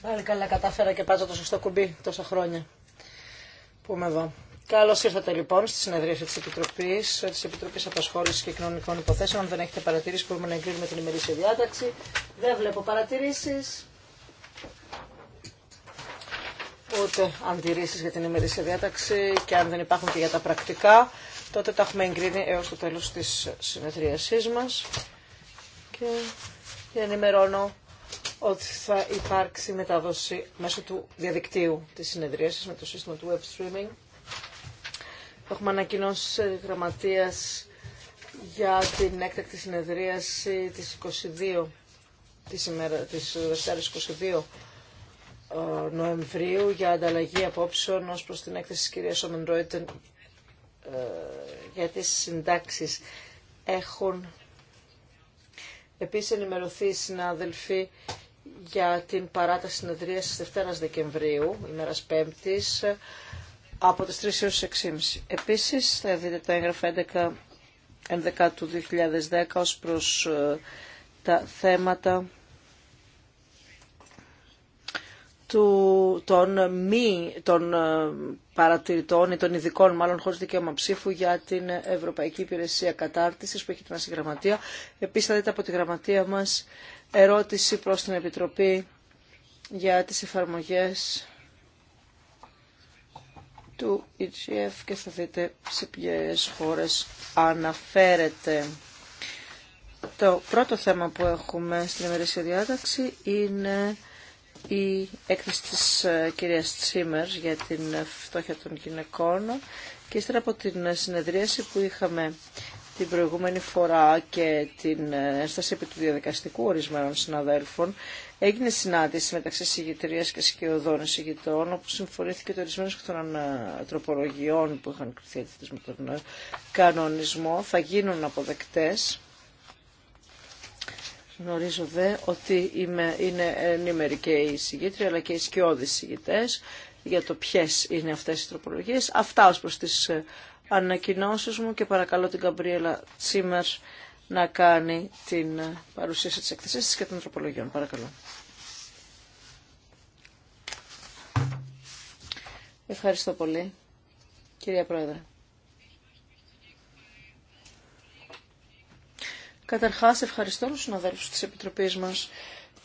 Πάλι καλά κατάφερα και πάτσα το σωστό κουμπί τόσα χρόνια που είμαι εδώ. Καλώ ήρθατε λοιπόν στη συνεδρίαση τη Επιτροπή, ε, τη Επιτροπή Απασχόληση και Κοινωνικών Υποθέσεων. Αν δεν έχετε παρατηρήσει, μπορούμε να εγκρίνουμε την ημερήσια διάταξη. Δεν βλέπω παρατηρήσει. Ούτε αντιρρήσει για την ημερήσια διάταξη και αν δεν υπάρχουν και για τα πρακτικά, τότε τα έχουμε εγκρίνει έω το τέλο τη συνεδρίασή μα. Και ενημερώνω ότι θα υπάρξει μετάδοση μέσω του διαδικτύου της συνεδρίασης με το σύστημα του web streaming. Έχουμε ανακοινώσει γραμματείας για την έκτακτη συνεδρίαση της 22 της, ημέρα, της 22 ε, Νοεμβρίου για ανταλλαγή απόψεων ως προς την έκθεση της κυρίας Ρόιτεν ε, για τις συντάξεις έχουν επίσης ενημερωθεί οι συνάδελφοι για την παράταση συνεδρία τη Δευτέρα Δεκεμβρίου, ημέρα Πέμπτη, από τι 3 έω 6.30. Επίση, θα δείτε το έγγραφο 11, του 2010 ω προ τα θέματα του, των μη των ε, παρατηρητών ή των ειδικών μάλλον χωρίς δικαίωμα ψήφου για την Ευρωπαϊκή Υπηρεσία Κατάρτισης που έχει την Γραμματεία. Επίσης θα δείτε από τη Γραμματεία μας ερώτηση προς την Επιτροπή για τις εφαρμογές του EGF και θα δείτε σε ποιες χώρες αναφέρεται. Το πρώτο θέμα που έχουμε στην ημερήσια διάταξη είναι η έκθεση της ε, κυρίας Τσίμερ για την φτώχεια των γυναικών και ύστερα από την συνεδρίαση που είχαμε την προηγούμενη φορά και την ε, ένσταση επί του διαδικαστικού ορισμένων συναδέλφων, έγινε συνάντηση μεταξύ συγγητηρία και σκιωδών συγγητών, όπου συμφωνήθηκε το ορισμένο και των ε, τροπολογιών που είχαν κρυθεί έτσι με τον ε, κανονισμό, θα γίνουν αποδεκτές. Γνωρίζω δε ότι είμαι, είναι ενήμεροι και οι συγγήτρια αλλά και οι σκιώδεις συγγητές για το ποιες είναι αυτές οι τροπολογίες. Αυτά ως προς τις ανακοινώσεις μου και παρακαλώ την Καμπρίελα Τσίμερ να κάνει την ε, παρουσίαση της εκθεσής της και των τροπολογιών. Παρακαλώ. Ευχαριστώ πολύ, κυρία Πρόεδρε. Καταρχάς, ευχαριστώ τους συναδέλφους της Επιτροπής μας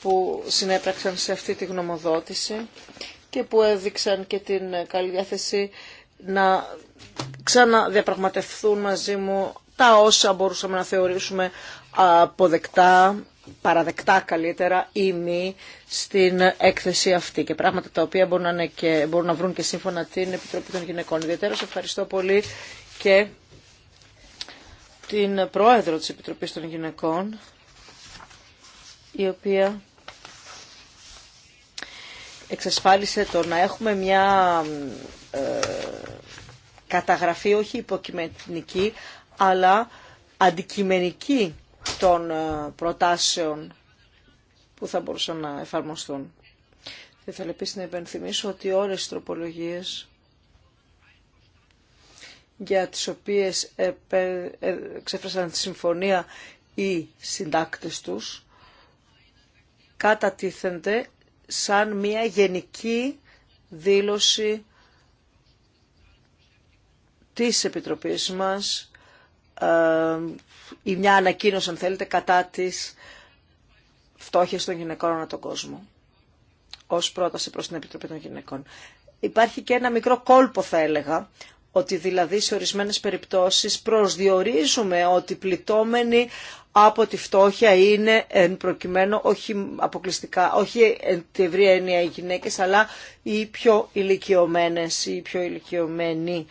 που συνέπραξαν σε αυτή τη γνωμοδότηση και που έδειξαν και την ε, καλή διάθεση να ξαναδιαπραγματευθούν μαζί μου τα όσα μπορούσαμε να θεωρήσουμε αποδεκτά, παραδεκτά καλύτερα ή μη στην έκθεση αυτή και πράγματα τα οποία μπορούν να, και, να βρουν και σύμφωνα την Επιτροπή των Γυναικών. Ιδιαίτερα σε ευχαριστώ πολύ και την Πρόεδρο της Επιτροπής των Γυναικών η οποία εξασφάλισε το να έχουμε μια ε, καταγραφή όχι υποκειμενική αλλά αντικειμενική των ε, προτάσεων που θα μπορούσαν να εφαρμοστούν. Θα ήθελα επίσης να υπενθυμίσω ότι όλες οι τροπολογίες για τις οποίες ε, εξέφρασαν τη συμφωνία οι συντάκτες τους κατατίθενται σαν μια γενική δήλωση της Επιτροπής μας ή μια ανακοίνωση, αν θέλετε, κατά της φτώχειας των γυναικών ανά τον κόσμο ως πρόταση προς την Επιτροπή των Γυναικών. Υπάρχει και ένα μικρό κόλπο, θα έλεγα, ότι δηλαδή σε ορισμένες περιπτώσεις προσδιορίζουμε ότι πληττόμενοι από τη φτώχεια είναι εν προκειμένου όχι αποκλειστικά, όχι εν τη ευρία έννοια οι γυναίκες, αλλά οι πιο ηλικιωμένες, οι πιο ηλικιωμένοι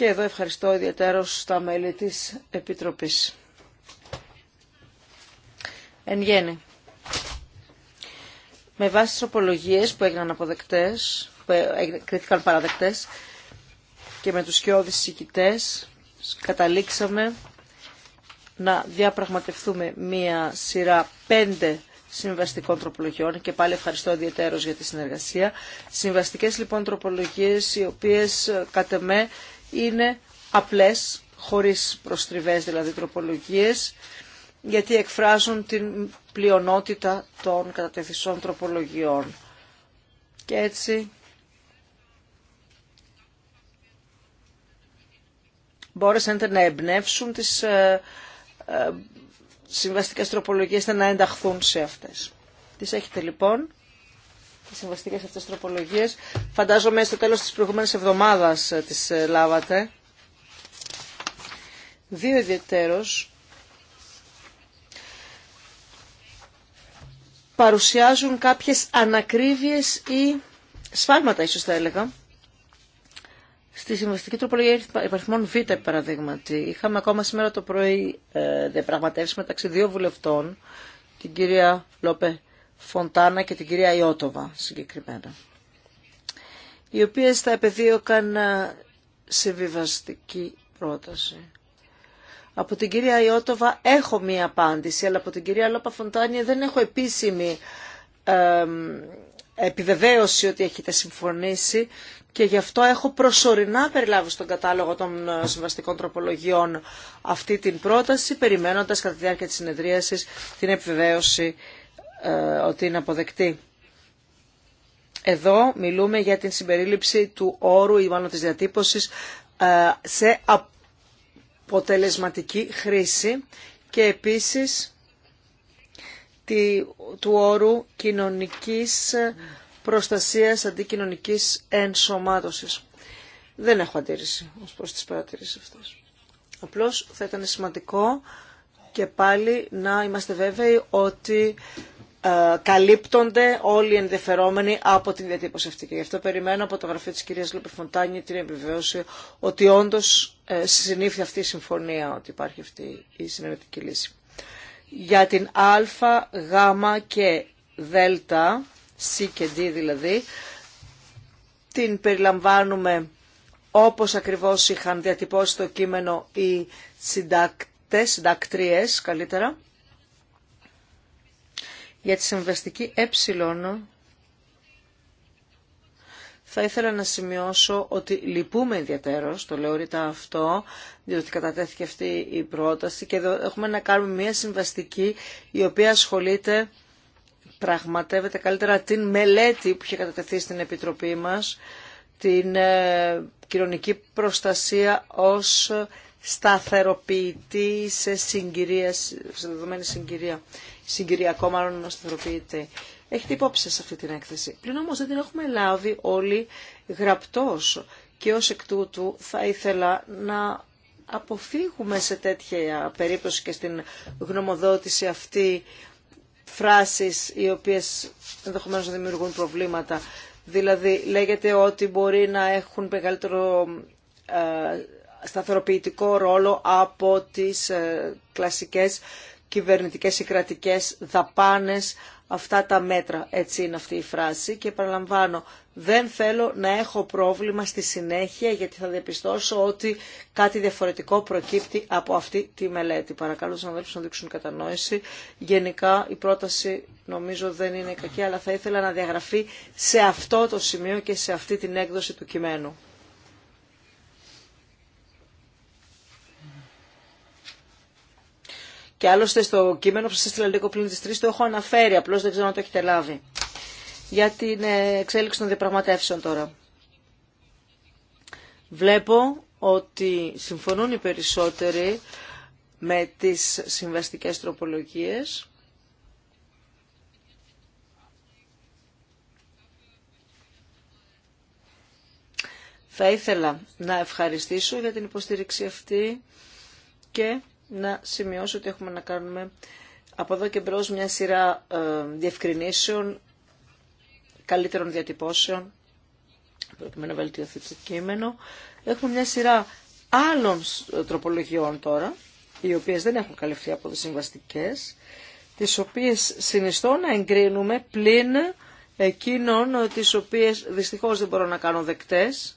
και εδώ ευχαριστώ ιδιαίτερως τα μέλη της Επιτροπής. Εν γέννη, με βάση τις που έγιναν αποδεκτές, που κρίθηκαν παραδεκτές και με τους σκιώδεις συγκητές, καταλήξαμε να διαπραγματευτούμε μία σειρά πέντε συμβαστικών τροπολογιών και πάλι ευχαριστώ ιδιαίτερω για τη συνεργασία. Συμβαστικές λοιπόν τροπολογίες οι οποίες ε, κατ' είναι απλές, χωρίς προστριβές δηλαδή τροπολογίες, γιατί εκφράζουν την πλειονότητα των κατατεθισών τροπολογιών. Και έτσι μπόρεσαν να εμπνεύσουν τις ε, ε, συμβαστικές τροπολογίες να ενταχθούν σε αυτές. Τις έχετε λοιπόν τις συμβαστικές αυτές τροπολογίες. Φαντάζομαι στο τέλος της προηγούμενης εβδομάδας ε, τις ε, λάβατε. Δύο ιδιαιτέρως παρουσιάζουν κάποιες ανακρίβειες ή σφάλματα ίσως θα έλεγα. Στη συμβαστική τροπολογία υπαριθμών Β, παραδείγματι, είχαμε ακόμα σήμερα το πρωί ε, διαπραγματεύσει μεταξύ δύο βουλευτών, την κυρία Λόπε Φοντάνα και την κυρία Ιώτοβα συγκεκριμένα, οι οποίες θα επεδίωκαν ε, συμβιβαστική πρόταση. Από την κυρία Ιώτοβα έχω μία απάντηση, αλλά από την κυρία Λόπα Φοντάνια δεν έχω επίσημη ε, επιβεβαίωση ότι έχετε συμφωνήσει και γι' αυτό έχω προσωρινά περιλάβει στον κατάλογο των ε, συμβαστικών τροπολογιών αυτή την πρόταση, περιμένοντας κατά τη διάρκεια της συνεδρίασης την επιβεβαίωση ε, ότι είναι αποδεκτή. Εδώ μιλούμε για την συμπερίληψη του όρου ή μάλλον της διατύπωσης ε, σε αποτελεσματική χρήση και επίσης του όρου κοινωνικής προστασίας αντικοινωνικής ενσωμάτωσης. Δεν έχω αντίρρηση ως προς τις παρατηρήσεις αυτές. Απλώς θα ήταν σημαντικό και πάλι να είμαστε βέβαιοι ότι ε, καλύπτονται όλοι οι ενδιαφερόμενοι από την διατύπωση αυτή. Και γι' αυτό περιμένω από το γραφείο της κυρίας Φοντάνη την επιβεβαίωση ότι όντως ε, συνήθει αυτή η συμφωνία, ότι υπάρχει αυτή η συνεργατική λύση. Για την Α, Γ και Δ, C και D δηλαδή, την περιλαμβάνουμε όπως ακριβώς είχαν διατυπώσει το κείμενο οι συντακτές, συντακτρίες καλύτερα, για τη συμβαστική ε θα ήθελα να σημειώσω ότι λυπούμε ιδιαίτερο το λέω ρητά αυτό, διότι κατατέθηκε αυτή η πρόταση και εδώ έχουμε να κάνουμε μια συμβαστική η οποία ασχολείται, πραγματεύεται καλύτερα την μελέτη που είχε κατατεθεί στην Επιτροπή μας, την ε, κοινωνική προστασία ως σταθεροποιητή σε συγκυρία, σε δεδομένη συγκυρία, συγκυριακό μάλλον σταθεροποιείται Έχετε υπόψη σε αυτή την έκθεση. Πλην όμως δεν την έχουμε λάβει όλοι γραπτός και ως εκ τούτου θα ήθελα να αποφύγουμε σε τέτοια περίπτωση και στην γνωμοδότηση αυτή φράσεις οι οποίες ενδεχομένως να δημιουργούν προβλήματα. Δηλαδή λέγεται ότι μπορεί να έχουν μεγαλύτερο ε, σταθεροποιητικό ρόλο από τις ε, κλασικές κυβερνητικές ή κρατικές δαπάνες αυτά τα μέτρα. Έτσι είναι αυτή η φράση και παραλαμβάνω δεν θέλω να έχω πρόβλημα στη συνέχεια γιατί θα διαπιστώσω ότι κάτι διαφορετικό προκύπτει από αυτή τη μελέτη. Παρακαλώ τους αδέλφους να δείξουν κατανόηση. Γενικά η πρόταση νομίζω δεν είναι κακή αλλά θα ήθελα να διαγραφεί σε αυτό το σημείο και σε αυτή την έκδοση του κειμένου. Και άλλωστε στο κείμενο που σα έστειλα λίγο πριν τις 3 το έχω αναφέρει, απλώς δεν ξέρω αν το έχετε λάβει. Για την ε, εξέλιξη των διαπραγματεύσεων τώρα. Βλέπω ότι συμφωνούν οι περισσότεροι με τις συμβαστικές τροπολογίες. Θα ήθελα να ευχαριστήσω για την υποστήριξη αυτή και να σημειώσω ότι έχουμε να κάνουμε από εδώ και μπρος μια σειρά ε, διευκρινήσεων, καλύτερων διατυπώσεων, προκειμένου να βελτιωθεί το κείμενο. Έχουμε μια σειρά άλλων ε, τροπολογιών τώρα, οι οποίες δεν έχουν καλυφθεί από τις συμβαστικές, τις οποίες συνιστώ να εγκρίνουμε πλην εκείνων ε, τις οποίες δυστυχώς δεν μπορώ να κάνω δεκτές,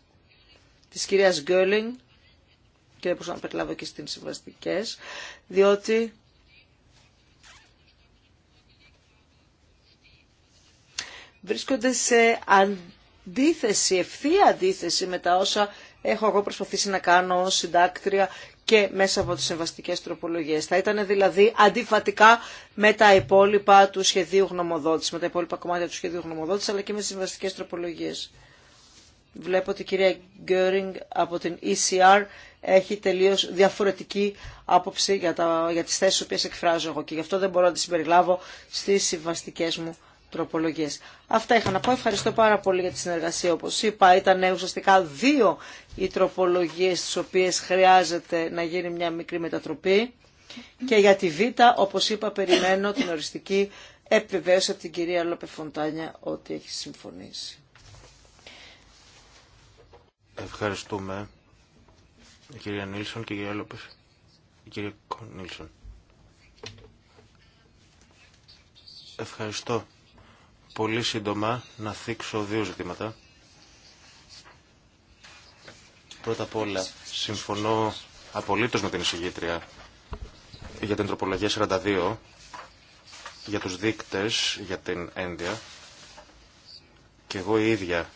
της κυρίας Γκέρλινγκ, και δεν μπορούσα να περιλάβω και στις συμβαστικές, διότι βρίσκονται σε αντίθεση, ευθεία αντίθεση με τα όσα έχω εγώ προσπαθήσει να κάνω ως συντάκτρια και μέσα από τις συμβαστικές τροπολογίες. Θα ήταν δηλαδή αντιφατικά με τα υπόλοιπα του σχεδίου γνωμοδότης, με τα υπόλοιπα κομμάτια του σχεδίου γνωμοδότης, αλλά και με τις συμβαστικές τροπολογίες. Βλέπω ότι η κυρία Γκέρινγκ από την ECR έχει τελείως διαφορετική άποψη για, τα, για τις θέσεις που εκφράζω εγώ και γι' αυτό δεν μπορώ να τις συμπεριλάβω στις συμβαστικέ μου τροπολογίες. Αυτά είχα να πω. Ευχαριστώ πάρα πολύ για τη συνεργασία. Όπως είπα, ήταν ουσιαστικά δύο οι τροπολογίες τις οποίες χρειάζεται να γίνει μια μικρή μετατροπή. Και για τη Β, όπως είπα, περιμένω την οριστική επιβεβαίωση από την κυρία Λόπε Φοντάνια ότι έχει συμφωνήσει. Ευχαριστούμε. Η κυρία Νίλσον και η κυρία Λόπες. Η κυρία Νίλσον. Ευχαριστώ. Πολύ σύντομα να θίξω δύο ζητήματα. Πρώτα απ' όλα, συμφωνώ απολύτως με την εισηγήτρια για την τροπολογία 42, για τους δείκτες, για την ένδια. Και εγώ η ίδια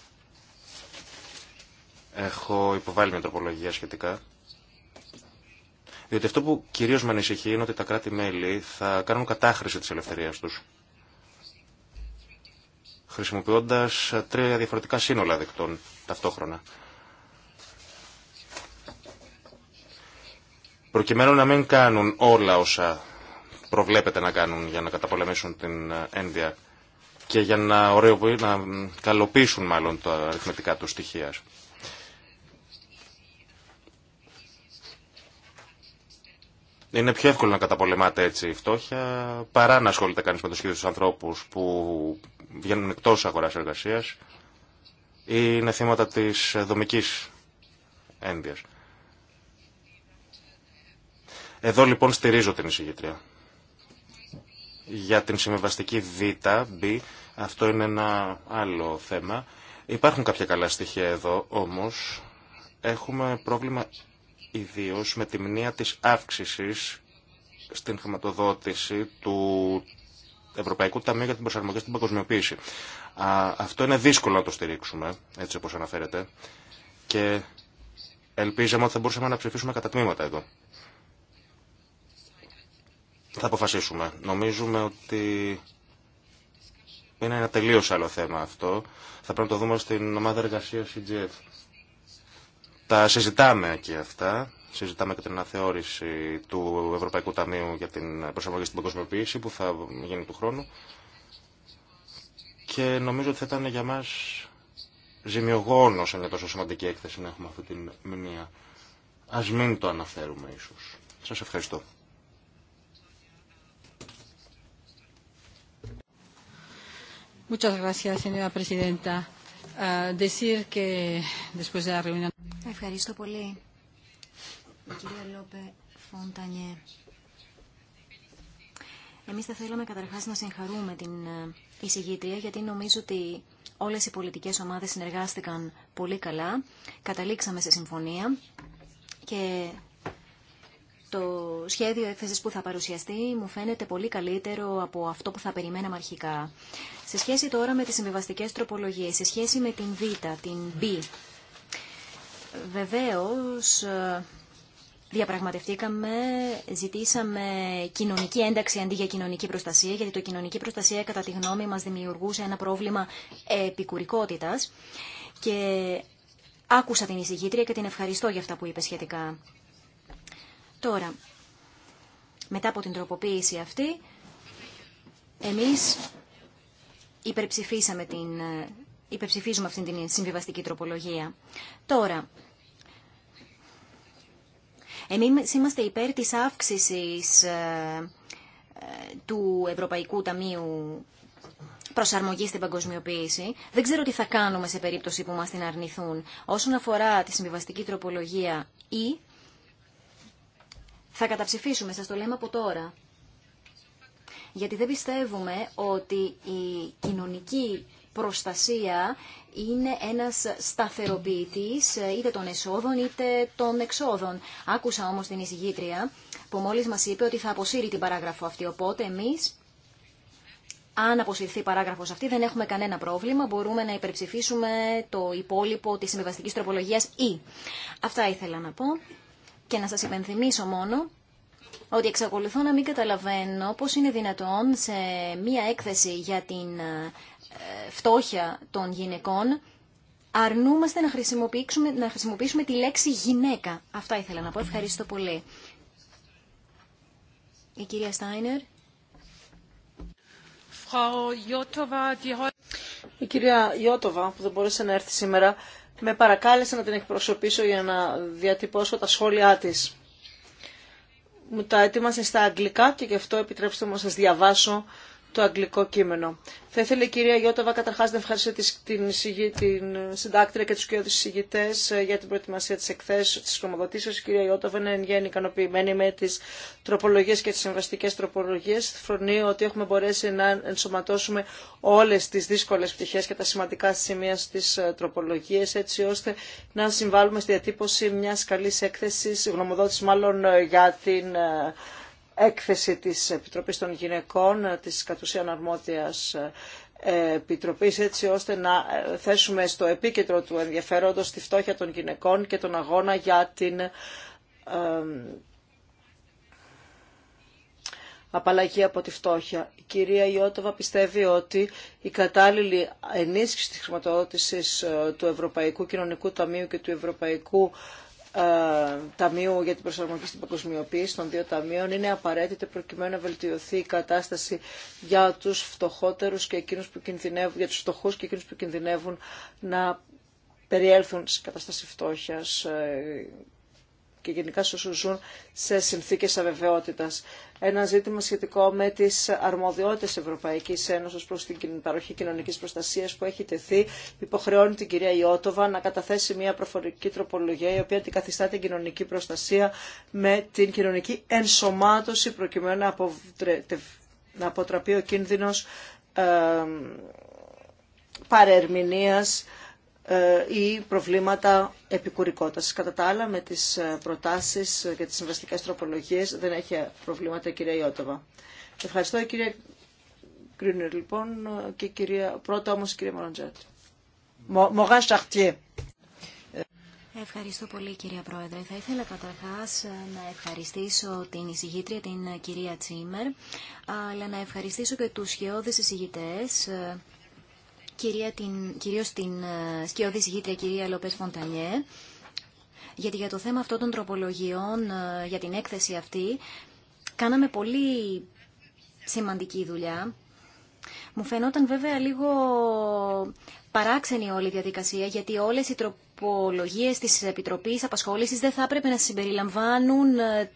Έχω υποβάλει μια τροπολογία σχετικά. Διότι αυτό που κυρίως με ανησυχεί είναι ότι τα κράτη-μέλη θα κάνουν κατάχρηση της ελευθερίας τους. Χρησιμοποιώντας τρία διαφορετικά σύνολα δεκτών ταυτόχρονα. Προκειμένου να μην κάνουν όλα όσα προβλέπεται να κάνουν για να καταπολεμήσουν την ένδια και για να, ωραίο, να καλοποιήσουν μάλλον τα αριθμητικά του στοιχεία. Είναι πιο εύκολο να καταπολεμάται έτσι η φτώχεια παρά να ασχολείται κανεί με του ανθρώπου που βγαίνουν εκτό αγορά εργασία ή είναι θύματα τη δομική ένδυα. Εδώ λοιπόν στηρίζω την εισηγήτρια. Για την συμβεβαστική Β, αυτό είναι ένα άλλο θέμα. Υπάρχουν κάποια καλά στοιχεία εδώ, όμως έχουμε πρόβλημα ιδίω με τη μνήα της αύξησης στην χρηματοδότηση του Ευρωπαϊκού Ταμείου για την Προσαρμογή στην Παγκοσμιοποίηση. αυτό είναι δύσκολο να το στηρίξουμε, έτσι όπως αναφέρεται, και ελπίζαμε ότι θα μπορούσαμε να ψηφίσουμε κατά τμήματα εδώ. Θα αποφασίσουμε. Νομίζουμε ότι είναι ένα τελείως άλλο θέμα αυτό. Θα πρέπει να το δούμε στην ομάδα εργασίας CGF. Τα συζητάμε και αυτά. Συζητάμε και την αναθεώρηση του Ευρωπαϊκού Ταμείου για την προσαρμογή στην παγκοσμιοποίηση που θα γίνει του χρόνου. Και νομίζω ότι θα ήταν για μας σε μια τόσο σημαντική έκθεση να έχουμε αυτή την μνήμα. Α μην το αναφέρουμε ίσως. Σας ευχαριστώ. Ευχαριστώ πολύ, κυρία Λόπε Φοντανιέ. Εμείς θα θέλαμε καταρχάς να συγχαρούμε την ε, εισηγήτρια, γιατί νομίζω ότι όλες οι πολιτικές ομάδες συνεργάστηκαν πολύ καλά. Καταλήξαμε σε συμφωνία και το σχέδιο έκθεσης που θα παρουσιαστεί μου φαίνεται πολύ καλύτερο από αυτό που θα περιμέναμε αρχικά. Σε σχέση τώρα με τις συμβιβαστικέ τροπολογίες, σε σχέση με την Β, την B Βεβαίως, ε, διαπραγματευτήκαμε, ζητήσαμε κοινωνική ένταξη αντί για κοινωνική προστασία, γιατί το κοινωνική προστασία κατά τη γνώμη μας δημιουργούσε ένα πρόβλημα επικουρικότητας και άκουσα την εισηγήτρια και την ευχαριστώ για αυτά που είπε σχετικά. Τώρα, μετά από την τροποποίηση αυτή, εμείς υπερψηφίσαμε την, ε, υπερψηφίζουμε αυτήν την συμβιβαστική τροπολογία. Τώρα, εμείς είμαστε υπέρ της αύξησης ε, του Ευρωπαϊκού Ταμείου προσαρμογή στην παγκοσμιοποίηση. Δεν ξέρω τι θα κάνουμε σε περίπτωση που μας την αρνηθούν. Όσον αφορά τη συμβιβαστική τροπολογία ή e, θα καταψηφίσουμε, σας το λέμε από τώρα. Γιατί δεν πιστεύουμε ότι η κοινωνική προστασία είναι ένας σταθεροποιητής είτε των εσόδων είτε των εξόδων. Άκουσα όμως την εισηγήτρια που μόλις μας είπε ότι θα αποσύρει την παράγραφο αυτή, οπότε εμείς αν αποσυρθεί η παράγραφο αυτή, δεν έχουμε κανένα πρόβλημα. Μπορούμε να υπερψηφίσουμε το υπόλοιπο τη συμβιβαστική τροπολογία ή. Αυτά ήθελα να πω. Και να σα υπενθυμίσω μόνο ότι εξακολουθώ να μην καταλαβαίνω πώς είναι δυνατόν σε μία έκθεση για την ε, φτώχεια των γυναικών, αρνούμαστε να χρησιμοποιήσουμε, να χρησιμοποιήσουμε τη λέξη γυναίκα. Αυτά ήθελα να πω. Ευχαριστώ πολύ. Η κυρία Στάινερ. Η κυρία Ιώτοβα, που δεν μπορούσε να έρθει σήμερα, με παρακάλεσε να την εκπροσωπήσω για να διατυπώσω τα σχόλιά της. Μου τα έτοιμασε στα αγγλικά και γι' αυτό επιτρέψτε μου να σας διαβάσω το αγγλικό κείμενο. Θα ήθελε η κυρία Γιώτοβα καταρχά να ευχαριστήσει την, την συντάκτρια και του κύριους συγητέ ε, για την προετοιμασία τη εκθέση τη χρηματοδοτήσεως. Η κυρία Γιώτοβα είναι εν γέννη ικανοποιημένη με τι τροπολογίε και τι συμβαστικέ τροπολογίε. Φρονεί ότι έχουμε μπορέσει να ενσωματώσουμε όλε τι δύσκολε πτυχέ και τα σημαντικά σημεία στι ε, τροπολογίε, έτσι ώστε να συμβάλλουμε στη διατύπωση μια καλή έκθεση, γνωμοδότηση μάλλον ε, για την έκθεση της Επιτροπής των Γυναικών, της κατουσίαν αρμόδιας ε, Επιτροπής, έτσι ώστε να ε, θέσουμε στο επίκεντρο του ενδιαφέροντος τη φτώχεια των γυναικών και τον αγώνα για την απαλλαγή από τη φτώχεια. Η κυρία Ιώτοβα πιστεύει ότι η κατάλληλη ενίσχυση της χρηματοδότησης ε, του Ευρωπαϊκού Κοινωνικού Ταμείου και του Ευρωπαϊκού ε, ταμείου για την Προσαρμογή στην Παγκοσμιοποίηση των δύο ταμείων είναι απαραίτητη προκειμένου να βελτιωθεί η κατάσταση για τους φτωχότερους και εκείνους που κινδυνεύουν, για τους φτωχούς και εκείνους που κινδυνεύουν να περιέλθουν σε κατάσταση φτώχειας ε, και γενικά σε όσους ζουν σε συνθήκες αβεβαιότητας ένα ζήτημα σχετικό με τις αρμοδιότητες Ευρωπαϊκής Ένωση προ την παροχή κοινωνική προστασία που έχει τεθεί. Υποχρεώνει την κυρία Ιώτοβα να καταθέσει μια προφορική τροπολογία η οποία αντικαθιστά την κοινωνική προστασία με την κοινωνική ενσωμάτωση προκειμένου να, αποτραπεί ο κίνδυνος ε, παρερμηνίας ε, ή προβλήματα επικουρικότητας. Κατά τα άλλα, με τις ε, προτάσεις και τις συμβαστικές τροπολογίες δεν έχει προβλήματα η κυρία Ιώτοβα. Ευχαριστώ η κυρία Γκρίνερ, λοιπόν, και κυρία... πρώτα όμως η κυρία Μοραντζάτ. Μογά Σαχτιέ. Ευχαριστώ πολύ κυρία Πρόεδρε. Θα ήθελα καταρχάς ε, να ευχαριστήσω την εισηγήτρια, την κυρία Τσίμερ, αλλά να ευχαριστήσω και τους σχεώδες εισηγητές κυρία την, κυρίως την ε, σκιώδη συγγήτρια κυρία Λοπές Φοντανιέ, γιατί για το θέμα αυτών των τροπολογιών, ε, για την έκθεση αυτή, κάναμε πολύ σημαντική δουλειά. Μου φαινόταν βέβαια λίγο παράξενη όλη η διαδικασία, γιατί όλες οι τροπολογίες τη επιτροπή Απασχόλησης δεν θα έπρεπε να συμπεριλαμβάνουν ε,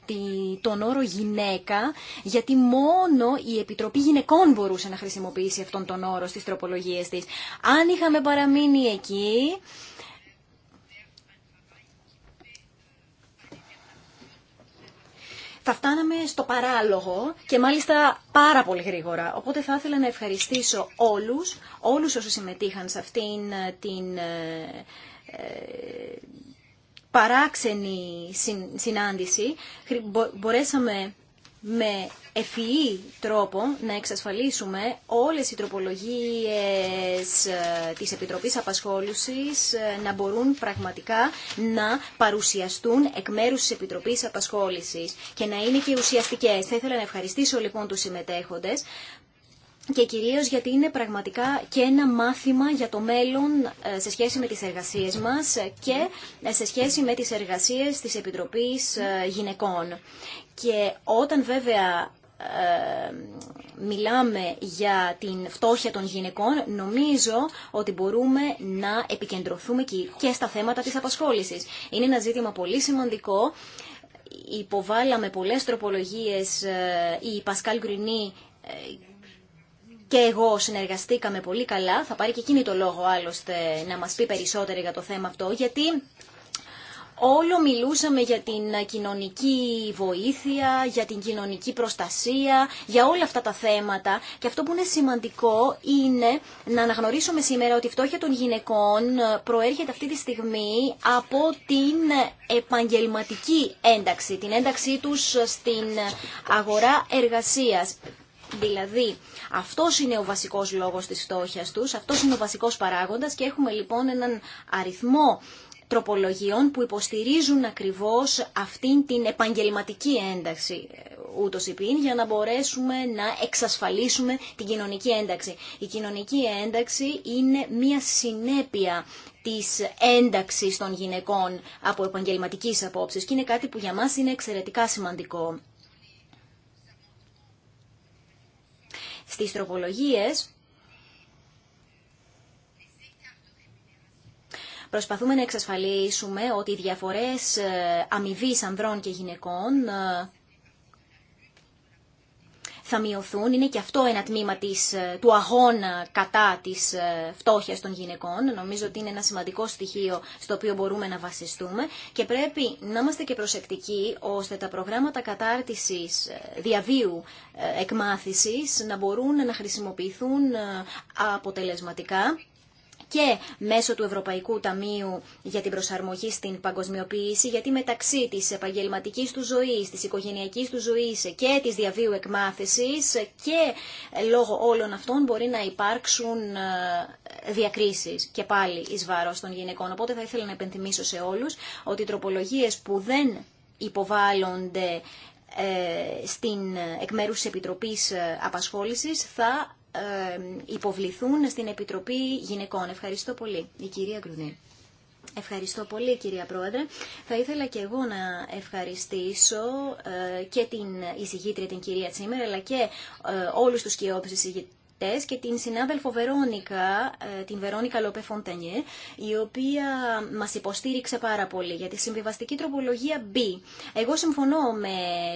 τον όρο γυναίκα, γιατί μόνο η Επιτροπή Γυναικών μπορούσε να χρησιμοποιήσει αυτόν τον όρο στις τροπολογίες της. Αν είχαμε παραμείνει εκεί, θα φτάναμε στο παράλογο και μάλιστα πάρα πολύ γρήγορα. Οπότε θα ήθελα να ευχαριστήσω όλους, όλους όσους συμμετείχαν σε αυτήν ε, την ε, ε, παράξενη συνάντηση. Μπορέσαμε με ευφυή τρόπο να εξασφαλίσουμε όλες οι τροπολογίες ε, της Επιτροπής Απασχόλησης ε, να μπορούν πραγματικά να παρουσιαστούν εκ μέρους της Επιτροπής Απασχόλησης και να είναι και ουσιαστικές. Θα ήθελα να ευχαριστήσω λοιπόν τους συμμετέχοντες και κυρίως γιατί είναι πραγματικά και ένα μάθημα για το μέλλον ε, σε σχέση με τις εργασίες μας και σε σχέση με τις εργασίες της Επιτροπής Γυναικών. Και όταν βέβαια ε, μιλάμε για την φτώχεια των γυναικών, νομίζω ότι μπορούμε να επικεντρωθούμε και στα θέματα της απασχόλησης. Είναι ένα ζήτημα πολύ σημαντικό. Υποβάλαμε πολλές τροπολογίες, ε, η Πασκάλ Γκρινή ε, και εγώ συνεργαστήκαμε πολύ καλά. Θα πάρει και εκείνη το λόγο άλλωστε να μας πει περισσότερο για το θέμα αυτό, γιατί όλο μιλούσαμε για την κοινωνική βοήθεια, για την κοινωνική προστασία, για όλα αυτά τα θέματα και αυτό που είναι σημαντικό είναι να αναγνωρίσουμε σήμερα ότι η φτώχεια των γυναικών προέρχεται αυτή τη στιγμή από την επαγγελματική ένταξη, την ένταξή τους στην αγορά εργασίας. Δηλαδή, αυτό είναι ο βασικό λόγο τη φτώχεια του, αυτό είναι ο βασικό παράγοντα και έχουμε λοιπόν έναν αριθμό τροπολογιών που υποστηρίζουν ακριβώς αυτήν την επαγγελματική ένταξη ούτως πίν, για να μπορέσουμε να εξασφαλίσουμε την κοινωνική ένταξη. Η κοινωνική ένταξη είναι μία συνέπεια της ένταξης των γυναικών από επαγγελματικής απόψης και είναι κάτι που για μας είναι εξαιρετικά σημαντικό. Στις τροπολογίες Προσπαθούμε να εξασφαλίσουμε ότι οι διαφορές ε, αμοιβή ανδρών και γυναικών ε, θα μειωθούν. Είναι και αυτό ένα τμήμα της, ε, του αγώνα κατά της φτώχειας των γυναικών. Νομίζω ότι είναι ένα σημαντικό στοιχείο στο οποίο μπορούμε να βασιστούμε και πρέπει να είμαστε και προσεκτικοί ώστε τα προγράμματα κατάρτισης διαβίου εκμάθησης να μπορούν να χρησιμοποιηθούν αποτελεσματικά και μέσω του Ευρωπαϊκού Ταμείου για την προσαρμογή στην παγκοσμιοποίηση, γιατί μεταξύ της επαγγελματική του ζωής, της οικογένειακή του ζωής και της διαβίου εκμάθησης και λόγω όλων αυτών μπορεί να υπάρξουν ε, διακρίσει και πάλι ει βάρο των γυναικών. Οπότε θα ήθελα να επενθυμίσω σε όλους ότι οι τροπολογίες που δεν υποβάλλονται ε, στην εκ μέρους της Επιτροπής ε, Απασχόλησης θα υποβληθούν στην Επιτροπή Γυναικών. Ευχαριστώ πολύ. Η κυρία Γκρουνή. Ευχαριστώ πολύ κυρία Πρόεδρε. Θα ήθελα και εγώ να ευχαριστήσω ε, και την εισηγήτρια την κυρία Τσίμερ αλλά και ε, όλους τους κοιόπους εισηγητές και την συνάδελφο Βερόνικα, ε, την Βερόνικα Λόπε Φοντανιέ, η οποία μας υποστήριξε πάρα πολύ για τη συμβιβαστική τροπολογία B. Εγώ συμφωνώ με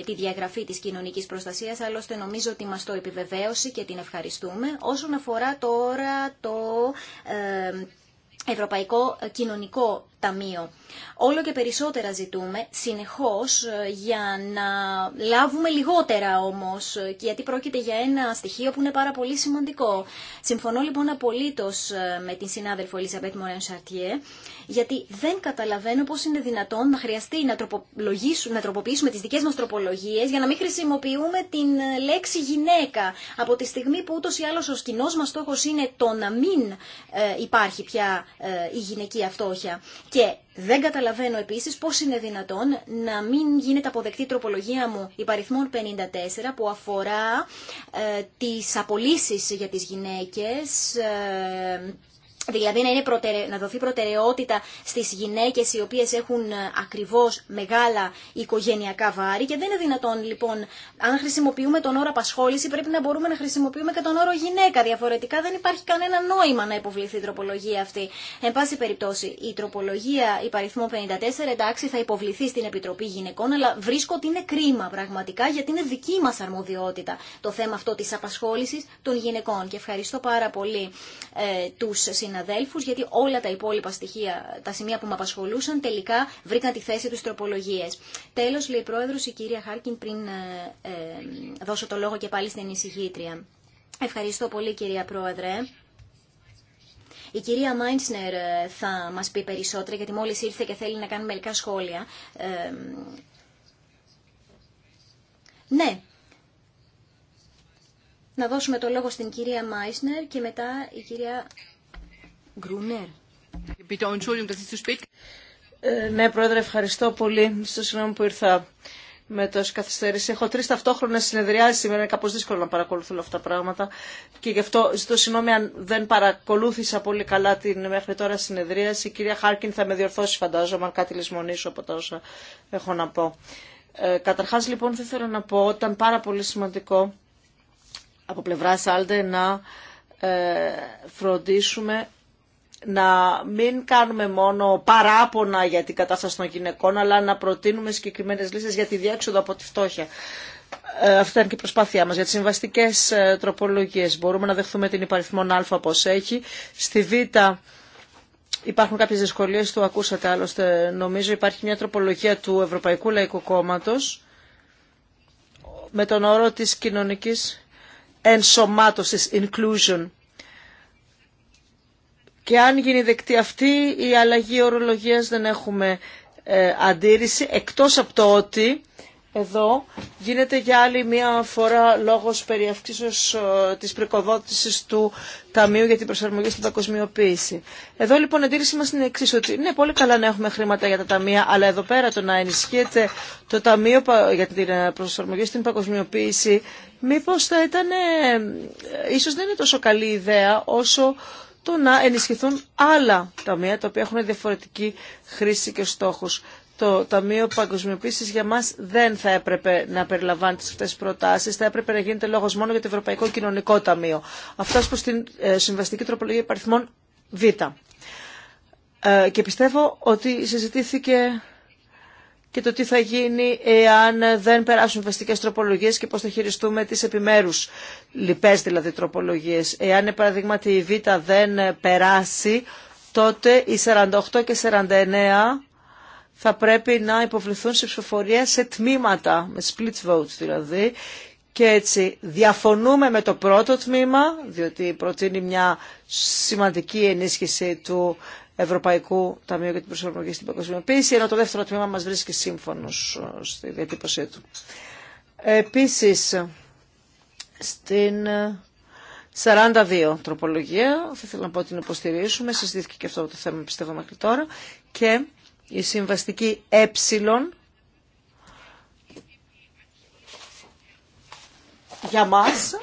τη διαγραφή της κοινωνικής προστασίας, άλλωστε νομίζω ότι μας το επιβεβαίωσε και την ευχαριστούμε. Όσον αφορά τώρα το... Ε, ευρωπαϊκό Κοινωνικό ταμείο. Όλο και περισσότερα ζητούμε συνεχώς ε, για να λάβουμε λιγότερα όμως, ε, γιατί πρόκειται για ένα στοιχείο που είναι πάρα πολύ σημαντικό. Συμφωνώ λοιπόν απολύτως ε, με την συνάδελφο Ελισαβέτ Μορέν Σαρτιέ, γιατί δεν καταλαβαίνω πώς είναι δυνατόν να χρειαστεί να, να τροποποιήσουμε τις δικές μας τροπολογίες για να μην χρησιμοποιούμε την λέξη γυναίκα από τη στιγμή που ούτως ή άλλως ο σκηνός μας στόχος είναι το να μην υπάρχει πια η γυναική αυτόχεια. Και δεν καταλαβαίνω επίσης πώς είναι δυνατόν να μην γίνεται αποδεκτή τροπολογία μου υπαριθμών 54 που αφορά ε, τις απολύσεις για τις γυναίκες, ε, Δηλαδή να, είναι να δοθεί προτεραιότητα στις γυναίκες οι οποίες έχουν ε, ακριβώς μεγάλα οικογενειακά βάρη και δεν είναι δυνατόν λοιπόν αν χρησιμοποιούμε τον όρο απασχόληση πρέπει να μπορούμε να χρησιμοποιούμε και τον όρο γυναίκα. Διαφορετικά δεν υπάρχει κανένα νόημα να υποβληθεί η τροπολογία αυτή. Εν πάση περιπτώσει η τροπολογία υπαριθμό 54 εντάξει θα υποβληθεί στην Επιτροπή Γυναικών αλλά βρίσκω ότι είναι κρίμα πραγματικά γιατί είναι δική μας αρμοδιότητα το θέμα αυτό της απασχόλησης των γυναικών. Και ευχαριστώ πάρα πολύ ε, τους γιατί όλα τα υπόλοιπα στοιχεία, τα σημεία που με απασχολούσαν, τελικά βρήκαν τη θέση τους τροπολογίες. Τέλος, λέει η Πρόεδρος, η κυρία Χάρκιν, πριν ε, ε, δώσω το λόγο και πάλι στην εισηγήτρια. Ευχαριστώ πολύ, κυρία Πρόεδρε. Η κυρία Μάιντσνερ ε, θα μας πει περισσότερα, γιατί μόλις ήρθε και θέλει να κάνει μερικά σχόλια. ναι, να δώσουμε το λόγο στην κυρία Μάισνερ και μετά η κυρία Γκρουνέρ. Ε, ναι, Πρόεδρε, ευχαριστώ πολύ. Στο συγγνώμη που ήρθα με τόση καθυστέρηση. Έχω τρει ταυτόχρονε συνεδριάσει σήμερα. Είναι κάπω δύσκολο να παρακολουθώ όλα αυτά τα πράγματα. Και γι' αυτό ζητώ συγγνώμη αν δεν παρακολούθησα πολύ καλά την μέχρι τώρα συνεδρίαση. Η κυρία Χάρκιν θα με διορθώσει, φαντάζομαι, αν κάτι λησμονήσω από τα όσα έχω να πω. Ε, Καταρχά, λοιπόν, θα ήθελα να πω ότι ήταν πάρα πολύ σημαντικό από πλευρά Σάλτε να ε, φροντίσουμε να μην κάνουμε μόνο παράπονα για την κατάσταση των γυναικών, αλλά να προτείνουμε συγκεκριμένες λύσεις για τη διέξοδο από τη φτώχεια. Ε, αυτή ήταν και η προσπάθειά μα. Για τι συμβαστικέ ε, τροπολογίε μπορούμε να δεχθούμε την υπαριθμόν Α όπω έχει. Στη Β υπάρχουν κάποιε δυσκολίε, το ακούσατε άλλωστε νομίζω. Υπάρχει μια τροπολογία του Ευρωπαϊκού Λαϊκού Κόμματο με τον όρο τη κοινωνική ενσωμάτωση, inclusion. Και αν γίνει δεκτή αυτή η αλλαγή ορολογίας δεν έχουμε ε, αντίρρηση, εκτός από το ότι εδώ γίνεται για άλλη μία φορά λόγος περί αυξήσεως ε, της προκοδότησης του Ταμείου για την προσαρμογή στην παγκοσμιοποίηση. Εδώ λοιπόν η αντίρρηση μας είναι εξής, ότι είναι πολύ καλά να έχουμε χρήματα για τα ταμεία, αλλά εδώ πέρα το να ενισχύεται το Ταμείο για την προσαρμογή στην παγκοσμιοποίηση, μήπως θα ήταν, ε, ίσως δεν είναι τόσο καλή ιδέα όσο το να ενισχυθούν άλλα ταμεία τα οποία έχουν διαφορετική χρήση και στόχους. Το Ταμείο Παγκοσμιοποίηση για μα δεν θα έπρεπε να περιλαμβάνει τι αυτέ τι προτάσει. Θα έπρεπε να γίνεται λόγο μόνο για το Ευρωπαϊκό Κοινωνικό Ταμείο. Αυτό προ την ε, συμβαστική τροπολογία υπαριθμών Β. Ε, και πιστεύω ότι συζητήθηκε και το τι θα γίνει εάν δεν περάσουν βαστικές τροπολογίε και πώς θα χειριστούμε τις επιμέρους λοιπέ δηλαδή τροπολογίες. Εάν παραδείγματι η Β δεν περάσει τότε οι 48 και 49 θα πρέπει να υποβληθούν σε ψηφοφορία σε τμήματα, με split votes δηλαδή. Και έτσι διαφωνούμε με το πρώτο τμήμα, διότι προτείνει μια σημαντική ενίσχυση του Ευρωπαϊκού Ταμείου για την Προσαρμογή στην Παγκοσμιοποίηση, ενώ το δεύτερο τμήμα μας βρίσκει σύμφωνος ε, στη διατύπωσή του. Επίσης, στην 42 ε, τροπολογία, θα ήθελα να πω ότι την υποστηρίζουμε, συζητήθηκε και αυτό το θέμα πιστεύω μέχρι τώρα, και η συμβαστική ε, για μας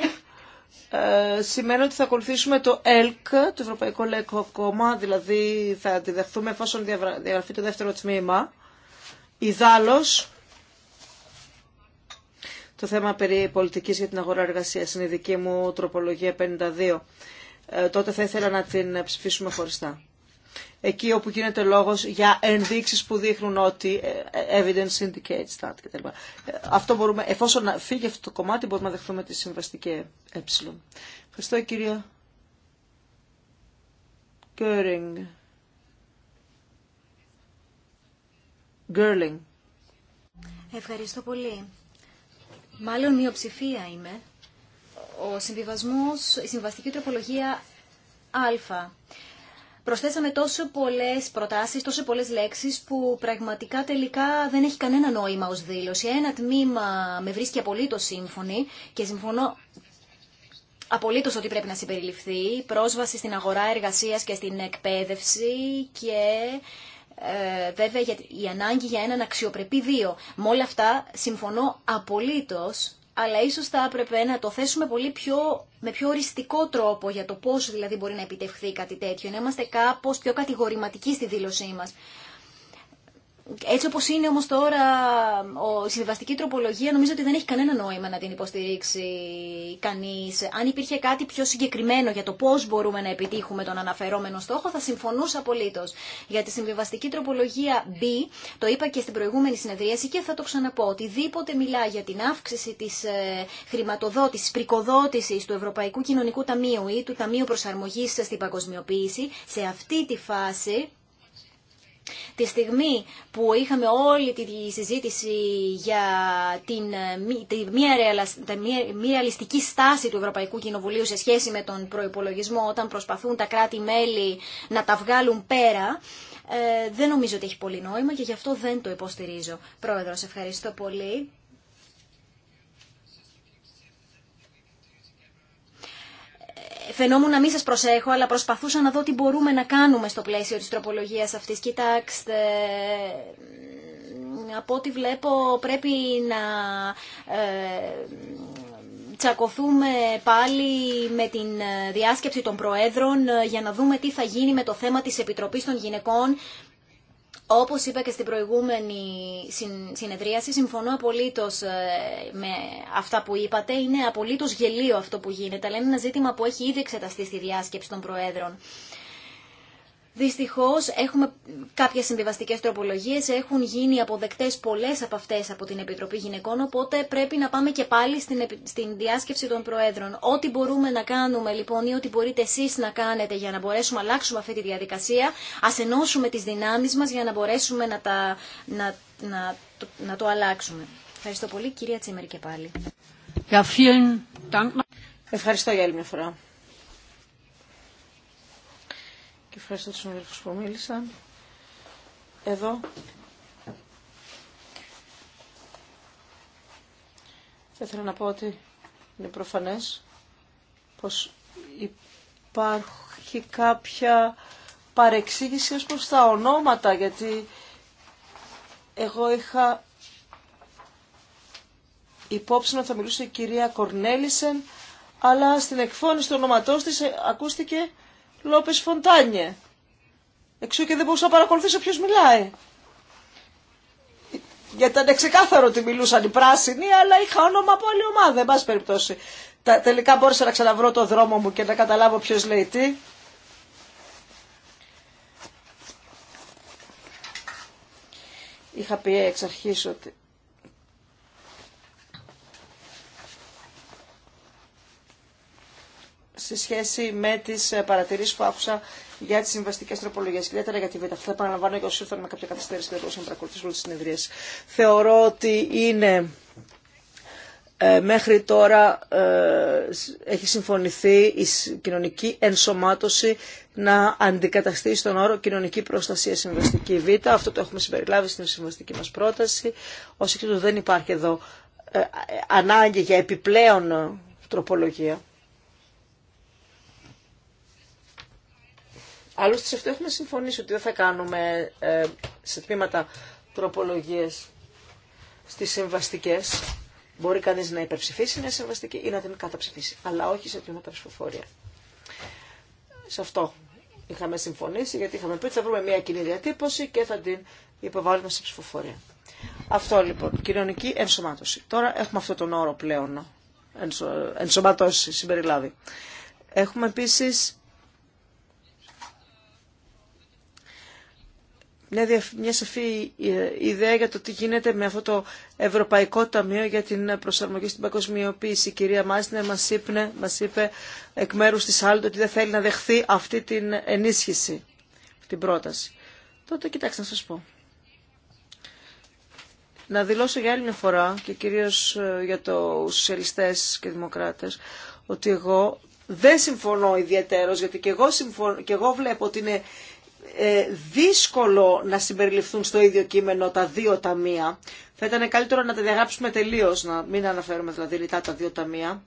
ε, σημαίνει ότι θα ακολουθήσουμε το ΕΛΚ, το Ευρωπαϊκό Λεκό Κόμμα, δηλαδή θα αντιδεχθούμε εφόσον διαγραφεί το δεύτερο τμήμα. Ιδάλλως, το θέμα περί πολιτικής για την αγορά εργασίας είναι η δική μου τροπολογία 52. Ε, τότε θα ήθελα να την ψηφίσουμε χωριστά εκεί όπου γίνεται λόγος για ενδείξεις που δείχνουν ότι ε, ε, evidence indicates that κτλ. Ε, αυτό μπορούμε, εφόσον φύγει αυτό το κομμάτι μπορούμε να δεχθούμε τη συμβαστική ε. Ευχαριστώ κυρία Γκέρινγκ. Girling. Ευχαριστώ πολύ. Μάλλον μειοψηφία είμαι. Ο συμβιβασμός, η συμβαστική τροπολογία Α προσθέσαμε τόσο πολλές προτάσεις, τόσο πολλές λέξεις που πραγματικά τελικά δεν έχει κανένα νόημα ω δήλωση. Ένα τμήμα με βρίσκει απολύτως σύμφωνη και συμφωνώ απολύτω ότι πρέπει να συμπεριληφθεί πρόσβαση στην αγορά εργασίας και στην εκπαίδευση και ε, βέβαια η ανάγκη για έναν αξιοπρεπή δύο. Με όλα αυτά συμφωνώ απολύτως αλλά ίσως θα έπρεπε να το θέσουμε πολύ πιο, με πιο οριστικό τρόπο για το πώς δηλαδή μπορεί να επιτευχθεί κάτι τέτοιο, να είμαστε κάπως πιο κατηγορηματικοί στη δήλωσή μας έτσι όπως είναι όμως τώρα η συμβαστική τροπολογία νομίζω ότι δεν έχει κανένα νόημα να την υποστηρίξει κανείς. Αν υπήρχε κάτι πιο συγκεκριμένο για το πώς μπορούμε να επιτύχουμε τον αναφερόμενο στόχο θα συμφωνούσα απολύτως. Για τη συμβιβαστική τροπολογία B, το είπα και στην προηγούμενη συνεδρίαση και θα το ξαναπώ, οτιδήποτε μιλά για την αύξηση της ε, χρηματοδότησης, πρικοδότησης του Ευρωπαϊκού Κοινωνικού Ταμείου ή του Ταμείου Προσαρμογής στην Παγκοσμιοποίηση, σε αυτή τη φάση Τη στιγμή που είχαμε όλη τη συζήτηση για την, τη μη ρεαλιστική στάση του Ευρωπαϊκού Κοινοβουλίου σε σχέση με τον προϋπολογισμό όταν προσπαθούν τα κράτη-μέλη να τα βγάλουν πέρα, ε, δεν νομίζω ότι έχει πολύ νόημα και γι' αυτό δεν το υποστηρίζω. Πρόεδρος, ευχαριστώ πολύ. φαινόμουν να μην σα προσέχω, αλλά προσπαθούσα να δω τι μπορούμε να κάνουμε στο πλαίσιο της τροπολογία αυτή, Κοιτάξτε, από ό,τι βλέπω πρέπει να ε, τσακωθούμε πάλι με την ε, διάσκεψη των Προέδρων ε, για να δούμε τι θα γίνει με το θέμα της Επιτροπής των Γυναικών όπως είπα και στην προηγούμενη συνεδρίαση, συμφωνώ απολύτω ε, με αυτά που είπατε. Είναι απολύτως γελίο αυτό που γίνεται, αλλά είναι ένα ζήτημα που έχει ήδη εξεταστεί στη διάσκεψη των Προέδρων. Δυστυχώ, έχουμε κάποιες συμβιβαστικέ τροπολογίες, έχουν γίνει αποδεκτέ πολλέ από αυτέ από την Επιτροπή Γυναικών, οπότε πρέπει να πάμε και πάλι στην, στην διάσκεψη των Προέδρων. Ό,τι μπορούμε να κάνουμε λοιπόν ή ό,τι μπορείτε εσείς να κάνετε για να μπορέσουμε να αλλάξουμε αυτή τη διαδικασία, α ενώσουμε τις δυνάμει μα για να μπορέσουμε να, τα, να, να, να το αλλάξουμε. Ευχαριστώ πολύ κυρία Τσίμερη και πάλι. Ευχαριστώ για άλλη μια φορά και ευχαριστώ τους συναδέλφους που μίλησαν. Εδώ θα ήθελα να πω ότι είναι προφανές πως υπάρχει κάποια παρεξήγηση ως προς τα ονόματα, γιατί εγώ είχα υπόψη να θα μιλούσε η κυρία Κορνέλισεν, αλλά στην εκφώνηση του ονοματός της ακούστηκε Λόπες Φοντάνιε. Εξού και δεν μπορούσα να παρακολουθήσω ποιος μιλάει. Γιατί ήταν ξεκάθαρο ότι μιλούσαν οι πράσινοι, αλλά είχα όνομα από άλλη ομάδα, εν πάση περιπτώσει. τελικά μπόρεσα να ξαναβρω το δρόμο μου και να καταλάβω ποιος λέει τι. Είχα πει εξ αρχής ότι σε σχέση με τι ε, παρατηρήσει που άκουσα για τις συμβαστικέ τροπολογίε. ιδιαίτερα για τη ΒΕΤΑ. Θα επαναλαμβάνω και όσοι ήρθαν με κάποια καθυστέρηση και δεν να παρακολουθήσουν όλε τι συνεδρίε. Θεωρώ ότι είναι... Ε, μέχρι τώρα ε, έχει συμφωνηθεί η κοινωνική ενσωμάτωση να αντικαταστήσει τον όρο κοινωνική προστασία συμβαστική Β. Αυτό το έχουμε συμπεριλάβει στην συμβαστική μας πρόταση. Ως εκ δεν υπάρχει εδώ ανάγκη για επιπλέον τροπολογία. Άλλωστε σε αυτό έχουμε συμφωνήσει ότι δεν θα κάνουμε ε, σε τμήματα τροπολογίες στις συμβαστικές. Μπορεί κανείς να υπερψηφίσει μια συμβαστική ή να την καταψηφίσει, αλλά όχι σε τμήματα ψηφοφορία. Σε αυτό είχαμε συμφωνήσει, γιατί είχαμε πει ότι θα βρούμε μια κοινή διατύπωση και θα την υποβάλουμε σε ψηφοφορία. Αυτό λοιπόν, κοινωνική ενσωμάτωση. Τώρα έχουμε αυτόν τον όρο πλέον, ενσω... ενσωμάτωση συμπεριλάβει. Έχουμε επίσης μια, μια σαφή ε, ιδέα για το τι γίνεται με αυτό το Ευρωπαϊκό Ταμείο για την προσαρμογή στην παγκοσμιοποίηση. Η κυρία μάστη μας, είπε, μας είπε εκ μέρους της Άλντο ότι δεν θέλει να δεχθεί αυτή την ενίσχυση, την πρόταση. Τότε κοιτάξτε να σας πω. Να δηλώσω για άλλη μια φορά και κυρίως ε, για τους σοσιαλιστές και δημοκράτες ότι εγώ δεν συμφωνώ ιδιαίτερος γιατί και εγώ, συμφωνώ, και εγώ βλέπω ότι είναι ε, δύσκολο να συμπεριληφθούν στο ίδιο κείμενο τα δύο ταμεία. Θα ήταν καλύτερο να τα διαγράψουμε τελείως, να μην αναφέρουμε δηλαδή ρητά τα δύο ταμεία.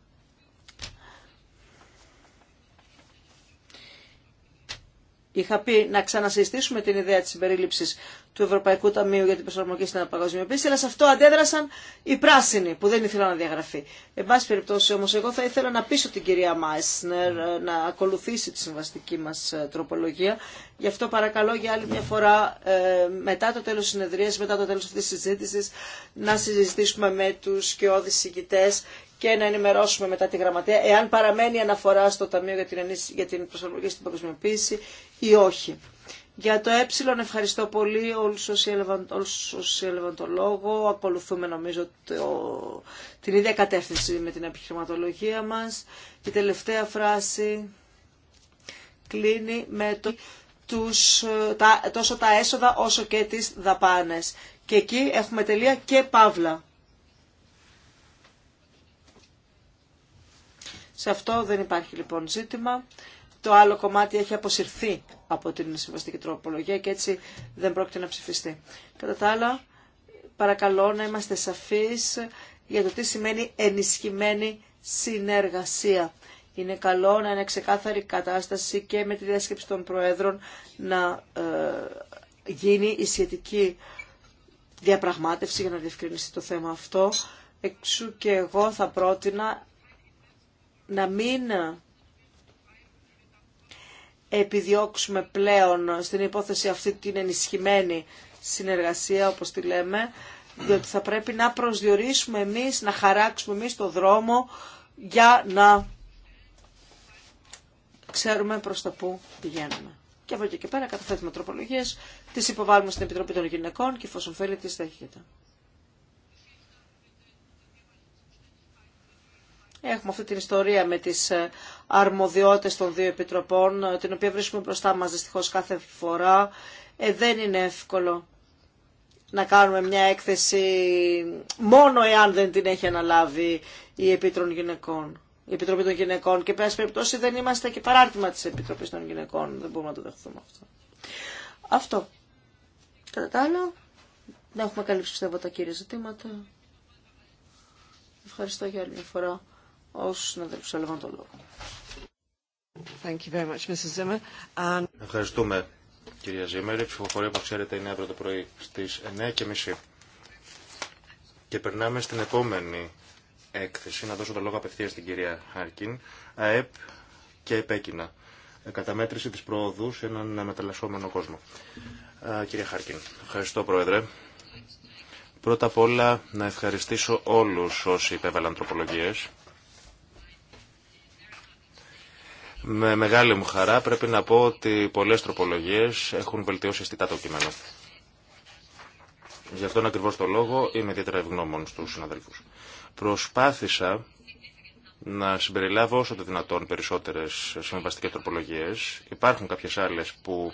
Είχα πει να ξανασυστήσουμε την ιδέα τη συμπερίληψη του Ευρωπαϊκού Ταμείου για την Προσαρμογή στην παγκοσμιοποίηση, αλλά σε αυτό αντέδρασαν οι πράσινοι που δεν ήθελαν να διαγραφεί. Εν πάση περιπτώσει όμω, εγώ θα ήθελα να πείσω την κυρία Μάισνερ ε, να ακολουθήσει τη συμβαστική μα ε, τροπολογία. Γι' αυτό παρακαλώ για άλλη μια φορά, ε, μετά το τέλο τη συνεδρία, μετά το τέλο αυτή τη συζήτηση, να συζητήσουμε με του και συγκητέ και να ενημερώσουμε μετά τη γραμματεία εάν παραμένει αναφορά στο Ταμείο για την, για την προσαρμογή στην παγκοσμιοποίηση ή όχι. Για το ε ευχαριστώ πολύ όλους όσοι έλαβαν το λόγο. Ακολουθούμε νομίζω την ίδια κατεύθυνση με την επιχειρηματολογία μας. Η τελευταία φράση κλείνει με το, τους, τα, τόσο τα έσοδα όσο και τις δαπάνες. Και εκεί έχουμε τελεία και παύλα. Σε αυτό δεν υπάρχει λοιπόν ζήτημα. Το άλλο κομμάτι έχει αποσυρθεί από την συμβαστική τροπολογία και έτσι δεν πρόκειται να ψηφιστεί. Κατά τα άλλα, παρακαλώ να είμαστε σαφείς για το τι σημαίνει ενισχυμένη συνεργασία. Είναι καλό να είναι ξεκάθαρη κατάσταση και με τη διάσκεψη των Προέδρων να ε, γίνει η σχετική διαπραγμάτευση για να διευκρινιστεί το θέμα αυτό. Εξού και εγώ θα πρότεινα να μην επιδιώξουμε πλέον στην υπόθεση αυτή την ενισχυμένη συνεργασία όπως τη λέμε διότι θα πρέπει να προσδιορίσουμε εμείς, να χαράξουμε εμείς το δρόμο για να ξέρουμε προς τα πού πηγαίνουμε. Και από εκεί και πέρα καταθέτουμε τροπολογίες, τις υποβάλλουμε στην Επιτροπή των Γυναικών και εφόσον θέλει τις δέχεται. Έχουμε αυτή την ιστορία με τις ε, αρμοδιότητες των δύο επιτροπών, ε, την οποία βρίσκουμε μπροστά μας δυστυχώς κάθε φορά. Ε, δεν είναι εύκολο να κάνουμε μια έκθεση μόνο εάν δεν την έχει αναλάβει η Επίτροπη των Γυναικών. Η Επιτροπή των Γυναικών και πέρας περιπτώσει δεν είμαστε και παράρτημα της Επιτροπής των Γυναικών. Δεν μπορούμε να το δεχθούμε αυτό. Αυτό. Κατά τα άλλα, να έχουμε καλύψει πιστεύω τα κύρια ζητήματα. Ευχαριστώ για άλλη μια φορά ως συναδέλφους έλαβαν τον λόγο. Ευχαριστούμε, κυρία Ζήμερη. Η ψηφοφορία, που ξέρετε, είναι αύριο το πρωί στις 9.30. Και περνάμε στην επόμενη έκθεση. Να δώσω το λόγο απευθείας στην κυρία Χάρκιν. ΑΕΠ και επέκεινα. Καταμέτρηση της πρόοδου σε έναν μεταλλασσόμενο κόσμο. Κυρία Χάρκιν, ευχαριστώ, Πρόεδρε. Πρώτα απ' όλα να ευχαριστήσω όλους όσοι υπέβαλαν τροπολογίες Με μεγάλη μου χαρά πρέπει να πω ότι πολλές τροπολογίες έχουν βελτιώσει αισθητά το κείμενο. Γι' αυτόν ακριβώς το λόγο είμαι ιδιαίτερα ευγνώμων στους συναδέλφους. Προσπάθησα να συμπεριλάβω όσο το δυνατόν περισσότερες συμβαστικέ τροπολογίες. Υπάρχουν κάποιες άλλες που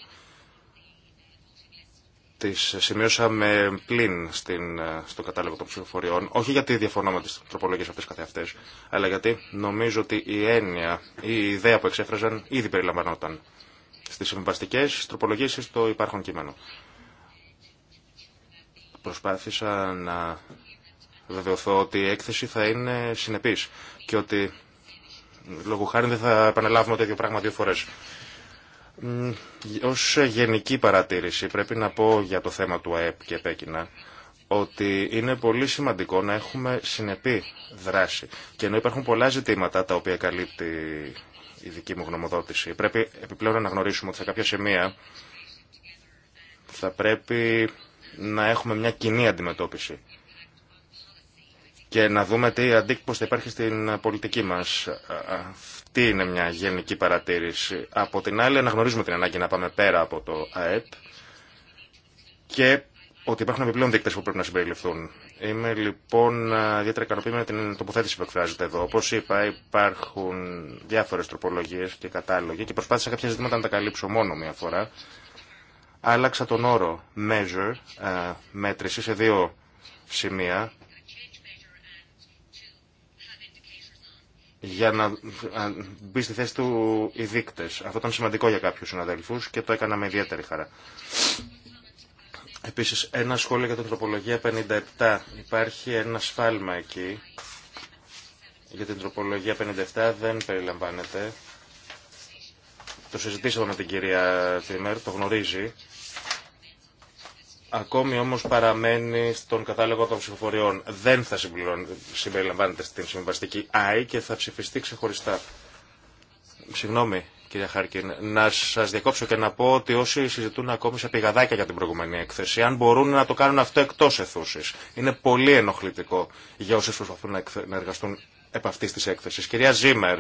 τις σημείωσαμε πλην στην, ε, στο κατάλογο των ψηφοφοριών, όχι γιατί διαφωνώ με τις τροπολογίες αυτές καθεαυτές, αλλά γιατί νομίζω ότι η έννοια, η ιδέα που εξέφραζαν ήδη περιλαμβανόταν στις συμβαστικές τροπολογίες στο υπάρχον κείμενο. Προσπάθησα να βεβαιωθώ ότι η έκθεση θα είναι συνεπής και ότι λόγω χάρη δεν θα επαναλάβουμε το ίδιο πράγμα δύο φορές. Ως γενική παρατήρηση πρέπει να πω για το θέμα του ΑΕΠ και επέκεινα ότι είναι πολύ σημαντικό να έχουμε συνεπή δράση. Και ενώ υπάρχουν πολλά ζητήματα τα οποία καλύπτει η δική μου γνωμοδότηση, πρέπει επιπλέον να γνωρίσουμε ότι σε κάποια σημεία θα πρέπει να έχουμε μια κοινή αντιμετώπιση και να δούμε τι αντίκτυπος θα υπάρχει στην πολιτική μας. Τι είναι μια γενική παρατήρηση. Από την άλλη αναγνωρίζουμε την ανάγκη να πάμε πέρα από το ΑΕΠ και ότι υπάρχουν επιπλέον δείκτες που πρέπει να συμπεριληφθούν. Είμαι λοιπόν ιδιαίτερα ικανοποιημένη με την τοποθέτηση που εκφράζεται εδώ. Όπω είπα, υπάρχουν διάφορε τροπολογίε και κατάλογοι και προσπάθησα κάποια ζητήματα να τα καλύψω μόνο μία φορά. Άλλαξα τον όρο measure, ε, μέτρηση, σε δύο σημεία για να μπει στη θέση του οι δείκτες. Αυτό ήταν σημαντικό για κάποιους συναδέλφους και το έκανα με ιδιαίτερη χαρά. Επίσης, ένα σχόλιο για την τροπολογία 57. Υπάρχει ένα σφάλμα εκεί. Για την τροπολογία 57 δεν περιλαμβάνεται. Το συζητήσαμε με την κυρία Τίμερ, το γνωρίζει ακόμη όμως παραμένει στον κατάλογο των ψηφοφοριών. Δεν θα συμπεριλαμβάνεται στην συμβαστική ΑΕ και θα ψηφιστεί ξεχωριστά. Συγγνώμη, κυρία Χάρκιν, να σα διακόψω και να πω ότι όσοι συζητούν ακόμη σε πηγαδάκια για την προηγούμενη έκθεση, αν μπορούν να το κάνουν αυτό εκτό αιθούση. Είναι πολύ ενοχλητικό για όσου προσπαθούν να εργαστούν επ' αυτή τη έκθεση. Κυρία Ζήμερ,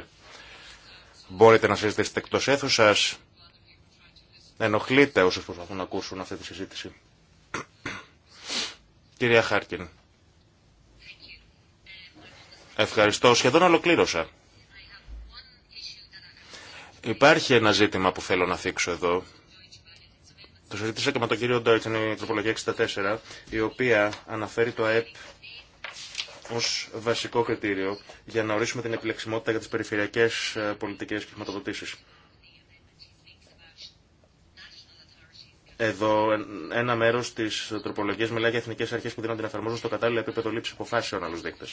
μπορείτε να συζητήσετε εκτό αίθουσα. Ενοχλείτε όσους προσπαθούν να ακούσουν αυτή τη συζήτηση. Κυρία Χάρκιν. Ευχαριστώ. Σχεδόν ολοκλήρωσα. Υπάρχει ένα ζήτημα που θέλω να θίξω εδώ. Το συζήτησα και με τον κύριο Ντόιτ, είναι η τροπολογία 64, η οποία αναφέρει το ΑΕΠ ως βασικό κριτήριο για να ορίσουμε την επιλεξιμότητα για τις περιφερειακές ε, πολιτικές και Εδώ ένα μέρο τη τροπολογία μιλάει για εθνικέ αρχέ που δίνονται να εφαρμόζουν στο κατάλληλο επίπεδο λήψη αποφάσεων άλλου δείκτε.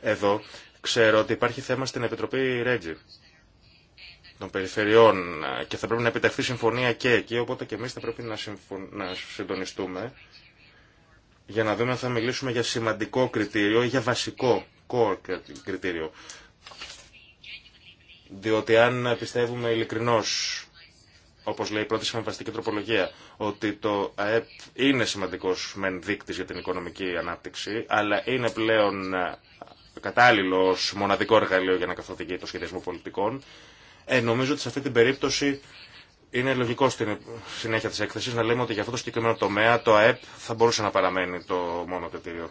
Εδώ ξέρω ότι υπάρχει θέμα στην Επιτροπή Ρέτζι των Περιφερειών και θα πρέπει να επιτευχθεί συμφωνία και εκεί, οπότε και εμεί θα πρέπει να, συντονιστούμε για να δούμε αν θα μιλήσουμε για σημαντικό κριτήριο ή για βασικό core κριτήριο. Διότι αν πιστεύουμε ειλικρινώς όπως λέει η πρώτη συμβαστική τροπολογία, ότι το ΑΕΠ είναι σημαντικός μεν δείκτης για την οικονομική ανάπτυξη, αλλά είναι πλέον ε, κατάλληλο ως μοναδικό εργαλείο για να καθοδηγεί το σχεδιασμό πολιτικών. Ε, νομίζω ότι σε αυτή την περίπτωση είναι λογικό στην συνέχεια της έκθεσης να λέμε ότι για αυτό το συγκεκριμένο τομέα το ΑΕΠ θα μπορούσε να παραμένει το μόνο κριτήριο.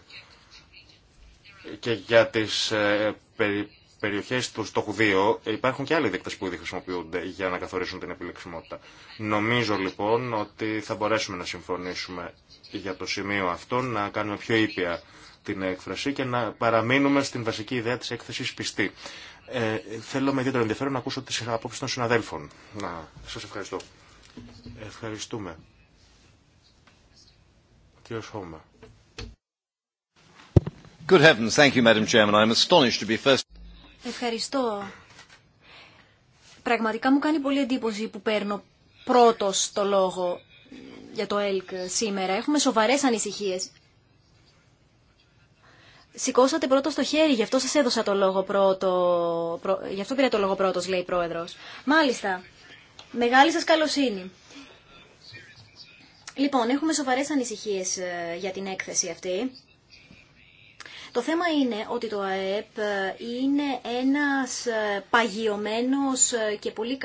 Και για τις ε, περιοχέ του στόχου 2 υπάρχουν και άλλοι δείκτε που ήδη χρησιμοποιούνται για να καθορίσουν την επιλεξιμότητα. Νομίζω λοιπόν ότι θα μπορέσουμε να συμφωνήσουμε για το σημείο αυτό, να κάνουμε πιο ήπια την έκφραση και να παραμείνουμε στην βασική ιδέα τη έκθεση πιστή. Ε, θέλω με ιδιαίτερο ενδιαφέρον να ακούσω τι απόψει των συναδέλφων. Να, σα ευχαριστώ. Ευχαριστούμε. Κύριος Χώμα. Good heavens, thank you, Madam Chairman. astonished to be first. Ευχαριστώ. Πραγματικά μου κάνει πολύ εντύπωση που παίρνω πρώτος το λόγο για το ΕΛΚ σήμερα. Έχουμε σοβαρές ανησυχίες. Σηκώσατε πρώτο το χέρι, γι' αυτό σας έδωσα το λόγο πρώτο, γι' αυτό πήρα το λόγο πρώτος, λέει η Πρόεδρος. Μάλιστα, μεγάλη σας καλοσύνη. Λοιπόν, έχουμε σοβαρές ανησυχίες ε, για την έκθεση αυτή. Το θέμα είναι ότι το ΑΕΠ ε, είναι ένας ε, παγιωμένος ε, και πολύ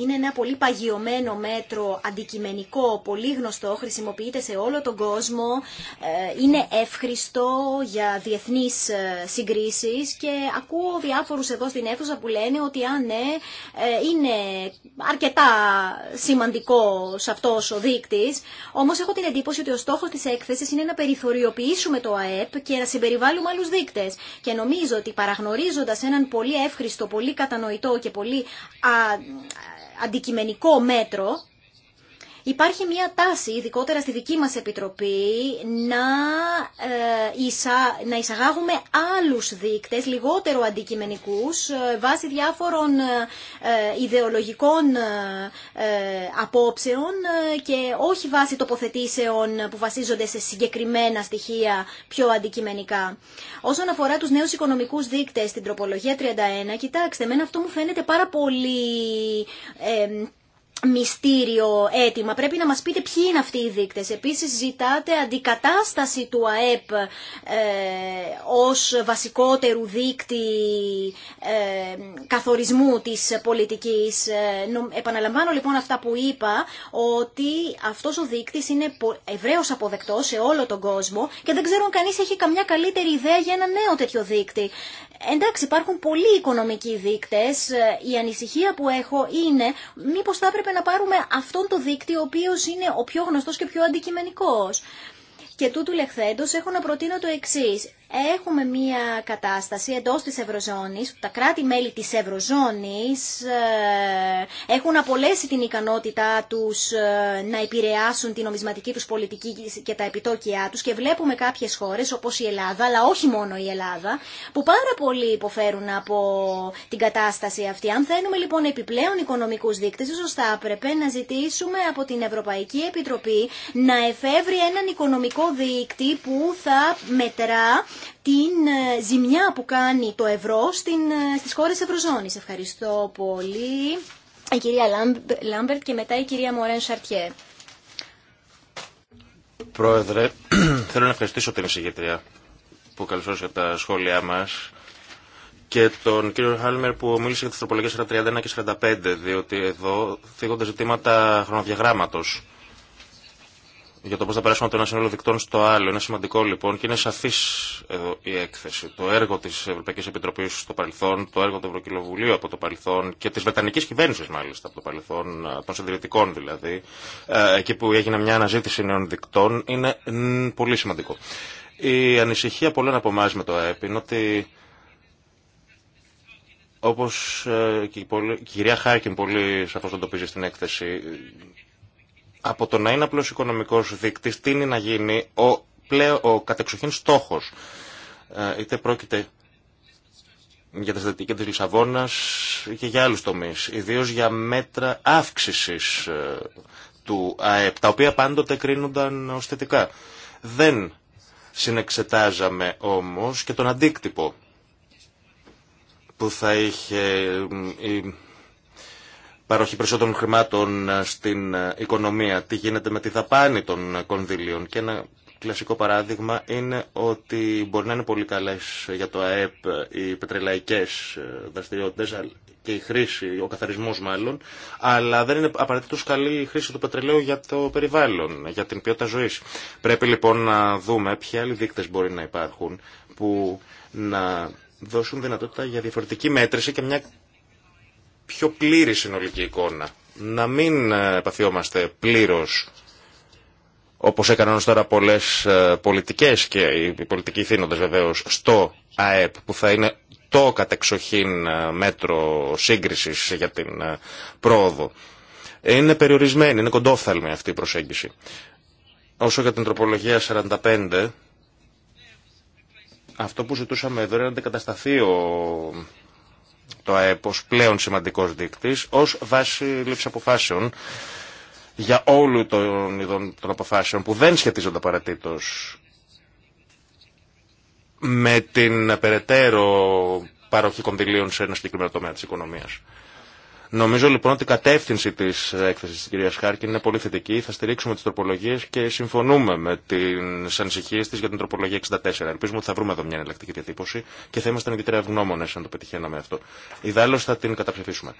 είναι ένα πολύ παγιωμένο μέτρο, αντικειμενικό, πολύ γνωστό, χρησιμοποιείται σε όλο τον κόσμο, ε, είναι εύχριστο για διεθνείς ε, συγκρίσεις και ακούω διάφορους εδώ στην αίθουσα που λένε ότι αν ναι, ε, είναι αρκετά σημαντικό σε αυτός ο δείκτης, όμως έχω την εντύπωση ότι ο στόχος της έκθεσης είναι να περιθωριοποιήσουμε το ΑΕΠ και να συμπεριβάλλουμε άλλους δείκτες. Και νομίζω ότι παραγνωρίζοντας έναν πολύ εύχριστο, πολύ κατανοητό και πολύ α, αντικειμενικό μέτρο Υπάρχει μια τάση, ειδικότερα στη δική μας Επιτροπή, να, εισα, να εισαγάγουμε άλλους δείκτες, λιγότερο αντικειμενικούς, ε, βάσει διάφορων ε, ε, ιδεολογικών απόψεων και όχι βάσει τοποθετήσεων που βασίζονται σε συγκεκριμένα στοιχεία πιο αντικειμενικά. Όσον αφορά τους νέους οικονομικούς δείκτες στην τροπολογία 31, κοιτάξτε, εμένα αυτό μου φαίνεται πάρα πολύ ε, μυστήριο αίτημα. Πρέπει να μας πείτε ποιοι είναι αυτοί οι δείκτες. Επίσης ζητάτε αντικατάσταση του ΑΕΠ ε, ως βασικότερου δείκτη ε, καθορισμού της πολιτικής. Ε, επαναλαμβάνω λοιπόν αυτά που είπα, ότι αυτός ο δείκτης είναι ευρέως αποδεκτός σε όλο τον κόσμο και δεν ξέρω αν κανείς έχει καμιά καλύτερη ιδέα για ένα νέο τέτοιο δείκτη. Εντάξει, υπάρχουν πολλοί οικονομικοί δείκτες. Ε, η ανησυχία που έχω είναι μήπως θα έπρεπε να πάρουμε αυτόν το δείκτη ο οποίος είναι ο πιο γνωστός και πιο αντικειμενικός. Και τούτου λεχθέντος έχω να προτείνω το εξή έχουμε μία κατάσταση εντός της Ευρωζώνης, που τα κράτη-μέλη της Ευρωζώνης ε, έχουν απολέσει την ικανότητά τους ε, να επηρεάσουν την νομισματική τους πολιτική και τα επιτόκια τους και βλέπουμε κάποιες χώρες όπως η Ελλάδα, αλλά όχι μόνο η Ελλάδα, που πάρα πολύ υποφέρουν από την κατάσταση αυτή. Αν θέλουμε λοιπόν επιπλέον οικονομικούς δείκτες, ίσως θα έπρεπε να ζητήσουμε από την Ευρωπαϊκή Επιτροπή να εφεύρει έναν οικονομικό δείκτη που θα μετρά την ε, ζημιά που κάνει το ευρώ στην, ε, στις χώρες ευρωζώνης. Ευχαριστώ πολύ η κυρία Λάμπερτ και μετά η κυρία Μωρέν Σαρτιέ. Πρόεδρε, θέλω να ευχαριστήσω την εισηγητρία που καλωσόρισε τα σχόλιά μας και τον κύριο Χάλμερ που μίλησε για τις τροπολογίες 41 και 45, διότι εδώ θίγονται ζητήματα χρονοδιαγράμματος για το πώ θα περάσουμε από το ένα σύνολο δικτών στο άλλο. Είναι σημαντικό λοιπόν και είναι σαφή εδώ η έκθεση. Το έργο τη Ευρωπαϊκή Επιτροπή στο παρελθόν, το έργο του Ευρωκοινοβουλίου από το παρελθόν και τη βρετανική κυβέρνηση μάλιστα από το παρελθόν, ε, των συντηρητικών δηλαδή, ε, εκεί που έγινε μια αναζήτηση νέων δικτών, είναι πολύ σημαντικό. Η ανησυχία πολλών από εμά με το ΑΕΠ είναι ότι όπως ε, και η κυρία Χάρκιν πολύ σαφώς τον τοπίζει στην έκθεση, από το να είναι απλό οικονομικό δείκτης τίνει να γίνει ο, πλέον, ο κατεξοχήν στόχος. Ε, είτε πρόκειται για τα στατική της Λισαβόνας και για άλλου τομεί. Ιδίω για μέτρα αύξησης ε, του ΑΕΠ, τα οποία πάντοτε κρίνονταν ω Δεν συνεξετάζαμε όμως και τον αντίκτυπο που θα είχε ε, η παροχή περισσότερων χρημάτων ε, στην ε, οικονομία, τι γίνεται με τη δαπάνη των ε, κονδύλιων. Και ένα κλασικό παράδειγμα είναι ότι μπορεί να είναι πολύ καλές για το ΑΕΠ οι πετρελαϊκές δραστηριότητες και η χρήση, ο καθαρισμός μάλλον, αλλά δεν είναι απαραίτητος καλή η χρήση του πετρελαίου για το περιβάλλον, για την ποιότητα ζωής. Πρέπει λοιπόν να δούμε ποιοι άλλοι δείκτες μπορεί να υπάρχουν που να δώσουν δυνατότητα για διαφορετική μέτρηση και μια πιο πλήρη συνολική εικόνα. Να μην ε, επαφιόμαστε πλήρως όπως έκαναν τώρα πολλές ε, πολιτικές και οι πολιτικοί θύνοντες βεβαίως στο ΑΕΠ που θα είναι το κατεξοχήν ε, μέτρο σύγκρισης για την πρόοδο. Είναι περιορισμένη, είναι κοντόφθαλμη αυτή η προσέγγιση. Όσο για την τροπολογία 45, αυτό που ζητούσαμε εδώ είναι να αντικατασταθεί ο το ΑΕΠ ως πλέον σημαντικός δείκτης, ως βάση λήψη αποφάσεων για όλου των ειδών των αποφάσεων που δεν σχετίζονται παρατήτως με την περαιτέρω παροχή κονδυλίων σε ένα συγκεκριμένο τομέα της οικονομίας. Νομίζω λοιπόν ότι η κατεύθυνση τη έκθεση τη κυρία Χάρκιν είναι πολύ θετική. Θα στηρίξουμε τι τροπολογίε και συμφωνούμε με τι ανησυχίε τη για την τροπολογία 64. Ελπίζουμε ότι θα βρούμε εδώ μια εναλλακτική διατύπωση και θα ήμασταν ιδιαίτερα ευγνώμονε αν το πετυχαίναμε αυτό. Ιδάλω θα την καταψηφίσουμε.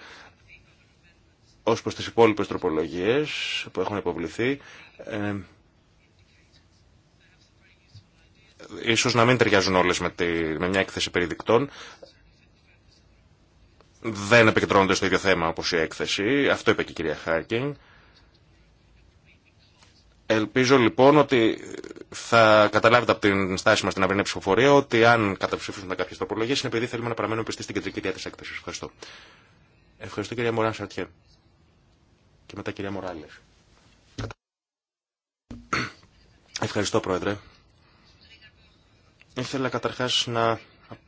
Ω προ τι υπόλοιπε τροπολογίε που έχουν υποβληθεί, ε, ίσως να μην ταιριάζουν όλες με, τη, με μια έκθεση περιδικτών δεν επικεντρώνονται στο ίδιο θέμα όπως η έκθεση. Αυτό είπε και η κυρία Χάκινγκ. Ελπίζω λοιπόν ότι θα καταλάβετε από την στάση μα την αυριανή ψηφοφορία ότι αν καταψηφίσουμε κάποιε τροπολογίε είναι επειδή θέλουμε να παραμένουμε πιστοί στην κεντρική ιδέα τη έκθεση. Ευχαριστώ. Ευχαριστώ κυρία Μωράν Σαρτιέ. Και μετά κυρία Μωράλε. Ευχαριστώ πρόεδρε. Ήθελα καταρχά να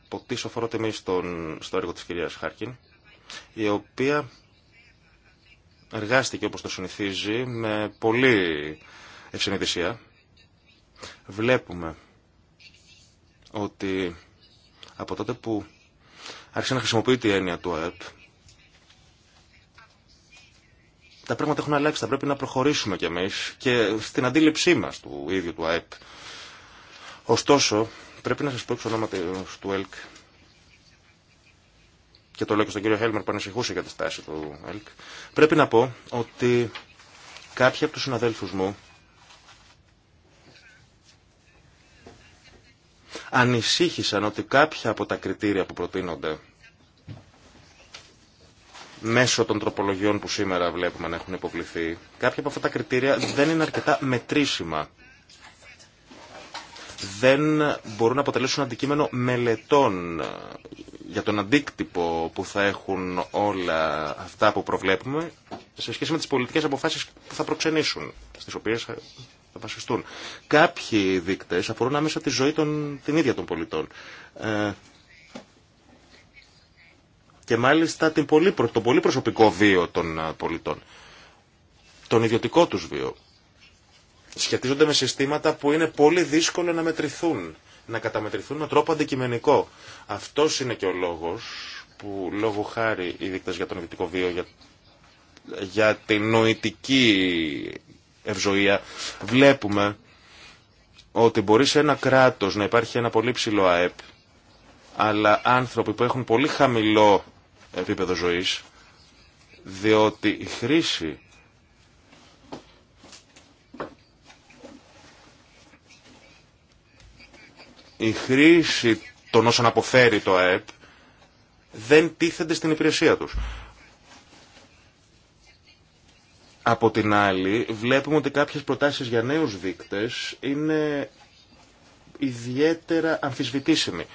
αποκτήσω φορό τιμή στο έργο τη κυρία Χάρκιν η οποία εργάστηκε όπως το συνηθίζει με πολύ ευσυνειδησία. Βλέπουμε ότι από τότε που άρχισε να χρησιμοποιείται η έννοια του ΑΕΠ, τα πράγματα έχουν αλλάξει, θα πρέπει να προχωρήσουμε κι εμείς και στην αντίληψή μας του ίδιου του ΑΕΠ. Ωστόσο, πρέπει να σας πω εξ ονόματος του ΕΛΚ και το λέω και στον κύριο Χέλμερ που ανησυχούσε για τη στάση του ΕΛΚ, πρέπει να πω ότι κάποιοι από τους συναδέλφους μου ανησύχησαν ότι κάποια από τα κριτήρια που προτείνονται μέσω των τροπολογιών που σήμερα βλέπουμε να έχουν υποβληθεί, κάποια από αυτά τα κριτήρια δεν είναι αρκετά μετρήσιμα δεν μπορούν να αποτελέσουν αντικείμενο μελετών ε, για τον αντίκτυπο που θα έχουν όλα αυτά που προβλέπουμε σε σχέση με τις πολιτικές αποφάσεις που θα προξενήσουν, στις οποίες θα βασιστούν. Κάποιοι δείκτες αφορούν άμεσα τη ζωή των, την ίδια των πολιτών. Ε, και μάλιστα την πολύ, το πολύ προσωπικό βίο των ε, πολιτών. Τον ιδιωτικό τους βίο σχετίζονται με συστήματα που είναι πολύ δύσκολο να μετρηθούν, να καταμετρηθούν με τρόπο αντικειμενικό. Αυτό είναι και ο λόγος που λόγω χάρη οι δείκτε για τον ειδικό βίο, για, για την νοητική ευζοία, βλέπουμε ότι μπορεί σε ένα κράτος να υπάρχει ένα πολύ ψηλό ΑΕΠ, αλλά άνθρωποι που έχουν πολύ χαμηλό επίπεδο ζωής, διότι η χρήση η χρήση των όσων αποφέρει το ΑΕΠ δεν τίθενται στην υπηρεσία τους. Από την άλλη, βλέπουμε ότι κάποιες προτάσεις για νέους δείκτες είναι ιδιαίτερα αμφισβητήσιμοι.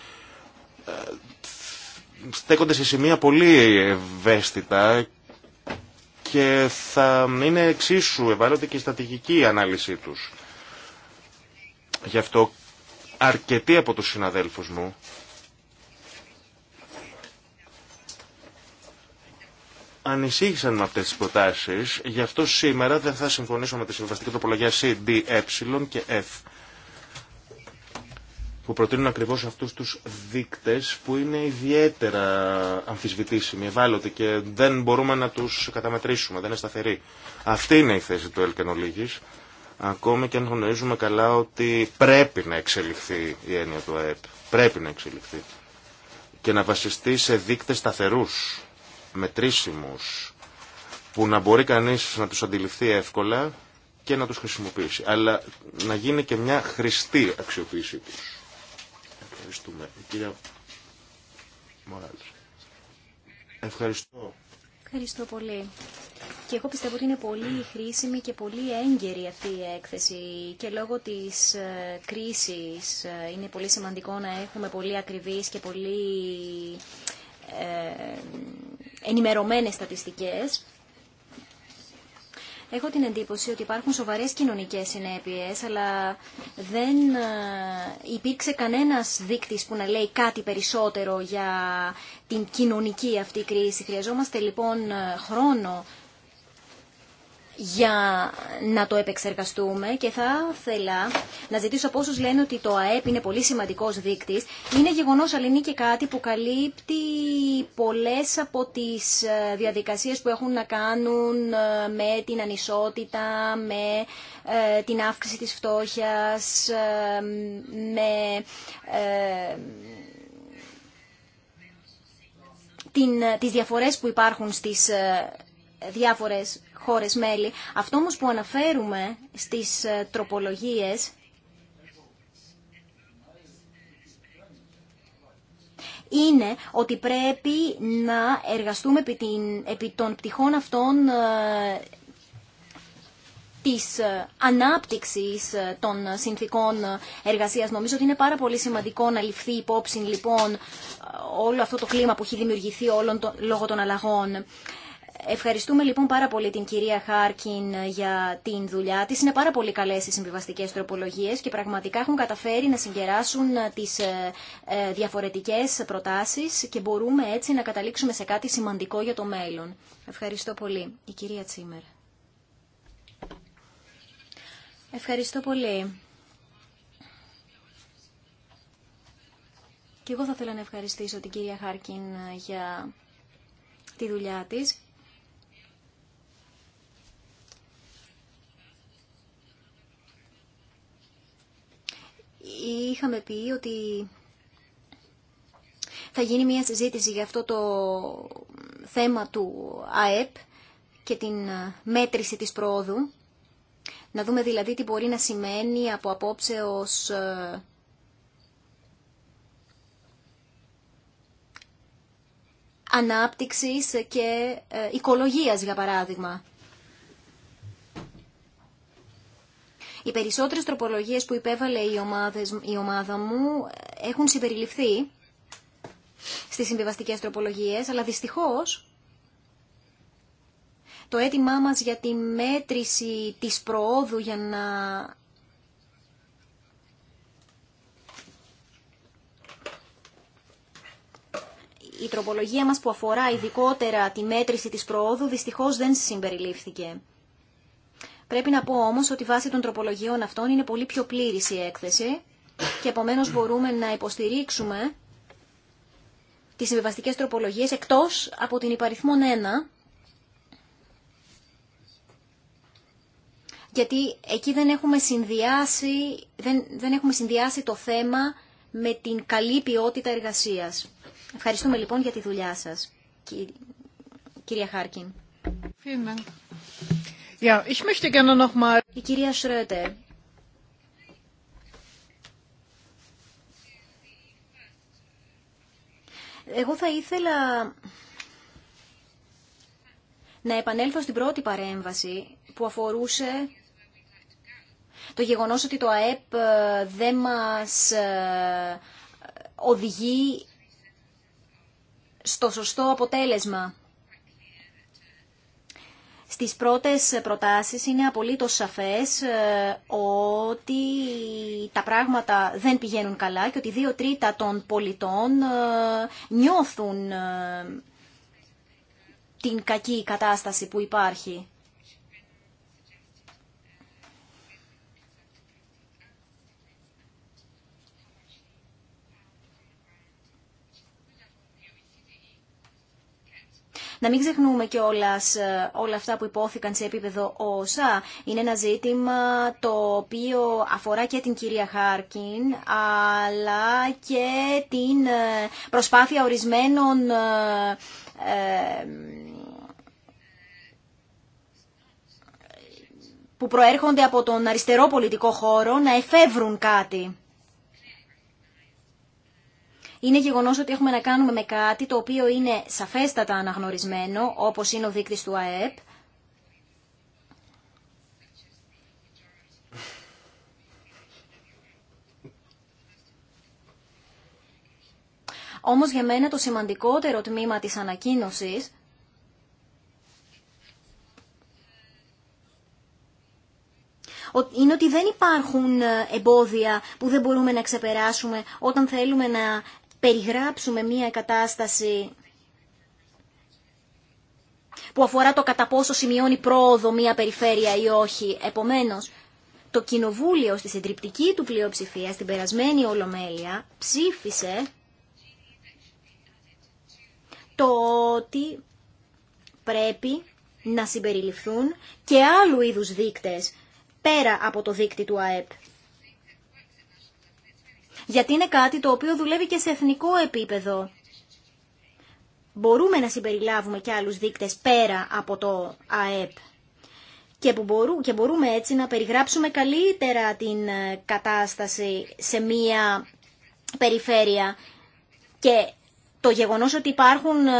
Ε, στέκονται σε σημεία πολύ ευαίσθητα και θα είναι εξίσου ευάλωτη και η στατηγική ανάλυση τους. Γι' αυτό αρκετοί από τους συναδέλφους μου ανησύχησαν με αυτές τις προτάσεις, γι' αυτό σήμερα δεν θα συμφωνήσω με τη συμβαστική τροπολογία C, D, Ε και F που προτείνουν ακριβώς αυτούς τους δείκτες που είναι ιδιαίτερα αμφισβητήσιμοι, ευάλωτοι και δεν μπορούμε να τους καταμετρήσουμε, δεν είναι σταθεροί. Αυτή είναι η θέση του Ελκενολίγης. Ακόμη και αν γνωρίζουμε καλά ότι πρέπει να εξελιχθεί η έννοια του ΑΕΠ. Πρέπει να εξελιχθεί. Και να βασιστεί σε δείκτες σταθερούς, μετρήσιμους, που να μπορεί κανείς να τους αντιληφθεί εύκολα και να τους χρησιμοποιήσει. Αλλά να γίνει και μια χρηστή αξιοποίησή τους. Ευχαριστούμε. Κύριε Μοράλης. Ευχαριστώ. Ευχαριστώ πολύ. Και εγώ πιστεύω ότι είναι πολύ χρήσιμη και πολύ έγκαιρη αυτή η έκθεση και λόγω της ε, κρίσης ε, είναι πολύ σημαντικό να έχουμε πολύ ακριβείς και πολύ ε, ενημερωμένες στατιστικές έχω την εντύπωση ότι υπάρχουν σοβαρές κοινωνικές συνέπειες, αλλά δεν ε, υπήρξε κανένας δείκτης που να λέει κάτι περισσότερο για την κοινωνική αυτή κρίση. Χρειαζόμαστε λοιπόν ε, χρόνο για να το επεξεργαστούμε και θα ήθελα να ζητήσω από όσους λένε ότι το ΑΕΠ είναι πολύ σημαντικός δείκτης. Είναι γεγονός, αλλά και κάτι που καλύπτει πολλές από τις ε, διαδικασίες που έχουν να κάνουν ε, με την ανισότητα, με ε, την αύξηση της φτώχειας, με τις διαφορές που υπάρχουν στις διάφορες χώρες μέλη. Αυτό όμως που αναφέρουμε στις ε, τροπολογίες είναι ότι πρέπει να εργαστούμε επί, την, επί των πτυχών αυτών ε, της ε, ανάπτυξης των συνθήκων εργασίας. Νομίζω ότι είναι πάρα πολύ σημαντικό να ληφθεί υπόψη λοιπόν όλο αυτό το κλίμα που έχει δημιουργηθεί το, λόγω των αλλαγών. Ευχαριστούμε λοιπόν πάρα πολύ την κυρία Χάρκιν για την δουλειά της. Είναι πάρα πολύ καλές οι συμβιβαστικές τροπολογίες και πραγματικά έχουν καταφέρει να συγκεράσουν ε, τις ε, ε, διαφορετικές προτάσεις και μπορούμε έτσι να καταλήξουμε σε κάτι σημαντικό για το μέλλον. Ευχαριστώ πολύ. Η κυρία Τσίμερ. Ευχαριστώ πολύ. Και εγώ θα ήθελα να ευχαριστήσω την κυρία Χάρκιν για τη δουλειά της είχαμε πει ότι θα γίνει μια συζήτηση για αυτό το θέμα του ΑΕΠ και την ε, μέτρηση της πρόοδου. Να δούμε δηλαδή τι μπορεί να σημαίνει από απόψε ως ε, ανάπτυξης και ε, οικολογίας, για παράδειγμα. Οι περισσότερες τροπολογίες που υπέβαλε η, ομάδες, η ομάδα μου έχουν συμπεριληφθεί στις συμβιβαστικές τροπολογίες, αλλά δυστυχώς το αίτημά μας για τη μέτρηση της προόδου για να η τροπολογία μας που αφορά ειδικότερα τη μέτρηση της προόδου δυστυχώς δεν συμπεριλήφθηκε. Πρέπει να πω όμως ότι βάσει των τροπολογιών αυτών είναι πολύ πιο πλήρης η έκθεση και επομένως μπορούμε να υποστηρίξουμε τις συμβιβαστικές τροπολογίες εκτός από την υπαριθμόν 1 γιατί εκεί δεν έχουμε συνδυάσει, δεν, δεν έχουμε συνδυάσει το θέμα με την καλή ποιότητα εργασίας. Ευχαριστούμε λοιπόν για τη δουλειά σας, κυρία Χάρκιν. Η κυρία Σρέτε, Εγώ θα ήθελα να επανέλθω στην πρώτη παρέμβαση που αφορούσε το γεγονός ότι το ΑΕΠ ε, δεν μας ε, οδηγεί στο σωστό αποτέλεσμα στις πρώτες προτάσεις είναι απολύτως σαφές ε, ότι τα πράγματα δεν πηγαίνουν καλά και ότι δύο τρίτα των πολιτών ε, νιώθουν ε, την κακή κατάσταση που υπάρχει. να μην ξεχνούμε και ε, όλα αυτά που υπόθηκαν σε επίπεδο όσα Είναι ένα ζήτημα το οποίο αφορά και την κυρία Χάρκιν, αλλά και την ε, προσπάθεια ορισμένων ε, που προέρχονται από τον αριστερό πολιτικό χώρο να εφεύρουν κάτι είναι γεγονός ότι έχουμε να κάνουμε με κάτι το οποίο είναι σαφέστατα αναγνωρισμένο, όπως είναι ο δείκτης του ΑΕΠ, Όμως για μένα το σημαντικότερο τμήμα της ανακοίνωσης είναι ότι δεν υπάρχουν ε, εμπόδια που δεν μπορούμε να ξεπεράσουμε όταν θέλουμε να περιγράψουμε μία κατάσταση που αφορά το κατά πόσο σημειώνει πρόοδο μία περιφέρεια ή όχι. Επομένως, το Κοινοβούλιο στη συντριπτική του πλειοψηφία, στην περασμένη Ολομέλεια, ψήφισε το ότι πρέπει να συμπεριληφθούν και άλλου είδους δείκτες πέρα από το δείκτη του ΑΕΠ γιατί είναι κάτι το οποίο δουλεύει και σε εθνικό επίπεδο. Μπορούμε να συμπεριλάβουμε και άλλους δείκτες πέρα από το ΑΕΠ και, που μπορούμε, και μπορούμε έτσι να περιγράψουμε καλύτερα την ε, κατάσταση σε μία περιφέρεια και το γεγονός ότι υπάρχουν ε,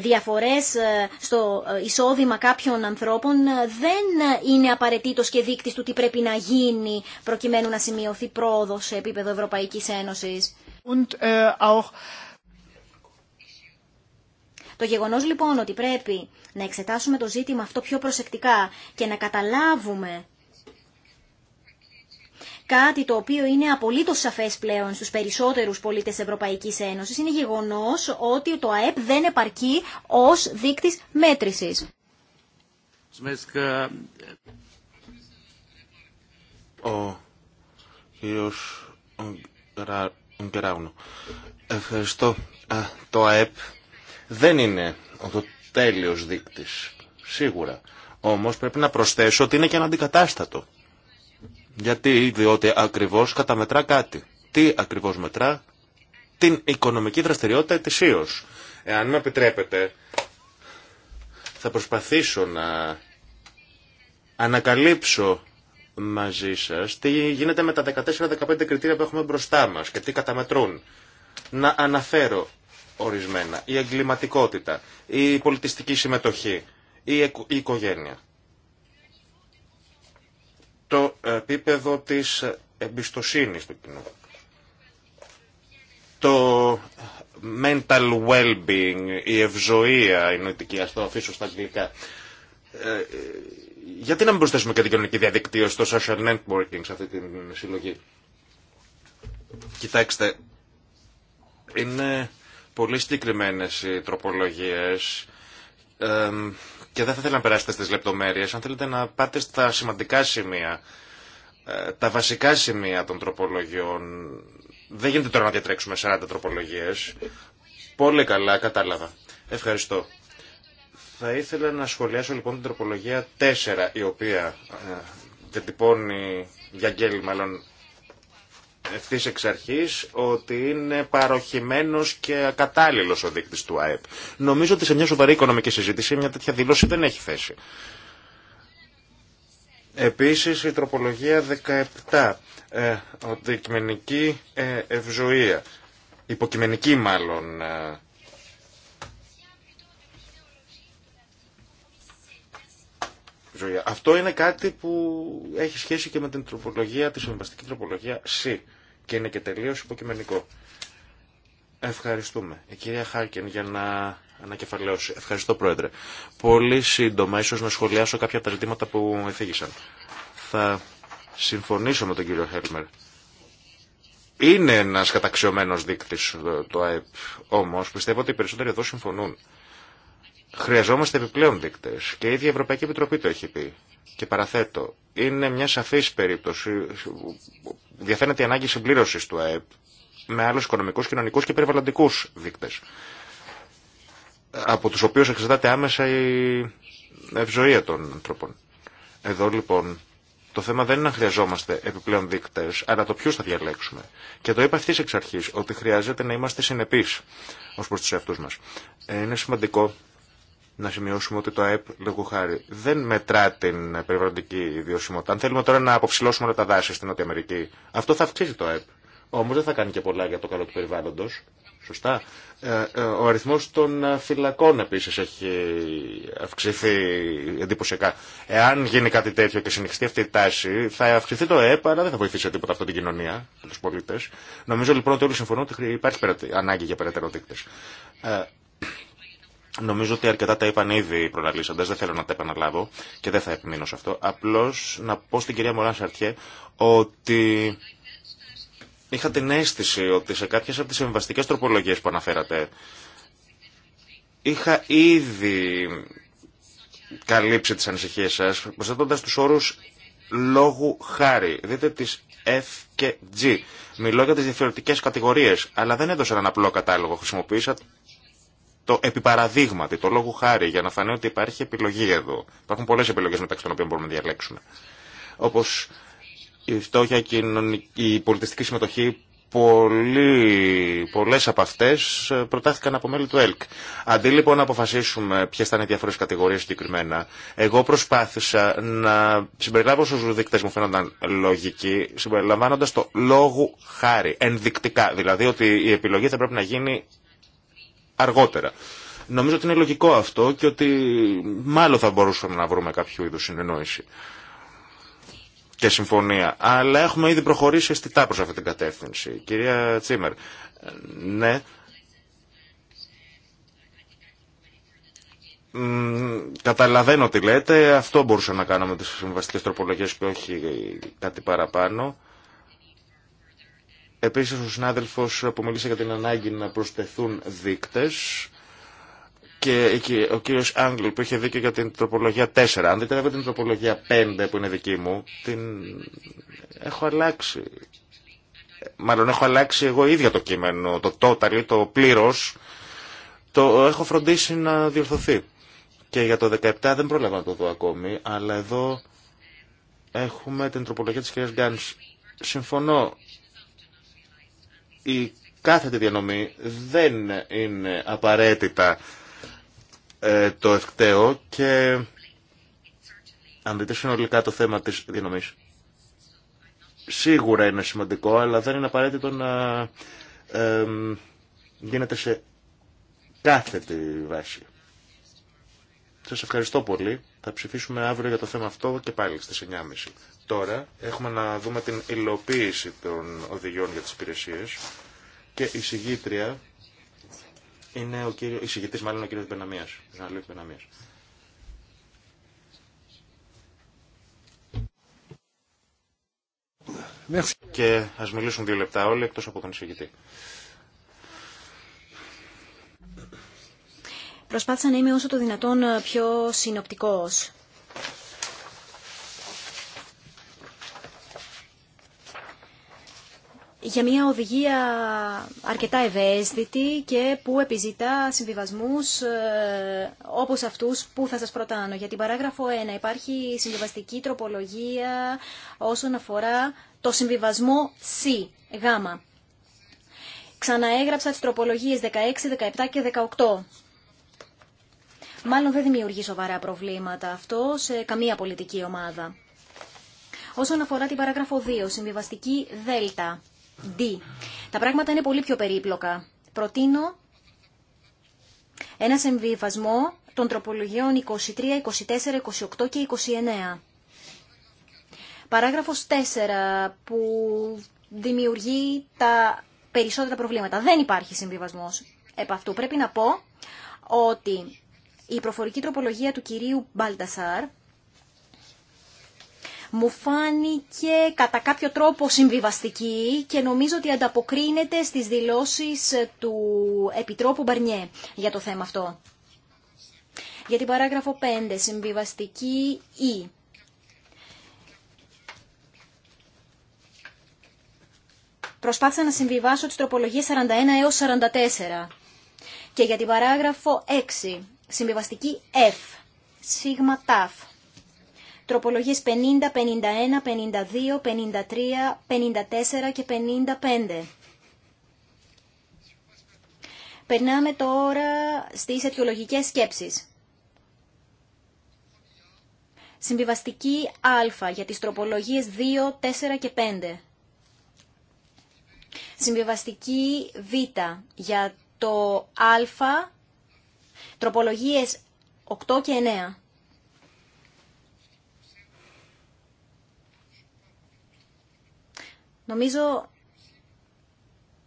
διαφορές ε, στο ε, εισόδημα κάποιων ανθρώπων δεν είναι απαραίτητος και δείκτης του τι πρέπει να γίνει προκειμένου να σημειωθεί πρόοδο σε επίπεδο Ευρωπαϊκής Ένωσης. Το γεγονός λοιπόν ότι πρέπει να εξετάσουμε το ζήτημα αυτό πιο προσεκτικά και να καταλάβουμε κάτι το οποίο είναι απολύτως σαφές πλέον στους περισσότερους πολίτες Ευρωπαϊκής Ένωσης, είναι γεγονός ότι το ΑΕΠ δεν επαρκεί ως δείκτης μέτρησης. Ο κύριος Ευχαριστώ. το ΑΕΠ δεν είναι ο τέλειος δείκτης, σίγουρα. Όμως πρέπει να προσθέσω ότι είναι και ένα αντικατάστατο. Γιατί, διότι ακριβώς καταμετρά κάτι. Τι ακριβώς μετρά, την οικονομική δραστηριότητα ετησίως. Εάν με επιτρέπετε, θα προσπαθήσω να ανακαλύψω μαζί σας τι γίνεται με τα 14-15 κριτήρια που έχουμε μπροστά μας και τι καταμετρούν. Να αναφέρω ορισμένα. Η εγκληματικότητα, η πολιτιστική συμμετοχή, η οικογένεια το επίπεδο της εμπιστοσύνης του κοινού. Το mental well-being, η ευζοία, η νοητική, ας το αφήσω στα αγγλικά. Ε, γιατί να μην προσθέσουμε και την κοινωνική διαδικτύωση, στο social networking σε αυτή τη συλλογή. Κοιτάξτε, είναι πολύ συγκεκριμένε οι τροπολογίες και δεν θα ήθελα να περάσετε στις λεπτομέρειες. Αν θέλετε να πάτε στα σημαντικά σημεία, ε, τα βασικά σημεία των τροπολογιών, δεν γίνεται τώρα να διατρέξουμε 40 τροπολογίες. Πολύ καλά, κατάλαβα. Ευχαριστώ. Θα ήθελα να σχολιάσω λοιπόν την τροπολογία 4, η οποία ε, διατυπώνει, διαγγέλει μάλλον, ευθύ εξ αρχή ότι είναι παροχημένο και ακατάλληλο ο δείκτη του ΑΕΠ. Νομίζω ότι σε μια σοβαρή οικονομική συζήτηση μια τέτοια δήλωση δεν έχει θέση. Επίσης η τροπολογία 17, ε, αντικειμενική ε, ευζοία, υποκειμενική μάλλον ε, ζωή. Αυτό είναι κάτι που έχει σχέση και με την τροπολογία, τη συμβαστική τροπολογία C και είναι και τελείως υποκειμενικό. Ευχαριστούμε. Η κυρία Χάρκεν για να ανακεφαλαιώσει. Ευχαριστώ Πρόεδρε. Πολύ σύντομα ίσω να σχολιάσω κάποια από τα ζητήματα που εφήγησαν. Θα συμφωνήσω με τον κύριο Χέλμερ. Είναι ένα καταξιωμένο δείκτη το ΑΕΠ, Όμω, πιστεύω ότι οι περισσότεροι εδώ συμφωνούν. Χρειαζόμαστε επιπλέον δείκτε και η ίδια η Ευρωπαϊκή Επιτροπή το έχει πει. Και παραθέτω, είναι μια σαφή περίπτωση, διαφαίνεται η ανάγκη συμπλήρωση του ΑΕΠ με άλλου οικονομικού, κοινωνικού και περιβαλλοντικού δείκτε. από του οποίου εξετάται άμεσα η ευζοία των ανθρώπων. Εδώ λοιπόν το θέμα δεν είναι να χρειαζόμαστε επιπλέον δείκτε, αλλά το ποιου θα διαλέξουμε. Και το είπα αυτή εξ αρχή, ότι χρειάζεται να είμαστε συνεπεί ω προ του εαυτού μα. Ε, είναι σημαντικό να σημειώσουμε ότι το ΑΕΠ λόγω χάρη δεν μετρά την περιβαλλοντική ιδιωσιμότητα. Αν θέλουμε τώρα να αποψηλώσουμε όλα τα δάση στην Νότια Αμερική, αυτό θα αυξήσει το ΑΕΠ. Όμω δεν θα κάνει και πολλά για το καλό του περιβάλλοντο. Σωστά. Ε, ε, ο αριθμό των ε, φυλακών επίση έχει αυξηθεί εντυπωσιακά. Εάν γίνει κάτι τέτοιο και συνεχιστεί αυτή η τάση, θα αυξηθεί το ΕΠ, αλλά δεν θα βοηθήσει τίποτα αυτό την κοινωνία του πολίτε. Νομίζω λοιπόν ότι όλοι συμφωνούν ότι υπάρχει ανάγκη για περαιτέρω δείκτε. Νομίζω ότι αρκετά τα είπαν ήδη οι δεν θέλω να τα επαναλάβω και δεν θα επιμείνω σε αυτό. Απλώς να πω στην κυρία Μωράν Σαρτιέ ότι είχα την αίσθηση ότι σε κάποιες από τις εμβαστικές τροπολογίες που αναφέρατε είχα ήδη καλύψει τις ανησυχίες σας προσθέτοντας τους όρους λόγου χάρη. Δείτε τις F και G. Μιλώ για τις διαφορετικές κατηγορίες, αλλά δεν έδωσα έναν απλό κατάλογο. Χρησιμοποίησα το επιπαραδείγματι, το λόγο χάρη, για να φανεί ότι υπάρχει επιλογή εδώ. Υπάρχουν πολλέ επιλογέ μεταξύ των οποίων μπορούμε να διαλέξουμε. Όπω, η φτώχεια και η πολιτιστική συμμετοχή πολλέ από αυτέ ε, προτάθηκαν από μέλη του ΕΛΚ. Αντί λοιπόν να αποφασίσουμε ποιε θα είναι οι διάφορε κατηγορίες συγκεκριμένα, εγώ προσπάθησα να συμπεριλάβω στου δείκτες μου φαίνονταν λογικοί, συμπεριλαμβάνοντας το λόγου χάρη, ενδεικτικά. Δηλαδή ότι η επιλογή θα πρέπει να γίνει αργότερα. Νομίζω ότι είναι λογικό αυτό και ότι μάλλον θα μπορούσαμε να βρούμε κάποιο είδου συνεννόηση και συμφωνία. Αλλά έχουμε ήδη προχωρήσει αισθητά προ αυτή την κατεύθυνση. Κυρία Τσίμερ, ναι. Καταλαβαίνω τι λέτε. Αυτό μπορούσαμε να κάνουμε τις συμβαστικές τροπολογίες και όχι κάτι παραπάνω. Επίσης ο συνάδελφος που μίλησε για την ανάγκη να προσθεθούν δείκτες και ο κύριος Άγγλ που είχε δίκιο για την τροπολογία 4. Αν δείτε βέβαια την τροπολογία 5 που είναι δική μου, την έχω αλλάξει. Μάλλον έχω αλλάξει εγώ ίδια το κείμενο, το total, το πλήρως. Το έχω φροντίσει να διορθωθεί. Και για το 17 δεν πρόλαβα να το δω ακόμη, αλλά εδώ έχουμε την τροπολογία της κυρίας Γκάνης. Συμφωνώ η κάθετη διανομή δεν είναι απαραίτητα ε, το ευκταίο και αν δείτε συνολικά το θέμα της διανομής σίγουρα είναι σημαντικό αλλά δεν είναι απαραίτητο να ε, γίνεται σε κάθετη βάση. Σας ευχαριστώ πολύ. Θα ψηφίσουμε αύριο για το θέμα αυτό και πάλι στις 9.30. Τώρα έχουμε να δούμε την υλοποίηση των οδηγιών για τις υπηρεσίες και η συγγήτρια είναι ο κύριος, η συγγητής μάλλον ο κύριος Μπεναμίας, Ζαναλίου Μπεναμίας. Και ας μιλήσουν δύο λεπτά όλοι εκτός από τον εισηγητή. Προσπάθησα να είμαι όσο το δυνατόν πιο συνοπτικός. για μια οδηγία αρκετά ευαίσθητη και που επιζητά συμβιβασμούς ε, όπως αυτούς που θα σας προτάνω. Για την παράγραφο 1 υπάρχει συμβιβαστική τροπολογία όσον αφορά το συμβιβασμό C, γ. Ξαναέγραψα τις τροπολογίες 16, 17 και 18. Μάλλον δεν δημιουργεί σοβαρά προβλήματα αυτό σε καμία πολιτική ομάδα. Όσον αφορά την παράγραφο 2, συμβιβαστική δέλτα. D. Τα πράγματα είναι πολύ πιο περίπλοκα. Προτείνω ένα συμβιβασμό των τροπολογιών 23, 24, 28 και 29. Παράγραφος 4 που δημιουργεί τα περισσότερα προβλήματα. Δεν υπάρχει συμβιβασμός επ' αυτού. Πρέπει να πω ότι η προφορική τροπολογία του κυρίου Μπαλτασάρ μου φάνηκε κατά κάποιο τρόπο συμβιβαστική και νομίζω ότι ανταποκρίνεται στις δηλώσεις του Επιτρόπου Μπαρνιέ για το θέμα αυτό. Για την παράγραφο 5, συμβιβαστική Ή. Προσπάθησα να συμβιβάσω τις τροπολογίες 41 έως 44. Και για την παράγραφο 6, συμβιβαστική F, σίγμα ταφ τροπολογίες 50, 51, 52, 53, 54 και 55. Περνάμε τώρα στις αιτιολογικές σκέψεις. Συμβιβαστική Α για τις τροπολογίες 2, 4 και 5. Συμβιβαστική Β για το Α, τροπολογίες 8 και 9. Νομίζω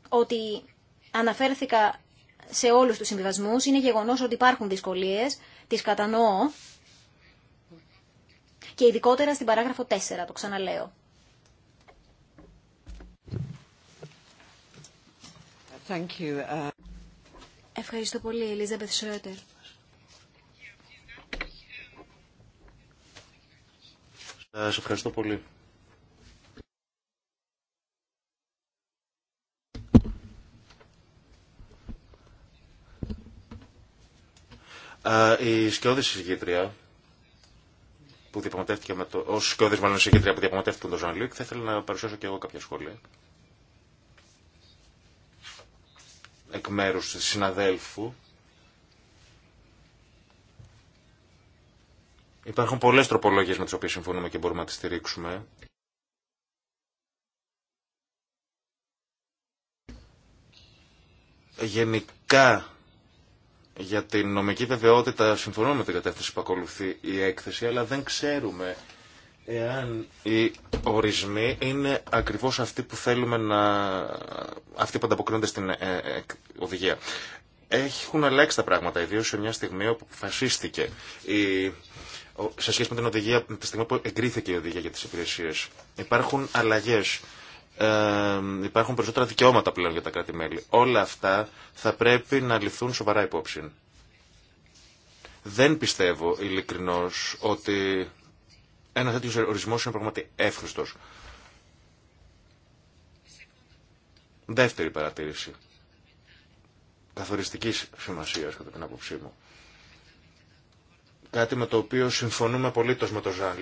ότι αναφέρθηκα σε όλους τους συμβιβασμούς. Είναι γεγονός ότι υπάρχουν δυσκολίες, τις κατανοώ και ειδικότερα στην παράγραφο 4, το ξαναλέω. Ευχαριστώ πολύ, Ελίζα Μπεθσρότερ. Σας ευχαριστώ πολύ. Η σκιώδη συγκήτρια που διαπραγματεύτηκε με το. Ω σκιώδη μάλλον που διαπραγματεύτηκε με τον Ζανλίκ θα ήθελα να παρουσιάσω και εγώ κάποια σχόλια. Εκ μέρου τη συναδέλφου. Υπάρχουν πολλέ τροπολογίε με τι οποίε συμφωνούμε και μπορούμε να τι στηρίξουμε. Γενικά για την νομική βεβαιότητα συμφωνώ με την κατεύθυνση που ακολουθεί η έκθεση, αλλά δεν ξέρουμε εάν οι ορισμοί είναι ακριβώς αυτοί που θέλουμε να... αυτοί που ανταποκρίνονται στην ε, ε, οδηγία. Έχουν αλλάξει τα πράγματα, ιδίω σε μια στιγμή όπου αποφασίστηκε η... σε σχέση με την οδηγία, τη στιγμή που εγκρίθηκε η οδηγία για τις υπηρεσίες. Υπάρχουν αλλαγές υπάρχουν περισσότερα δικαιώματα πλέον για τα κράτη-μέλη. Όλα αυτά θα πρέπει να ληφθούν σοβαρά υπόψη. Δεν πιστεύω ειλικρινώ ότι ένα τέτοιο ορισμός είναι πραγματικά εύχριστος. Δεύτερη παρατήρηση. καθοριστική σημασία κατά την άποψή μου. Κάτι με το οποίο συμφωνούμε πολύ με τον Ζαν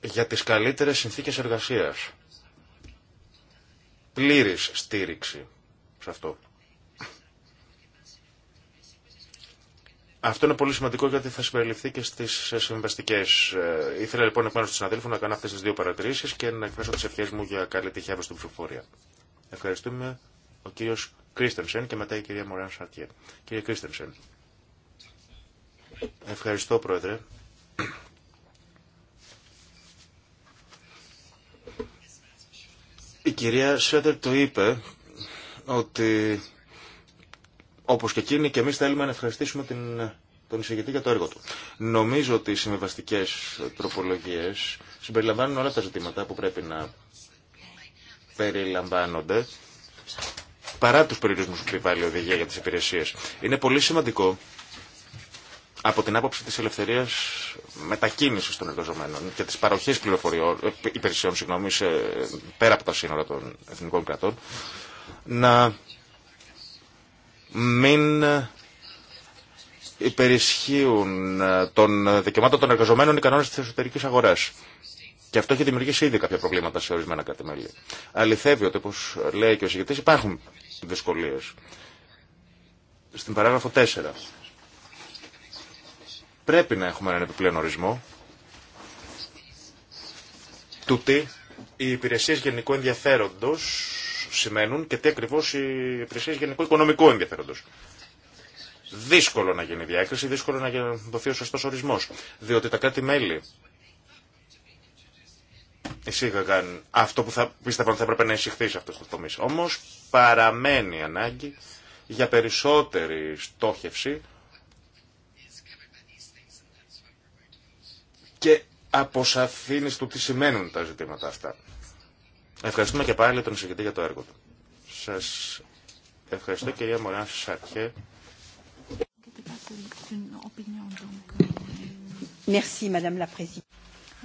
για τις καλύτερες συνθήκες εργασίας. Πλήρης στήριξη σε αυτό. Αυτό είναι πολύ σημαντικό γιατί θα συμπεριληφθεί και στι συμβαστικέ. Ε, ήθελα λοιπόν επάνω στου συναδέλφου να κάνω αυτέ τι δύο παρατηρήσει και να εκφράσω τι ευχέ μου για καλή τυχαία στην ψηφοφορία. Ευχαριστούμε ο κύριος Κρίστερνσεν και μετά η κυρία Μωράν Σαρτιέ. Κύριε Κρίστερνσεν, Ευχαριστώ, Πρόεδρε. κυρία Σέτερ το είπε ότι όπως και εκείνη και εμείς θέλουμε να ευχαριστήσουμε την, τον εισηγητή για το έργο του. Νομίζω ότι οι συμβιβαστικέ τροπολογίες συμπεριλαμβάνουν όλα τα ζητήματα που πρέπει να περιλαμβάνονται παρά τους περιορισμούς που επιβάλλει η οδηγία για τις υπηρεσίες. Είναι πολύ σημαντικό από την άποψη της ελευθερίας μετακίνησης των εργαζομένων και της παροχής πληροφοριών, ε, υπηρεσιών συγγνώμη, πέρα από τα σύνορα των εθνικών κρατών, να μην υπερισχύουν ε, των δικαιωμάτων των εργαζομένων οι κανόνες της εσωτερικής αγοράς. Και αυτό έχει δημιουργήσει ήδη κάποια προβλήματα σε ορισμένα κράτη-μέλη. Αληθεύει ότι, όπω λέει και ο συγκεκριτή, υπάρχουν δυσκολίε. Στην παράγραφο 4 πρέπει να έχουμε έναν επιπλέον ορισμό. τι οι υπηρεσίε γενικού ενδιαφέροντο σημαίνουν και τι ακριβώ οι υπηρεσίε γενικού οικονομικού ενδιαφέροντο. Δύσκολο να γίνει διάκριση, δύσκολο να δοθεί ο σωστό ορισμό. Διότι τα κράτη-μέλη εισήγαγαν αυτό που θα πίστευαν ότι θα έπρεπε να εισηχθεί σε αυτού του τομεί. Όμω παραμένει ανάγκη για περισσότερη στόχευση και αποσαφήνεις του τι σημαίνουν τα ζητήματα αυτά. Ευχαριστούμε και πάλι τον εισηγητή για το έργο του. Σας ευχαριστώ κυρία Μωράν Σαρχέ.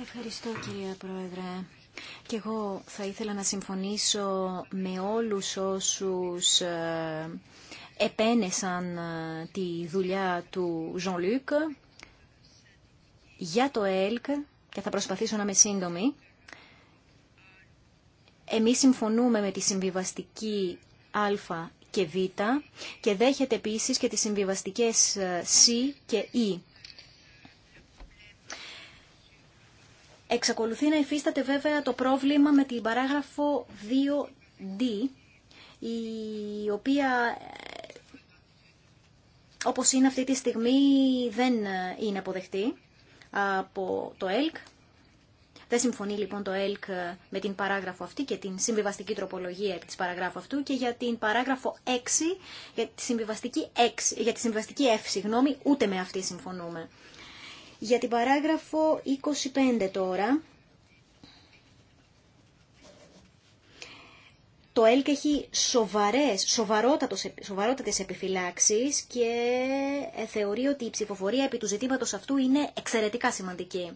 Ευχαριστώ κυρία Πρόεδρε. Και εγώ θα ήθελα να συμφωνήσω με όλους όσους ε, επένεσαν ε, τη δουλειά του Ζων Λουκ για το ΕΛΚ, και θα προσπαθήσω να είμαι σύντομη, εμείς συμφωνούμε με τη συμβιβαστική α και β και δέχεται επίσης και τις συμβιβαστικές Σ και Ι. Εξακολουθεί να υφίσταται βέβαια το πρόβλημα με την παράγραφο 2D, η οποία ε, όπως είναι αυτή τη στιγμή δεν είναι αποδεκτή από το ΕΛΚ. Δεν συμφωνεί λοιπόν το ΕΛΚ ε, με την παράγραφο αυτή και την συμβιβαστική τροπολογία της παραγράφου αυτού και για την παράγραφο 6, για τη συμβιβαστική, 6, για τη συμβιβαστική F, συγγνώμη, ούτε με αυτή συμφωνούμε. Για την παράγραφο 25 τώρα, το ΕΛΚ έχει σοβαρές, σοβαρότατες επιφυλάξεις και ε, θεωρεί ότι η ψηφοφορία επί του ζητήματος αυτού είναι εξαιρετικά σημαντική.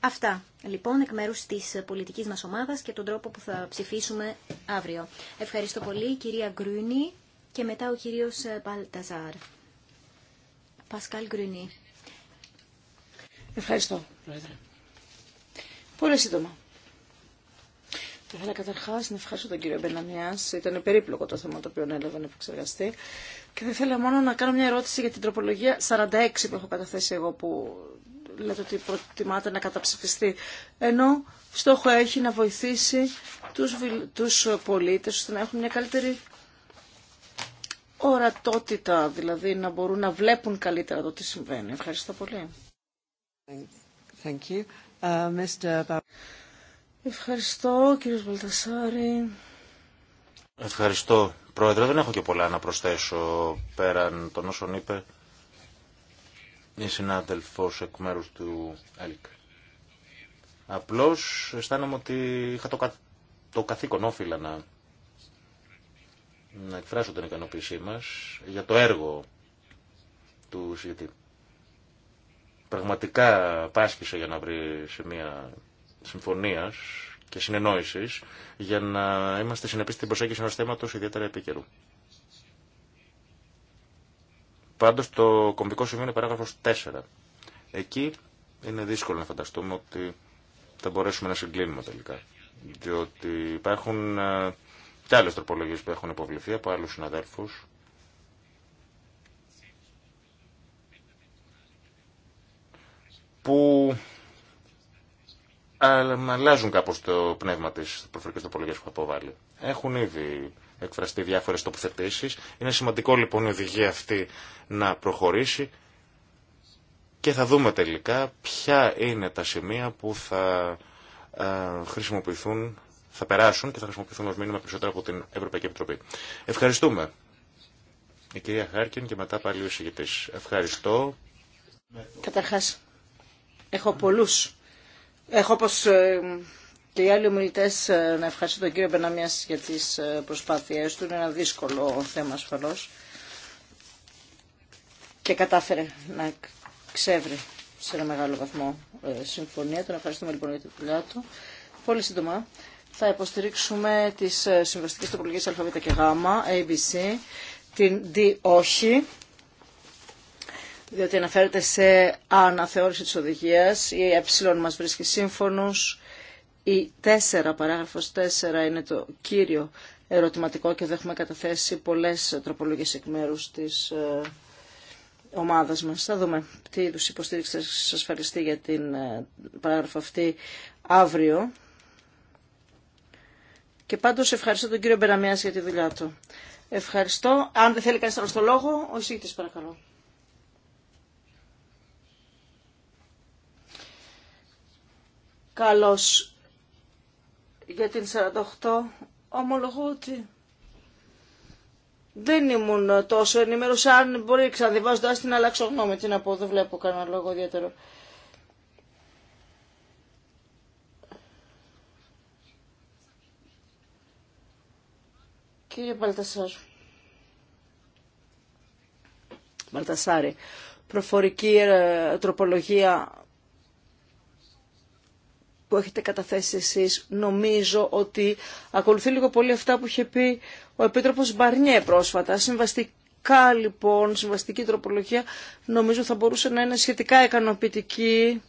Αυτά λοιπόν εκ μέρου της πολιτικής μας ομάδας και τον τρόπο που θα ψηφίσουμε αύριο. Ευχαριστώ πολύ, κυρία Γκρούνη και μετά ο κυρίος ε, Παλταζάρ. Πασκάλ Γκρούνη. Ευχαριστώ, Πρόεδρε. Πολύ σύντομα. Θα ήθελα καταρχά να ευχαριστώ τον κύριο Μπεναμιά. Ήταν περίπλοκο το θέμα το οποίο έλαβε να επεξεργαστεί. Και θα ήθελα μόνο να κάνω μια ερώτηση για την τροπολογία 46 που έχω καταθέσει εγώ, που λέτε ότι προτιμάτε να καταψηφιστεί. Ενώ στόχο έχει να βοηθήσει τους, τους πολίτες ώστε να έχουν μια καλύτερη ορατότητα, δηλαδή να μπορούν να βλέπουν καλύτερα το τι συμβαίνει. Ευχαριστώ πολύ. Thank you. Uh, Mr. Ευχαριστώ κύριε Βαλτασάρη. Ευχαριστώ πρόεδρε. Δεν έχω και πολλά να προσθέσω πέραν των όσων είπε η συνάδελφος εκ μέρους του ΕΛΚ. Απλώς αισθάνομαι ότι είχα το, το καθήκον όφυλα να... να εκφράσω την ικανοποίησή μας για το έργο του συγκεκριμένου. πραγματικά πάσχησε για να βρει σε μια Συμφωνία και συνεννόησης για να είμαστε συνεπείς στην προσέγγιση ενό θέματο ιδιαίτερα επίκαιρου. Πάντως το κομβικό σημείο είναι παράγραφος 4. Εκεί είναι δύσκολο να φανταστούμε ότι θα μπορέσουμε να συγκλίνουμε τελικά. Διότι υπάρχουν ε, και άλλες τροπολογίες που έχουν υποβληθεί από άλλου συναδέλφου. που αλλά αλλάζουν κάπως το πνεύμα της προφορικής τοπολογίας που αποβάλει. Έχουν ήδη εκφραστεί διάφορες τοποθετήσεις. Είναι σημαντικό λοιπόν η οδηγία αυτή να προχωρήσει και θα δούμε τελικά ποια είναι τα σημεία που θα ε, χρησιμοποιηθούν, θα περάσουν και θα χρησιμοποιηθούν ως μήνυμα περισσότερο από την Ευρωπαϊκή Επιτροπή. Ευχαριστούμε. Η κυρία Χάρκιν και μετά πάλι ο εισηγητής. Ευχαριστώ. Καταρχάς, έχω πολλούς Έχω όπως ε, και οι άλλοι ομιλητέ ε, να ευχαριστήσω τον κύριο Μπεναμιά για τις ε, προσπάθειές του. Είναι ένα δύσκολο θέμα ασφαλώ. Και κατάφερε να ξεύρει σε ένα μεγάλο βαθμό συμφωνία. Τον ευχαριστούμε λοιπόν για τη δουλειά του. Πολύ σύντομα θα υποστηρίξουμε τις συμβαστικές τοπολογίες ΑΒ και ΓΑΜΑ, ABC, την D διότι αναφέρεται σε αναθεώρηση της οδηγίας, η ε μας βρίσκει σύμφωνος, η 4, παράγραφος 4 είναι το κύριο ερωτηματικό και δεν έχουμε καταθέσει πολλές τροπολογίες εκ μέρους της ε, ομάδας μας. Θα δούμε τι είδους υποστήριξη σας ασφαλιστεί για την ε, παράγραφο αυτή αύριο. Και πάντως ευχαριστώ τον κύριο Μπεραμιάς για τη δουλειά του. Ευχαριστώ. Αν δεν θέλει κανείς άλλο το λόγο, ο εισήγητης παρακαλώ. καλός για την 48. Ομολογώ ότι δεν ήμουν τόσο ενημέρωση. Αν μπορεί ξαδιβάζοντας την αλλάξω γνώμη, τι να πω, δεν βλέπω κανένα λόγο ιδιαίτερο. Κύριε Παλτασάρ. Μπαλτασάρη, προφορική ε, τροπολογία που έχετε καταθέσει εσείς νομίζω ότι ακολουθεί λίγο πολύ αυτά που είχε πει ο Επίτροπος Μπαρνιέ πρόσφατα. Συμβαστικά λοιπόν, συμβαστική τροπολογία νομίζω θα μπορούσε να είναι σχετικά ικανοποιητική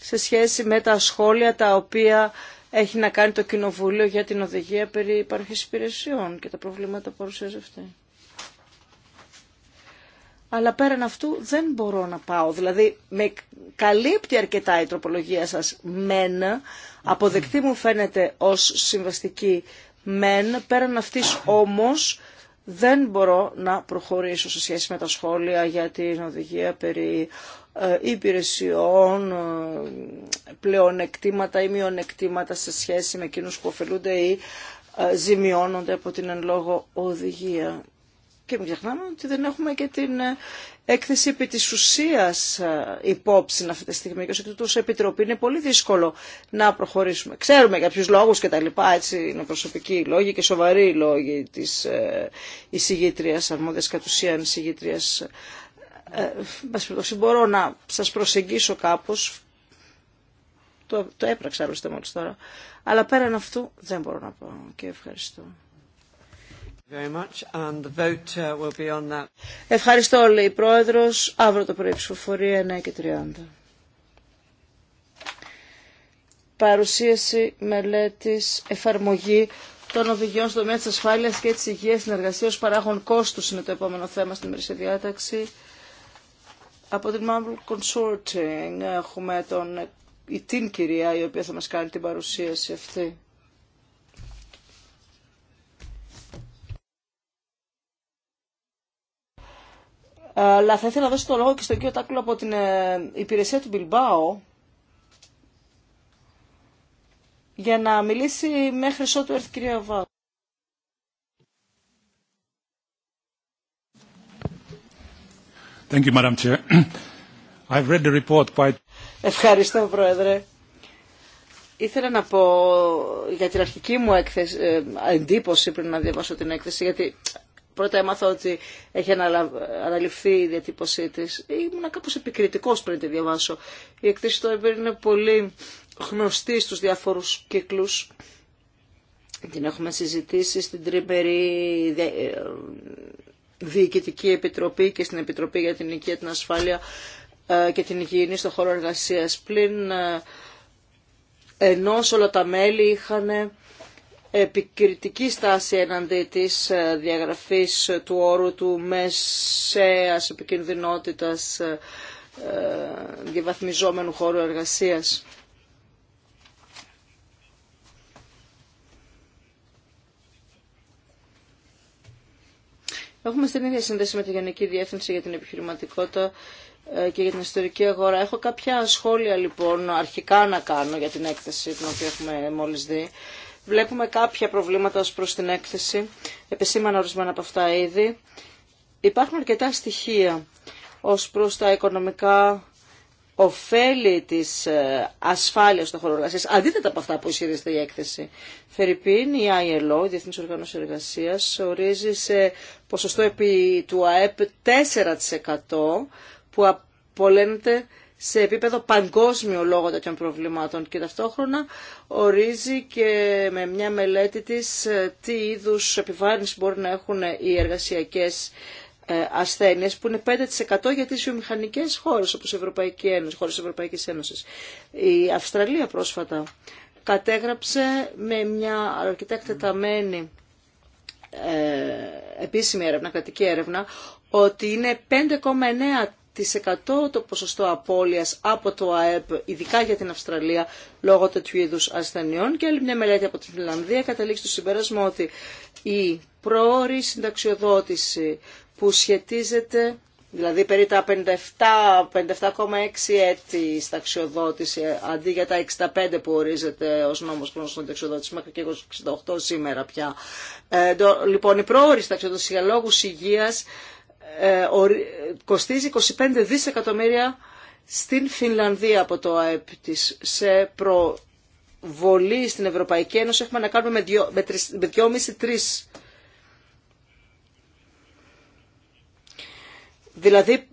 σε σχέση με τα σχόλια τα οποία έχει να κάνει το Κοινοβούλιο για την οδηγία περί υπαρχής υπηρεσιών και τα προβλήματα που παρουσιάζει αυτή αλλά πέραν αυτού δεν μπορώ να πάω. Δηλαδή, με καλύπτει αρκετά η τροπολογία σας μεν, αποδεκτή μου φαίνεται ως συμβαστική μεν, πέραν αυτής όμως δεν μπορώ να προχωρήσω σε σχέση με τα σχόλια για την οδηγία περί ε, υπηρεσιών, ε, πλεονεκτήματα ή μειονεκτήματα σε σχέση με εκείνους που ωφελούνται ή ε, ζημιώνονται από την εν λόγω οδηγία. Και μην ξεχνάμε ότι δεν έχουμε και την ε, έκθεση επί της ουσίας ε, υπόψη αυτή τη στιγμή και ως εκ τούτου επιτροπή είναι πολύ δύσκολο να προχωρήσουμε. Ξέρουμε για ποιους λόγους και τα λοιπά, έτσι είναι προσωπικοί λόγοι και σοβαροί λόγοι της ε, εισηγήτριας, αρμόδιας κατ' ουσίαν εισηγήτριας. Ε, μπορώ να σας προσεγγίσω κάπως, το, το έπραξα άλλωστε μόλις τώρα, αλλά πέραν αυτού δεν μπορώ να πω και ευχαριστώ. Ευχαριστώ, λέει η πρόεδρο. Αύριο το πρωί ψηφοφορία 9 και 30. Παρουσίαση μελέτη εφαρμογή των οδηγιών στο τομέα τη ασφάλεια και τη υγεία συνεργασία ω παράγον κόστου είναι το επόμενο θέμα στην ημερήσια διάταξη. Από την Marble Consorting έχουμε τον, την κυρία η οποία θα μας κάνει την παρουσίαση αυτή. Ε, αλλά θα ήθελα να δώσω το λόγο και στον κύριο Τάκλου από την ε, υπηρεσία του Μπιλμπάου για να μιλήσει μέχρι ότου έρθει η κυρία Βάου. Ευχαριστώ, Πρόεδρε. Ήθελα να πω για την αρχική μου έκθεση, ε, εντύπωση πριν να διαβάσω την έκθεση, γιατί πρώτα έμαθα ότι έχει αναλυφθεί η διατύπωσή τη. Ήμουν κάπω επικριτικό πριν τη διαβάσω. Η εκτίση του Εμπέρ είναι πολύ γνωστή στου διάφορου κύκλου. Την έχουμε συζητήσει στην τρίμερη ε, διοικητική επιτροπή και στην Επιτροπή για την Οικία, την Ασφάλεια ε, και την Υγιεινή στον χώρο εργασία. Πλην ε, ενό όλα τα μέλη είχαν επικριτική στάση έναντι της ε, διαγραφής του όρου του μεσαίας επικινδυνότητας ε, ε, διαβαθμιζόμενου χώρου εργασίας. Έχουμε στην ίδια σύνδεση με τη Γενική Διεύθυνση για την Επιχειρηματικότητα και για την ιστορική αγορά. Έχω κάποια σχόλια λοιπόν αρχικά να κάνω για την έκθεση την οποία έχουμε μόλις δει. Βλέπουμε κάποια προβλήματα ως προς την έκθεση, επισήμανα ορισμένα από αυτά ήδη. Υπάρχουν αρκετά στοιχεία ως προς τα οικονομικά ωφέλη της ε, ασφάλειας των χώρων εργασίας, αντίθετα από αυτά που ισχυρίζεται η έκθεση. Φερρυπίν, η ILO, η Διεθνής Οργάνωση Εργασίας, ορίζει σε ποσοστό επί του ΑΕΠ 4% που απολένεται σε επίπεδο παγκόσμιο λόγω τέτοιων προβλημάτων και ταυτόχρονα ορίζει και με μια μελέτη της ε, τι είδους επιβάρυνση μπορεί να έχουν οι εργασιακές ε, ασθένειες που είναι 5% για τις βιομηχανικές χώρες όπως η Ευρωπαϊκή Ένωση, χώρες Ευρωπαϊκής Ένωσης. Η Αυστραλία πρόσφατα κατέγραψε με μια αρκετά εκτεταμένη ε, επίσημη έρευνα, κρατική έρευνα, ότι είναι 5,9 το ποσοστό απώλειας από το ΑΕΠ, ειδικά για την Αυστραλία, λόγω τέτοιου είδου ασθενειών. Και άλλη μια μελέτη από τη Φιλανδία καταλήξει στο συμπέρασμα ότι η προώρη συνταξιοδότηση που σχετίζεται δηλαδή περί τα 57,6 έτη σταξιοδότηση αντί για τα 65 που ορίζεται ως νόμος προς συνταξιοδότηση μέχρι και 68 σήμερα πια. Ε, λοιπόν, η προώρη συνταξιοδότηση για λόγους υγείας ε, κοστίζει 25 δισεκατομμύρια στην Φινλανδία από το ΑΕΠ της. Σε προβολή στην Ευρωπαϊκή Ένωση έχουμε να κάνουμε με 2,5-3. Δηλαδή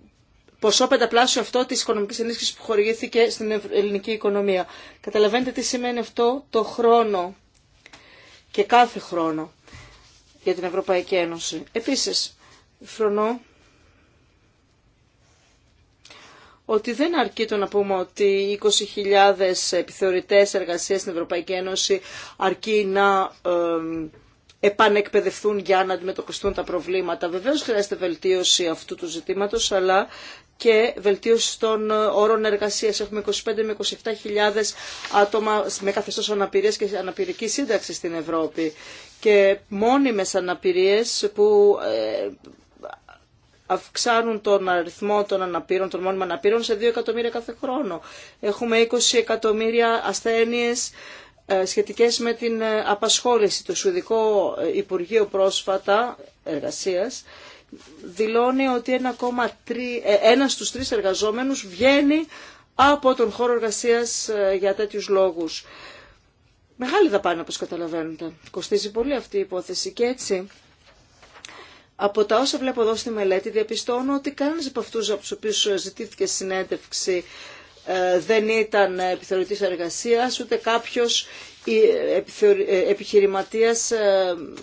ποσό πενταπλάσιο αυτό της οικονομικής ενίσχυσης που χορηγήθηκε στην ελληνική οικονομία. Καταλαβαίνετε τι σημαίνει αυτό το χρόνο και κάθε χρόνο για την Ευρωπαϊκή Ένωση. Επίσης, φρονώ ότι δεν αρκεί το να πούμε ότι 20.000 επιθεωρητές εργασίας στην Ευρωπαϊκή Ένωση αρκεί να επανεκπαιδευτούν για να αντιμετωπιστούν τα προβλήματα. Βεβαίως χρειάζεται βελτίωση αυτού του ζητήματος, αλλά και βελτίωση των όρων εργασίας. Έχουμε 25 με 27.000 άτομα με καθεστώς αναπηρίας και αναπηρική σύνταξη στην Ευρώπη και μόνιμες αναπηρίες που ε, αυξάνουν τον αριθμό των αναπήρων, των μόνιμων αναπήρων σε 2 εκατομμύρια κάθε χρόνο. Έχουμε 20 εκατομμύρια ασθένειες ε, σχετικές με την ε, απασχόληση. Το Σουηδικό ε, Υπουργείο πρόσφατα εργασίας δηλώνει ότι 1,3, ένας στους τρεις εργαζόμενους βγαίνει από τον χώρο εργασίας για τέτοιους λόγους. Μεγάλη δαπάνη όπως καταλαβαίνετε. Κοστίζει πολύ αυτή η υπόθεση και έτσι από τα όσα βλέπω εδώ στη μελέτη διαπιστώνω ότι κανένας από αυτούς από τους οποίους ζητήθηκε συνέντευξη ε, δεν ήταν επιθεωρητής εργασίας, ούτε κάποιος ε, ε, επιχειρηματίας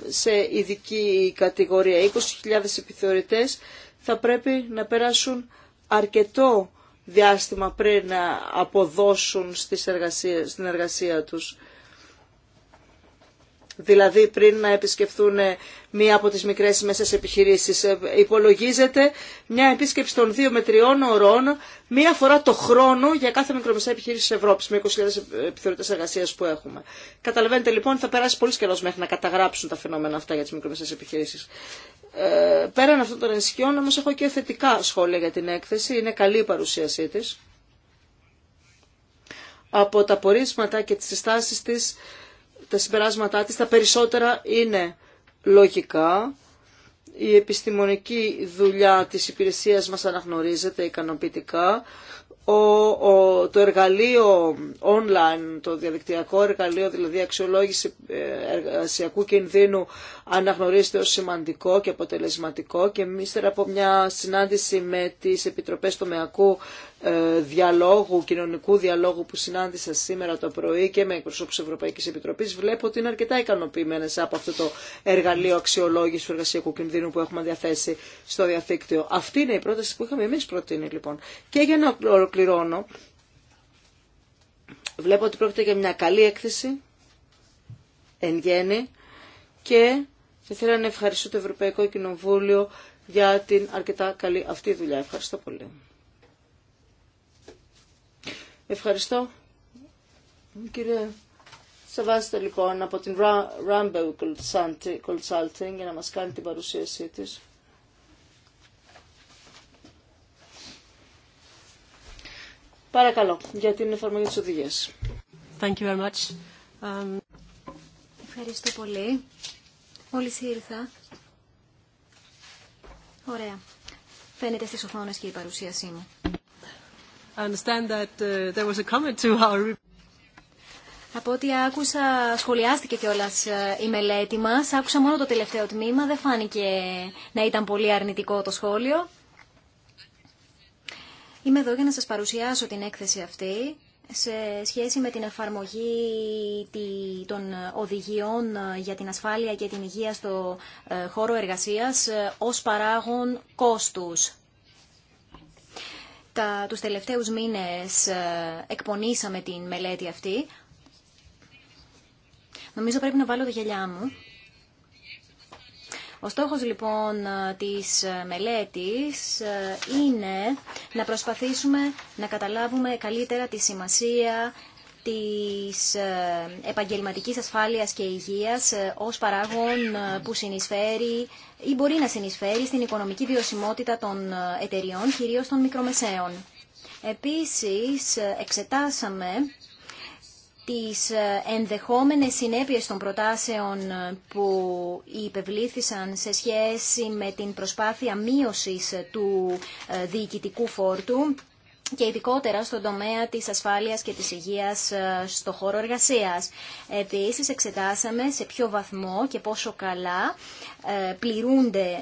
σε ειδική κατηγορία. 20.000 επιθεωρητές θα πρέπει να περάσουν αρκετό διάστημα πριν να αποδώσουν στις εργασίες, στην εργασία τους δηλαδή πριν να επισκεφθούν μία από τις μικρές ή μέσες επιχειρήσεις. Ε, υπολογίζεται μια επίσκεψη των δύο με τριών ωρών μία φορά το χρόνο για κάθε μικρομεσαία επιχείρηση της Ευρώπης με 20.000 επιθεωρητές εργασίας που έχουμε. Καταλαβαίνετε λοιπόν θα περάσει πολύ καιρό μέχρι να καταγράψουν τα φαινόμενα αυτά για τις μικρομεσαίες επιχειρήσεις. Ε, πέραν αυτών των ενισχυών όμως έχω και θετικά σχόλια για την έκθεση. Είναι καλή η παρουσίασή της. Από τα πορίσματα και τις συστάσεις της τα συμπεράσματά της τα περισσότερα είναι λογικά. Η επιστημονική δουλειά της υπηρεσίας μας αναγνωρίζεται ικανοποιητικά. Ο, το εργαλείο online, το διαδικτυακό εργαλείο, δηλαδή αξιολόγηση ε, εργασιακού κινδύνου αναγνωρίζεται ως σημαντικό και αποτελεσματικό και ύστερα από μια συνάντηση με τις Επιτροπές Μεακού. Ε, διαλόγου, κοινωνικού διαλόγου που συνάντησα σήμερα το πρωί και με εκπροσώπους της Ευρωπαϊκής Επιτροπής βλέπω ότι είναι αρκετά ικανοποιημένε από αυτό το εργαλείο αξιολόγηση του εργασιακού κινδύνου που έχουμε διαθέσει στο διαδίκτυο. Αυτή είναι η πρόταση που είχαμε εμείς προτείνει λοιπόν. Και για να ολοκληρώνω, βλέπω ότι πρόκειται για μια καλή έκθεση εν γέννη και θα ήθελα να ευχαριστώ το Ευρωπαϊκό Κοινοβούλιο για την αρκετά καλή αυτή δουλειά. Ευχαριστώ πολύ. Ευχαριστώ. Κύριε Σεβάστε λοιπόν από την Rambo Consulting για να μας κάνει την παρουσίασή της. Παρακαλώ, για την εφαρμογή της οδηγίας. Um, ευχαριστώ πολύ. Μόλις ήρθα. Ωραία. Φαίνεται στις οθόνες και η παρουσίασή μου understand Από ό,τι άκουσα, σχολιάστηκε κιόλα ε, η μελέτη μα. Άκουσα μόνο το τελευταίο τμήμα. Δεν φάνηκε να ήταν πολύ αρνητικό το σχόλιο. Είμαι εδώ για να σας παρουσιάσω την έκθεση αυτή σε σχέση με την εφαρμογή των οδηγιών ε, για την ασφάλεια και την υγεία στο ε, χώρο εργασίας ως παράγον κόστους τα, τους τελευταίους μήνες ε, εκπονήσαμε την μελέτη αυτή. Νομίζω πρέπει να βάλω τα γυαλιά μου. Ο στόχος λοιπόν ε, της ε, μελέτης είναι να προσπαθήσουμε να καταλάβουμε καλύτερα τη σημασία της ε, επαγγελματικής ασφάλειας και υγείας ε, ως παράγον ε, που συνεισφέρει ή μπορεί να συνεισφέρει στην οικονομική βιωσιμότητα των εταιριών, κυρίως των μικρομεσαίων. Επίσης, εξετάσαμε τις ενδεχόμενες συνέπειες των προτάσεων που υπευλήθησαν σε σχέση με την προσπάθεια μείωσης του διοικητικού φόρτου και ειδικότερα στον τομέα της ασφάλειας και της υγείας ε, στο χώρο εργασίας. Επίσης εξετάσαμε σε ποιο βαθμό και πόσο καλά ε, πληρούνται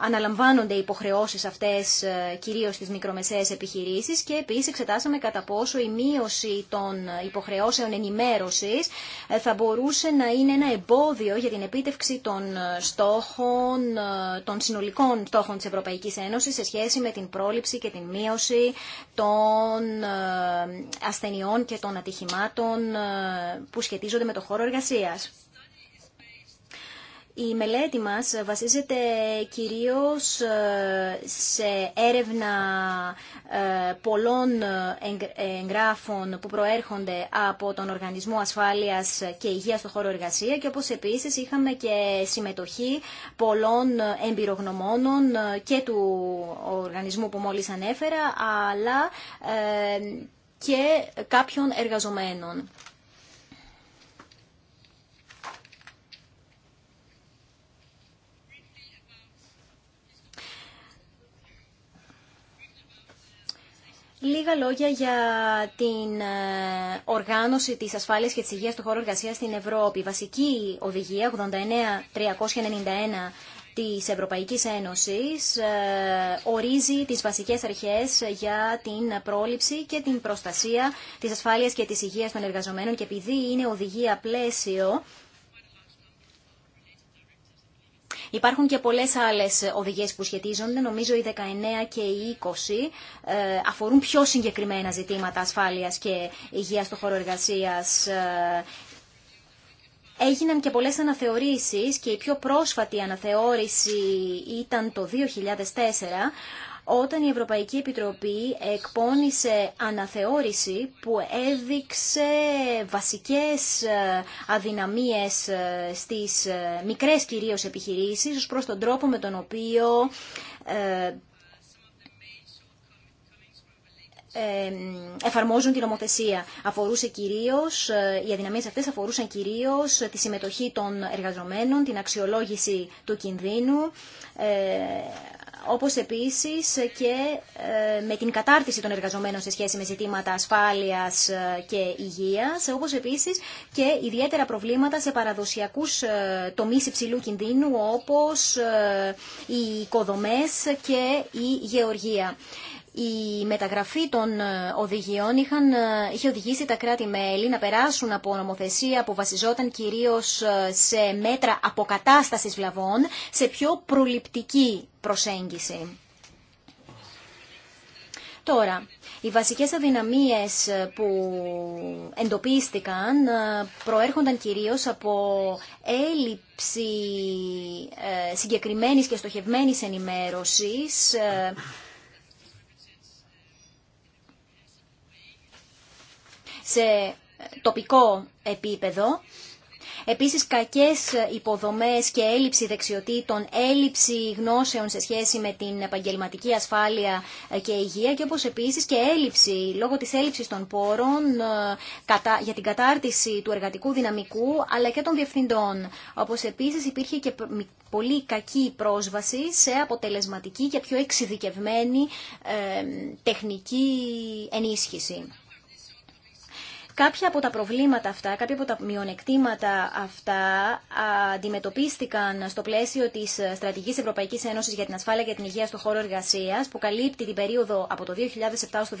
αναλαμβάνονται οι υποχρεώσεις αυτές ε, κυρίως στις μικρομεσαίες επιχειρήσεις και επίσης εξετάσαμε κατά πόσο η μείωση των υποχρεώσεων ενημέρωσης ε, θα μπορούσε να είναι ένα εμπόδιο για την επίτευξη των ε, στόχων, των συνολικών στόχων της Ευρωπαϊκής Ένωσης σε σχέση με την πρόληψη και την μείωση των ασθενειών και των ατυχημάτων που σχετίζονται με το χώρο εργασίας. Η μελέτη μας βασίζεται κυρίως ε, σε έρευνα ε, πολλών ε, εγγράφων που προέρχονται από τον Οργανισμό Ασφάλειας και Υγείας στο χώρο εργασία και όπως επίσης είχαμε και συμμετοχή πολλών εμπειρογνωμόνων και του οργανισμού που μόλις ανέφερα αλλά και κάποιων εργαζομένων. Λίγα λόγια για την ε, οργάνωση της ασφάλειας και της υγείας του χώρου εργασίας στην Ευρώπη. Βασική οδηγία 89-391 της Ευρωπαϊκής Ένωσης ε, ορίζει τις βασικές αρχές για την πρόληψη και την προστασία της ασφάλειας και της υγείας των εργαζομένων και επειδή είναι οδηγία πλαίσιο Υπάρχουν και πολλές άλλες οδηγίες που σχετίζονται. Νομίζω οι 19 και οι 20 ε, αφορούν πιο συγκεκριμένα ζητήματα ασφάλειας και υγείας στο χώρο εργασίας ε, Έγιναν και πολλές αναθεωρήσεις και η πιο πρόσφατη αναθεώρηση ήταν το 2004 όταν η Ευρωπαϊκή Επιτροπή εκπώνησε αναθεώρηση που έδειξε βασικές ε, αδυναμίες ε, στις ε, μικρές κυρίως επιχειρήσεις ως προς τον τρόπο με τον οποίο εφαρμόζουν την νομοθεσία. Αφορούσε κυρίως, οι αδυναμίες αυτές αφορούσαν κυρίως τη συμμετοχή των εργαζομένων, την αξιολόγηση του κινδύνου, όπως επίσης και ε, με την κατάρτιση των εργαζομένων σε σχέση με ζητήματα ασφάλειας ε, και υγείας, όπως επίσης και ιδιαίτερα προβλήματα σε παραδοσιακούς ε, τομείς υψηλού κινδύνου, όπως οι οικοδομές και η γεωργία η μεταγραφή των ε, οδηγιών είχαν, ε, είχε οδηγήσει τα κράτη-μέλη να περάσουν από νομοθεσία που βασιζόταν κυρίως ε, σε μέτρα αποκατάστασης βλαβών σε πιο προληπτική προσέγγιση. Τώρα, οι βασικές αδυναμίες που εντοπίστηκαν προέρχονταν κυρίως από έλλειψη συγκεκριμένης και στοχευμένης ενημέρωσης σε τοπικό επίπεδο. Επίσης κακές υποδομές και έλλειψη δεξιοτήτων, έλλειψη γνώσεων σε σχέση με την επαγγελματική ασφάλεια και υγεία και όπως επίσης και έλλειψη λόγω της έλλειψης των πόρων ε, για την κατάρτιση του εργατικού δυναμικού αλλά και των διευθυντών. Όπως επίσης υπήρχε και πολύ κακή πρόσβαση σε αποτελεσματική και πιο εξειδικευμένη ε, τεχνική ενίσχυση. Κάποια από τα προβλήματα αυτά, κάποια από τα μειονεκτήματα αυτά αντιμετωπίστηκαν στο πλαίσιο τη Στρατηγική Ευρωπαϊκή Ένωση για την Ασφάλεια και την Υγεία στον χώρο εργασία, που καλύπτει την περίοδο από το 2007 στο 2012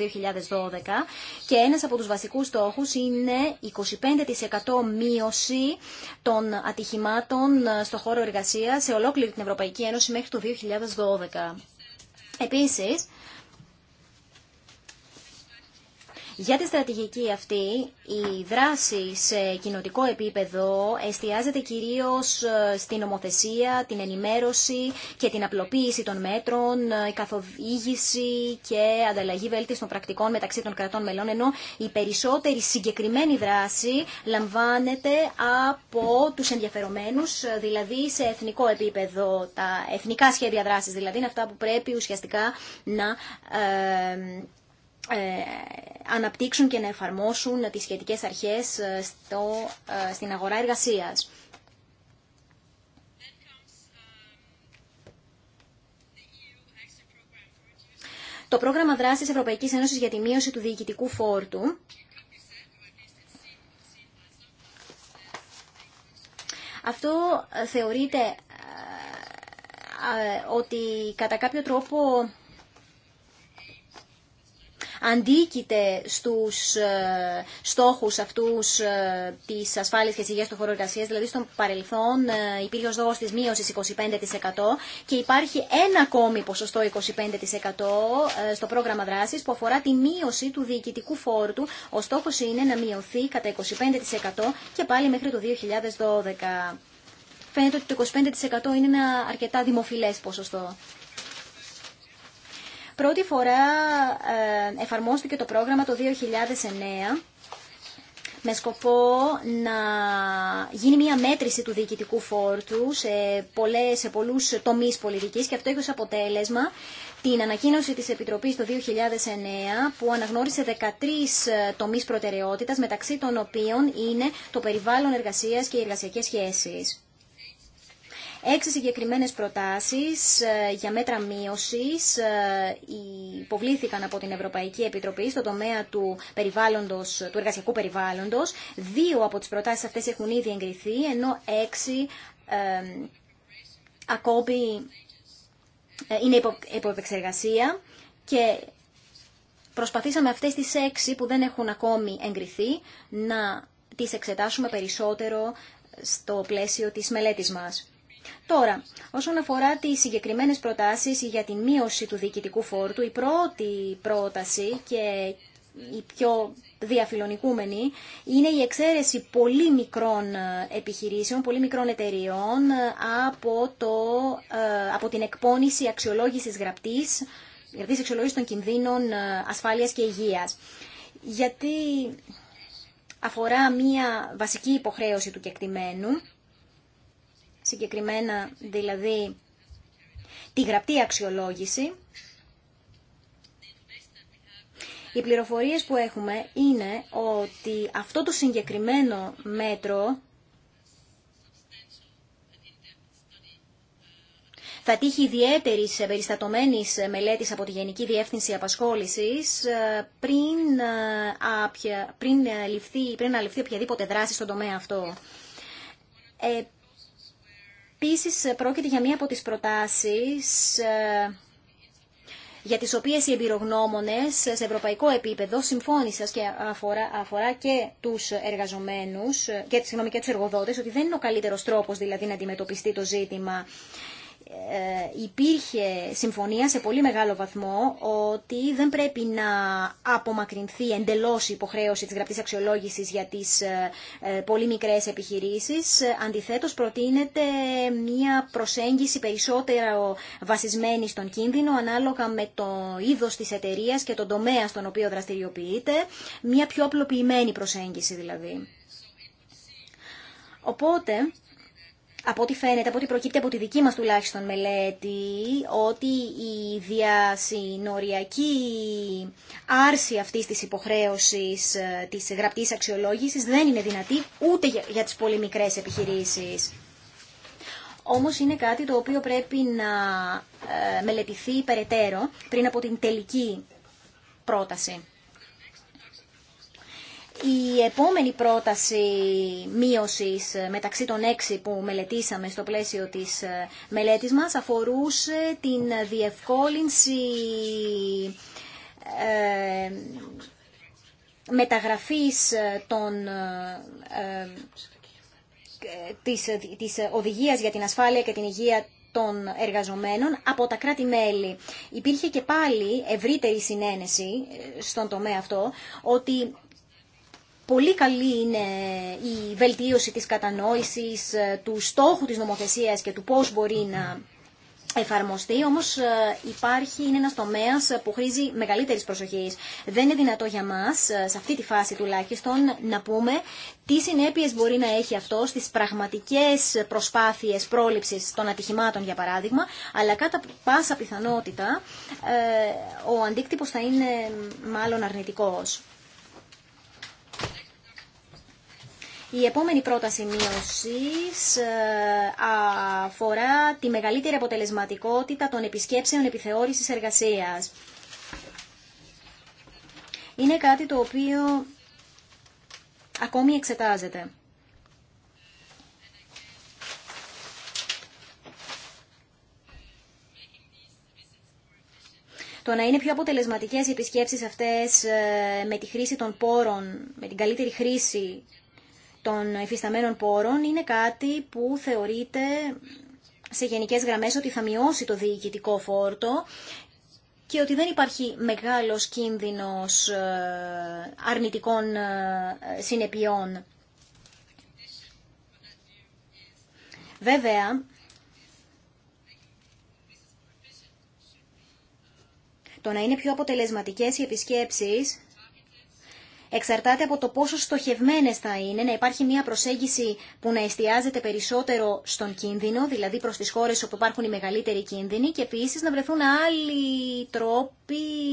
και ένα από του βασικού στόχου είναι 25% μείωση των ατυχημάτων στον χώρο εργασία σε ολόκληρη την Ευρωπαϊκή Ένωση μέχρι το 2012. Επίσης, για τη στρατηγική αυτή, η δράση σε κοινοτικό επίπεδο εστιάζεται κυρίως ε, στην ομοθεσία, την ενημέρωση και την απλοποίηση των μέτρων, ε, η καθοδήγηση και ανταλλαγή των πρακτικών μεταξύ των κρατών μελών, ενώ η περισσότερη συγκεκριμένη δράση λαμβάνεται από τους ενδιαφερομένους, ε, δηλαδή σε εθνικό επίπεδο. Τα εθνικά σχέδια δράσης δηλαδή είναι αυτά που πρέπει ουσιαστικά να ε, αναπτύξουν και να εφαρμόσουν τις σχετικές αρχές ε, στο, ε, στην αγορά εργασίας. Το πρόγραμμα δράσης Ευρωπαϊκής Ένωσης για τη μείωση του διοικητικού φόρτου Αυτό θεωρείται ότι κατά κάποιο τρόπο αντίκειται στους ε, στόχους αυτούς ε, της ασφάλειας και της υγείας του χώρου Δηλαδή στον παρελθόν ε, υπήρχε ο στόχος της μείωσης 25% και υπάρχει ένα ακόμη ποσοστό 25% στο πρόγραμμα δράσης που αφορά τη μείωση του διοικητικού φόρου του. Ο στόχος είναι να μειωθεί κατά 25% και πάλι μέχρι το 2012. Φαίνεται ότι το 25% είναι ένα αρκετά δημοφιλές ποσοστό. Πρώτη φορά ε, εφαρμόστηκε το πρόγραμμα το 2009 με σκοπό να γίνει μια μέτρηση του διοικητικού φόρτου σε, πολλές, σε πολλούς τομείς πολιτικής και αυτό έχει ως αποτέλεσμα την ανακοίνωση της Επιτροπής το 2009 που αναγνώρισε 13 ε, τομείς προτεραιότητας μεταξύ των οποίων είναι το περιβάλλον εργασίας και οι εργασιακές σχέσεις. Έξι συγκεκριμένες προτάσεις ε, για μέτρα μείωσης ε, υποβλήθηκαν από την Ευρωπαϊκή Επιτροπή στο τομέα του, περιβάλλοντος, του εργασιακού περιβάλλοντος. Δύο από τις προτάσεις αυτές έχουν ήδη εγκριθεί, ενώ έξι ε, ακόμη ε, είναι υπό, επεξεργασία και προσπαθήσαμε αυτές τις έξι που δεν έχουν ακόμη εγκριθεί να τις εξετάσουμε περισσότερο στο πλαίσιο της μελέτης μας. Τώρα, όσον αφορά τι συγκεκριμένε προτάσει για την μείωση του διοικητικού φόρτου, η πρώτη πρόταση και η πιο διαφιλονικούμενη είναι η εξαίρεση πολύ μικρών ε, επιχειρήσεων, πολύ μικρών εταιριών ε, από, το, ε, από την εκπόνηση αξιολόγησης γραπτής, γραπτής αξιολόγησης των κινδύνων ασφάλειας και υγείας. Γιατί αφορά μία βασική υποχρέωση του κεκτημένου, συγκεκριμένα δηλαδή τη γραπτή αξιολόγηση. Οι πληροφορίες που έχουμε είναι ότι αυτό το συγκεκριμένο μέτρο θα τύχει ιδιαίτερη περιστατωμένη μελέτη από τη Γενική Διεύθυνση Απασχόληση ε, πριν, ε, πριν, ε, πριν να ληφθεί οποιαδήποτε δράση στον τομέα αυτό. Επίση, ε, πρόκειται για μία από τις προτάσεις ε, για τις οποίες οι εμπειρογνώμονες ε, σε ευρωπαϊκό επίπεδο συμφώνησαν και αφορά, αφορά και τους εργαζομένους και, συγγνώμη, και εργοδότες ότι δεν είναι ο καλύτερος τρόπος δηλαδή να αντιμετωπιστεί το ζήτημα ε, υπήρχε συμφωνία σε πολύ μεγάλο βαθμό ότι δεν πρέπει να απομακρυνθεί εντελώς η υποχρέωση της γραπτής αξιολόγησης για τις ε, ε, πολύ μικρές επιχειρήσεις. Αντιθέτως προτείνεται μια προσέγγιση περισσότερο βασισμένη στον κίνδυνο ανάλογα με το είδος της εταιρείας και τον τομέα στον οποίο δραστηριοποιείται, μια πιο απλοποιημένη προσέγγιση δηλαδή. Οπότε, από ό,τι φαίνεται, από ό,τι προκύπτει από τη δική μας τουλάχιστον μελέτη, ότι η διασυνοριακή άρση αυτής της υποχρέωσης ε, της γραπτής αξιολόγησης δεν είναι δυνατή ούτε για τις πολύ μικρές επιχειρήσεις. Όμως είναι κάτι το οποίο πρέπει να ε, μελετηθεί περαιτέρω πριν από την τελική πρόταση. Η επόμενη πρόταση μείωσης μεταξύ των έξι που μελετήσαμε στο πλαίσιο της ε, μελέτης μας αφορούσε την διευκόλυνση ε, μεταγραφής των ε, της, της οδηγίας για την ασφάλεια και την υγεία των εργαζομένων από τα κράτη-μέλη. Υπήρχε και πάλι ευρύτερη συνένεση στον τομέα αυτό ότι Πολύ καλή είναι η βελτίωση της κατανόησης ε, του στόχου της νομοθεσίας και του πώς μπορεί να εφαρμοστεί, όμως ε, υπάρχει, είναι ένας τομέας ε, που χρήζει μεγαλύτερης προσοχής. Δεν είναι δυνατό για μας, σε αυτή τη φάση τουλάχιστον, να πούμε τι συνέπειες μπορεί να έχει αυτό στις πραγματικές προσπάθειες πρόληψης των ατυχημάτων, για παράδειγμα, αλλά κατά πάσα πιθανότητα ο αντίκτυπος θα είναι μάλλον αρνητικός. Η επόμενη πρόταση μείωση ε, αφορά τη μεγαλύτερη αποτελεσματικότητα των επισκέψεων επιθεώρηση εργασία. Είναι κάτι το οποίο ακόμη εξετάζεται. Το να είναι πιο αποτελεσματικές οι επισκέψεις αυτές ε, με τη χρήση των πόρων, με την καλύτερη χρήση των εφισταμένων πόρων είναι κάτι που θεωρείται σε γενικές γραμμές ότι θα μειώσει το διοικητικό φόρτο και ότι δεν υπάρχει μεγάλος κίνδυνος ε, αρνητικών ε, συνεπειών. Βέβαια, το να είναι πιο αποτελεσματικές οι επισκέψεις εξαρτάται από το πόσο στοχευμένε θα είναι, να υπάρχει μια προσέγγιση που να εστιάζεται περισσότερο στον κίνδυνο, δηλαδή προς τις χώρες όπου υπάρχουν οι μεγαλύτεροι κίνδυνοι και επίση να βρεθούν άλλοι τρόποι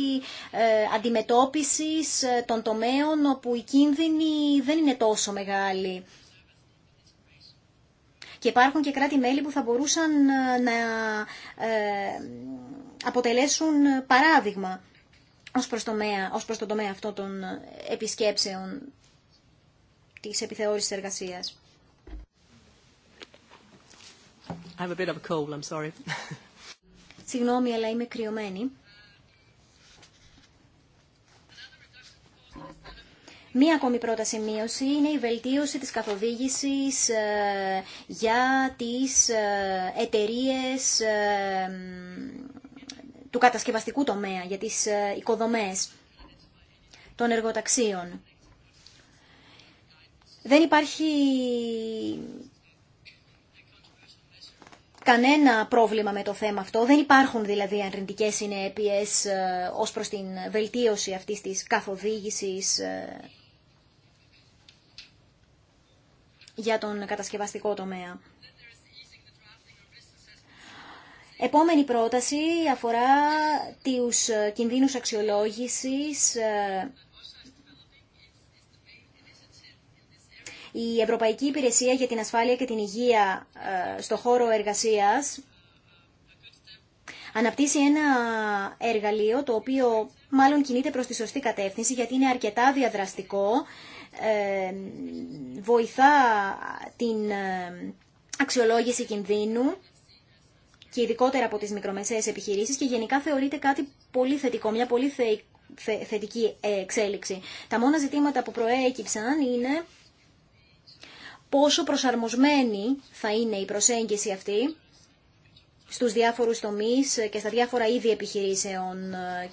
ε, αντιμετώπισης ε, των τομέων όπου οι κίνδυνοι δεν είναι τόσο μεγάλοι. Και υπάρχουν και κράτη-μέλη που θα μπορούσαν ε, να αποτελέσουν παράδειγμα ως προς, το ως προς τον τομέα αυτό των επισκέψεων της επιθεώρησης εργασίας. I have a bit of Συγγνώμη, αλλά είμαι κρυωμένη. Μία ακόμη πρόταση μείωση είναι η βελτίωση της καθοδήγησης ε, για τις ε, εταιρείες ε, του κατασκευαστικού τομέα, για τις ε, οικοδομές των εργοταξίων. Δεν υπάρχει κανένα πρόβλημα με το θέμα αυτό. Δεν υπάρχουν δηλαδή αρνητικές συνέπειε ε, ως προς την βελτίωση αυτής της καθοδήγησης ε, για τον κατασκευαστικό τομέα. Επόμενη πρόταση αφορά τους ε, κινδύνους αξιολόγησης ε, Η Ευρωπαϊκή Υπηρεσία για την Ασφάλεια και την Υγεία ε, στο χώρο εργασίας αναπτύσσει ένα εργαλείο το οποίο μάλλον κινείται προς τη σωστή κατεύθυνση γιατί είναι αρκετά διαδραστικό, βοηθά την αξιολόγηση κινδύνου και ειδικότερα από τις μικρομεσαίες επιχειρήσεις και γενικά θεωρείται κάτι πολύ θετικό, μια πολύ θετική ε, εξέλιξη. Τα μόνα ζητήματα που προέκυψαν είναι πόσο προσαρμοσμένη θα είναι η προσέγγιση αυτή στους διάφορους τομείς και στα διάφορα είδη επιχειρήσεων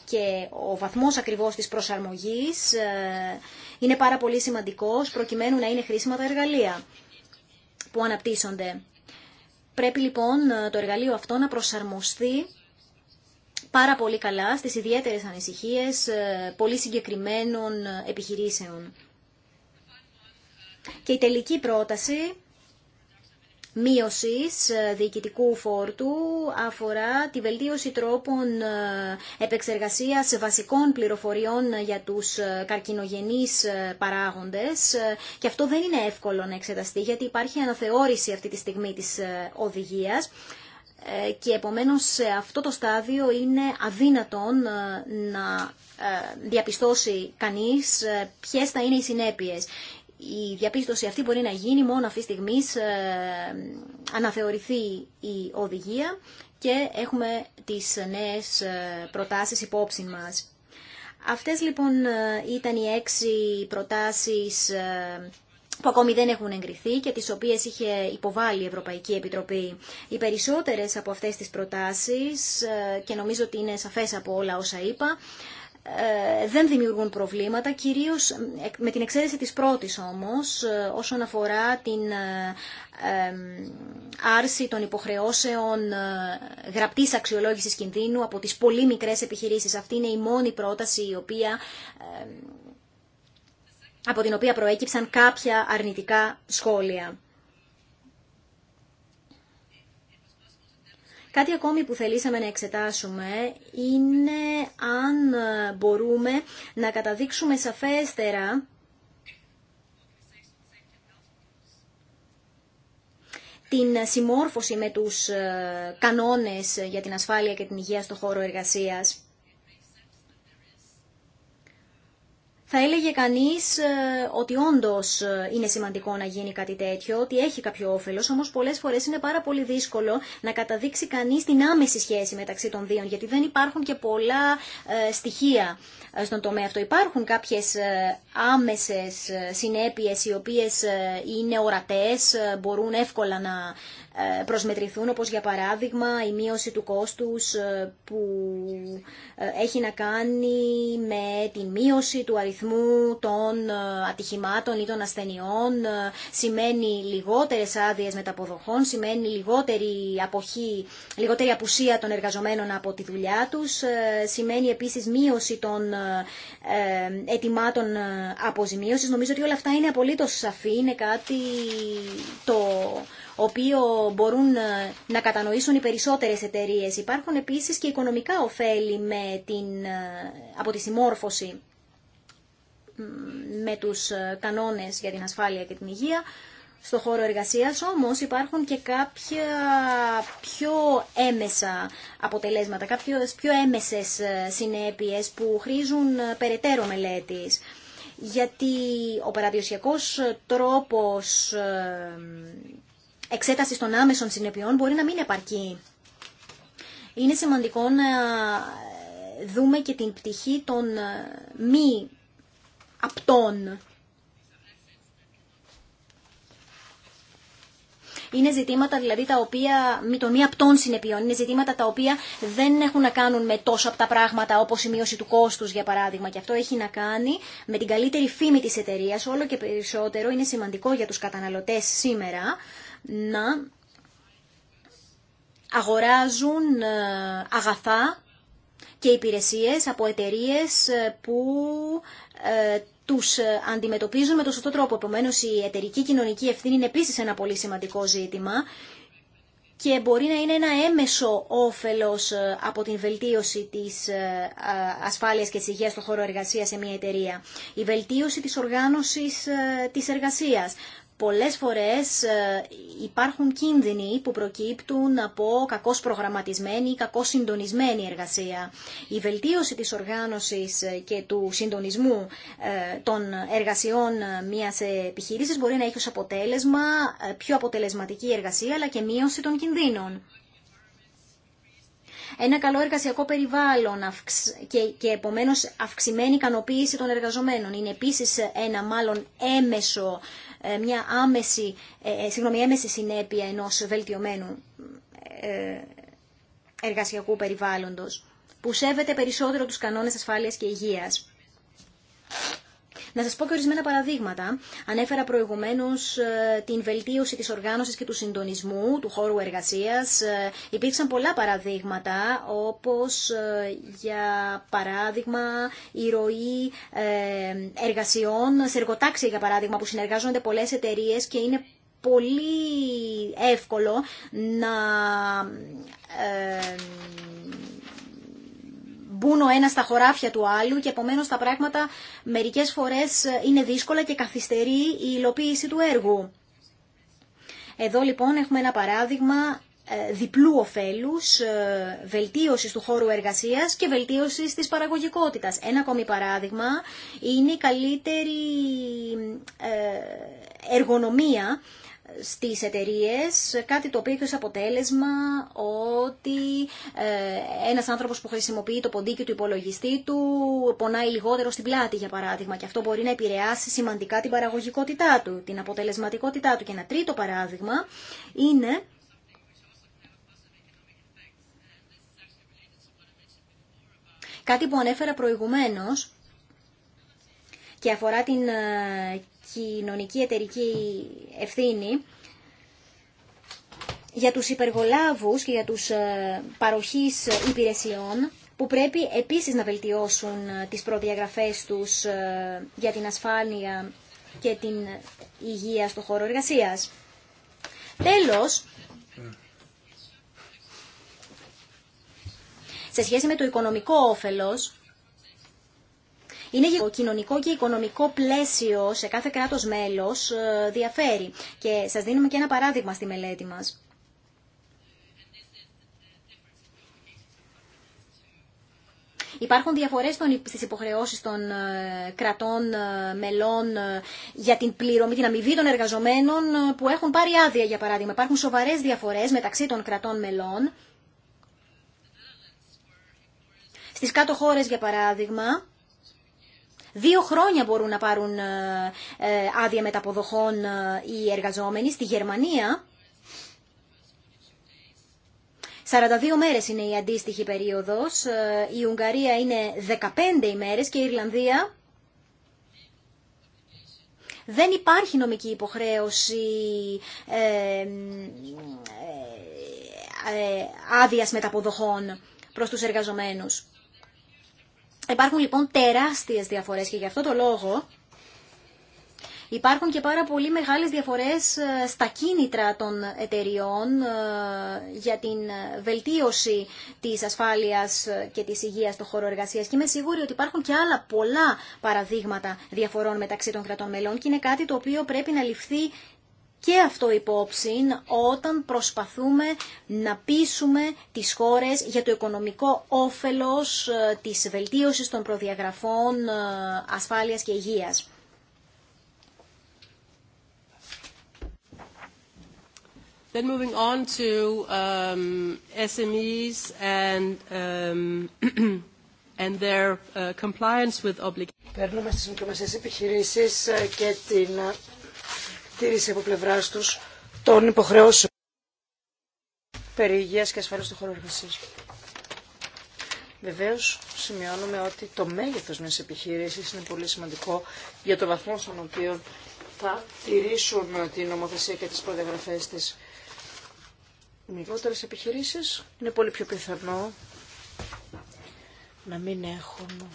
και ο βαθμός ακριβώς της προσαρμογής ε, είναι πάρα πολύ σημαντικός προκειμένου να είναι χρήσιμα τα εργαλεία που αναπτύσσονται. Πρέπει λοιπόν ε, το εργαλείο αυτό να προσαρμοστεί πάρα πολύ καλά στις ιδιαίτερες ανησυχίες ε, πολύ συγκεκριμένων ε, επιχειρήσεων. Και η τελική πρόταση μείωσης ε, διοικητικού φόρτου αφορά τη βελτίωση τρόπων ε, επεξεργασίας βασικών πληροφοριών για τους ε, καρκινογενείς παράγοντες και αυτό δεν είναι εύκολο να εξεταστεί γιατί υπάρχει αναθεώρηση αυτή τη στιγμή της οδηγίας και επομένως σε αυτό το στάδιο είναι αδύνατον να διαπιστώσει κανείς ποιες θα είναι οι συνέπειες η διαπίστωση αυτή μπορεί να γίνει μόνο αυτή τη στιγμή ε, αναθεωρηθεί η οδηγία και έχουμε τις νέες ε, προτάσεις υπόψη μας. Αυτές λοιπόν ε, ήταν οι έξι προτάσεις που ακόμη δεν έχουν εγκριθεί και τις οποίες είχε υποβάλει η Ευρωπαϊκή Επιτροπή. Οι περισσότερες από αυτές τις προτάσεις, και νομίζω ότι είναι σαφές από όλα όσα είπα, ε, δεν δημιουργούν προβλήματα, κυρίως ε, με την εξαίρεση της πρώτης όμως, ε, όσον αφορά την άρση των υποχρεώσεων γραπτής αξιολόγησης κινδύνου από τις πολύ μικρές επιχειρήσεις. Αυτή είναι η μόνη πρόταση η οποία, από την οποία προέκυψαν κάποια αρνητικά σχόλια. Κάτι ακόμη που θελήσαμε να εξετάσουμε είναι αν μπορούμε να καταδείξουμε σαφέστερα την συμμόρφωση με τους ε, κανόνες για την ασφάλεια και την υγεία στο χώρο εργασίας. θα έλεγε κανείς ε, ότι όντως ε, είναι σημαντικό να γίνει κάτι τέτοιο, ότι έχει κάποιο όφελος, όμως πολλές φορές είναι πάρα πολύ δύσκολο να καταδείξει κανείς την άμεση σχέση μεταξύ των δύο, γιατί δεν υπάρχουν και πολλά ε, στοιχεία στον τομέα αυτό. Υπάρχουν κάποιες άμεσες συνέπειες οι οποίες είναι ορατές, μπορούν εύκολα να ε, προσμετρηθούν, όπως για παράδειγμα η μείωση του κόστους ε, που ε, έχει να κάνει με τη μείωση του αριθμού των ατυχημάτων ή των ασθενειών, σημαίνει λιγότερες άδειες μεταποδοχών, σημαίνει λιγότερη, αποχή, λιγότερη απουσία των εργαζομένων από τη δουλειά τους, σημαίνει επίσης μείωση των ετοιμάτων αποζημίωσης. Νομίζω ότι όλα αυτά είναι απολύτως σαφή, είναι κάτι το οποίο μπορούν ε, να κατανοήσουν οι περισσότερες εταιρείες. Υπάρχουν επίσης και οικονομικά ωφέλη με την, ε, από τη συμμόρφωση με τους ε, κανόνες για την ασφάλεια και την υγεία. Στο χώρο εργασίας όμως υπάρχουν και κάποια πιο έμεσα αποτελέσματα, κάποιες πιο έμεσες συνέπειες που χρήζουν περαιτέρω μελέτης. Γιατί ο παραδοσιακός τρόπος εξέταση των άμεσων συνεπειών μπορεί να μην επαρκεί. Είναι σημαντικό να ε, δούμε και την πτυχή των ε, μη απτών. Είναι ζητήματα δηλαδή τα οποία, μη των μη απτών συνεπειών, είναι ζητήματα τα οποία δεν έχουν να κάνουν με τόσο από τα πράγματα όπως η μείωση του κόστους για παράδειγμα και αυτό έχει να κάνει με την καλύτερη φήμη της εταιρεία, όλο και περισσότερο είναι σημαντικό για τους καταναλωτές σήμερα να αγοράζουν ε, αγαθά και υπηρεσίες από εταιρείες ε, που ε, τους αντιμετωπίζουν με τον σωστό τρόπο. Επομένω, η εταιρική κοινωνική ευθύνη είναι επίσης ένα πολύ σημαντικό ζήτημα και μπορεί να είναι ένα έμεσο όφελος από την βελτίωση της ασφάλειας και της υγείας στον χώρο εργασίας σε μια εταιρεία. Η βελτίωση της οργάνωσης της εργασίας πολλές φορές ε, υπάρχουν κίνδυνοι που προκύπτουν από κακώς προγραμματισμένη ή κακώς συντονισμένη εργασία. Η βελτίωση της οργάνωσης ε, και του συντονισμού ε, των εργασιών μιας επιχείρησης μπορεί να έχει ως αποτέλεσμα πιο αποτελεσματική εργασία αλλά και μείωση των κινδύνων. Ένα καλό εργασιακό περιβάλλον και επομένως αυξημένη ικανοποίηση των εργαζομένων είναι επίσης ένα μάλλον έμεσο ε, μια άμεση, ε, ε, συγγνώμη, έμεση συνέπεια ενός βελτιωμένου εργασιακού περιβάλλοντος που σέβεται περισσότερο τους κανόνες ασφάλειας και υγείας. Να σα πω και ορισμένα παραδείγματα. Ανέφερα προηγουμένως ε, την βελτίωση τη οργάνωσης και του συντονισμού του χώρου εργασίας. Ε, υπήρξαν πολλά παραδείγματα, όπως ε, για παράδειγμα η ροή εργασιών σε εργοτάξια, για παράδειγμα, που συνεργάζονται πολλές εταιρείε και είναι πολύ εύκολο να μπουν ο ένας στα χωράφια του άλλου και επομένως τα πράγματα μερικές φορές είναι δύσκολα και καθυστερεί η υλοποίηση του έργου. Εδώ λοιπόν έχουμε ένα παράδειγμα ε, διπλού ωφέλους, ε, βελτίωσης του χώρου εργασίας και βελτίωσης της παραγωγικότητας. Ένα ακόμη παράδειγμα είναι η καλύτερη ε, εργονομία στις εταιρείες, κάτι το οποίο έχει ως αποτέλεσμα ότι ε, ένας άνθρωπος που χρησιμοποιεί το ποντίκι του υπολογιστή του πονάει λιγότερο στην πλάτη για παράδειγμα και αυτό μπορεί να επηρεάσει σημαντικά την παραγωγικότητά του, την αποτελεσματικότητά του. Και ένα τρίτο παράδειγμα είναι κάτι που ανέφερα προηγουμένως και αφορά την ε, κοινωνική εταιρική ευθύνη για τους υπεργολάβους και για τους ε, παροχής υπηρεσιών που πρέπει επίσης να βελτιώσουν ε, τις προδιαγραφές τους ε, για την ασφάλεια και την υγεία στο χώρο εργασίας. Τέλος, σε σχέση με το οικονομικό όφελος, είναι το κοινωνικό και οικονομικό πλαίσιο σε κάθε κράτος μέλος ε, διαφέρει. Και σας δίνουμε και ένα παράδειγμα στη μελέτη μας. Υπάρχουν διαφορές στις υποχρεώσεις των ε, κρατών ε, μελών για την πληρωμή, την αμοιβή των εργαζομένων που έχουν πάρει άδεια, για παράδειγμα. Υπάρχουν σοβαρές διαφορές μεταξύ των κρατών μελών. Στις κάτω χώρες, για παράδειγμα, Δύο χρόνια μπορούν να πάρουν ε, ε, άδεια μεταποδοχών ε, οι εργαζόμενοι. Στη Γερμανία 42 μέρες είναι η αντίστοιχη περίοδος, η Ουγγαρία είναι 15 ημέρες και η Ιρλανδία δεν υπάρχει νομική υποχρέωση ε, άδειας μεταποδοχών προς τους εργαζομένους. Υπάρχουν λοιπόν τεράστιες διαφορές και γι' αυτό το λόγο Υπάρχουν και πάρα πολύ μεγάλες διαφορές ε, στα κίνητρα των εταιριών ε, για την βελτίωση της ασφάλειας και της υγείας στον χώρο εργασίας και είμαι σίγουρη ότι υπάρχουν και άλλα πολλά παραδείγματα διαφορών μεταξύ των κρατών μελών και είναι κάτι το οποίο πρέπει να ληφθεί και αυτό υπόψη όταν προσπαθούμε να πείσουμε τις χώρες για το οικονομικό όφελος ε, της βελτίωσης των προδιαγραφών ε, ασφάλειας και υγείας. Then moving on to um, SMEs and, um, and their uh, compliance with obligations. Παίρνουμε στις μικρομεσαίες επιχειρήσεις ε, και την τήρηση από πλευρά του των υποχρεώσεων περί υγείας και ασφάλεια του χώρου εργασία. Βεβαίω, σημειώνουμε ότι το μέγεθος μια επιχειρήση είναι πολύ σημαντικό για το βαθμό στον οποίο θα τηρήσουν την νομοθεσία και τις προδιαγραφές της. μικρότερε επιχειρήσει. είναι πολύ πιο πιθανό να μην έχουν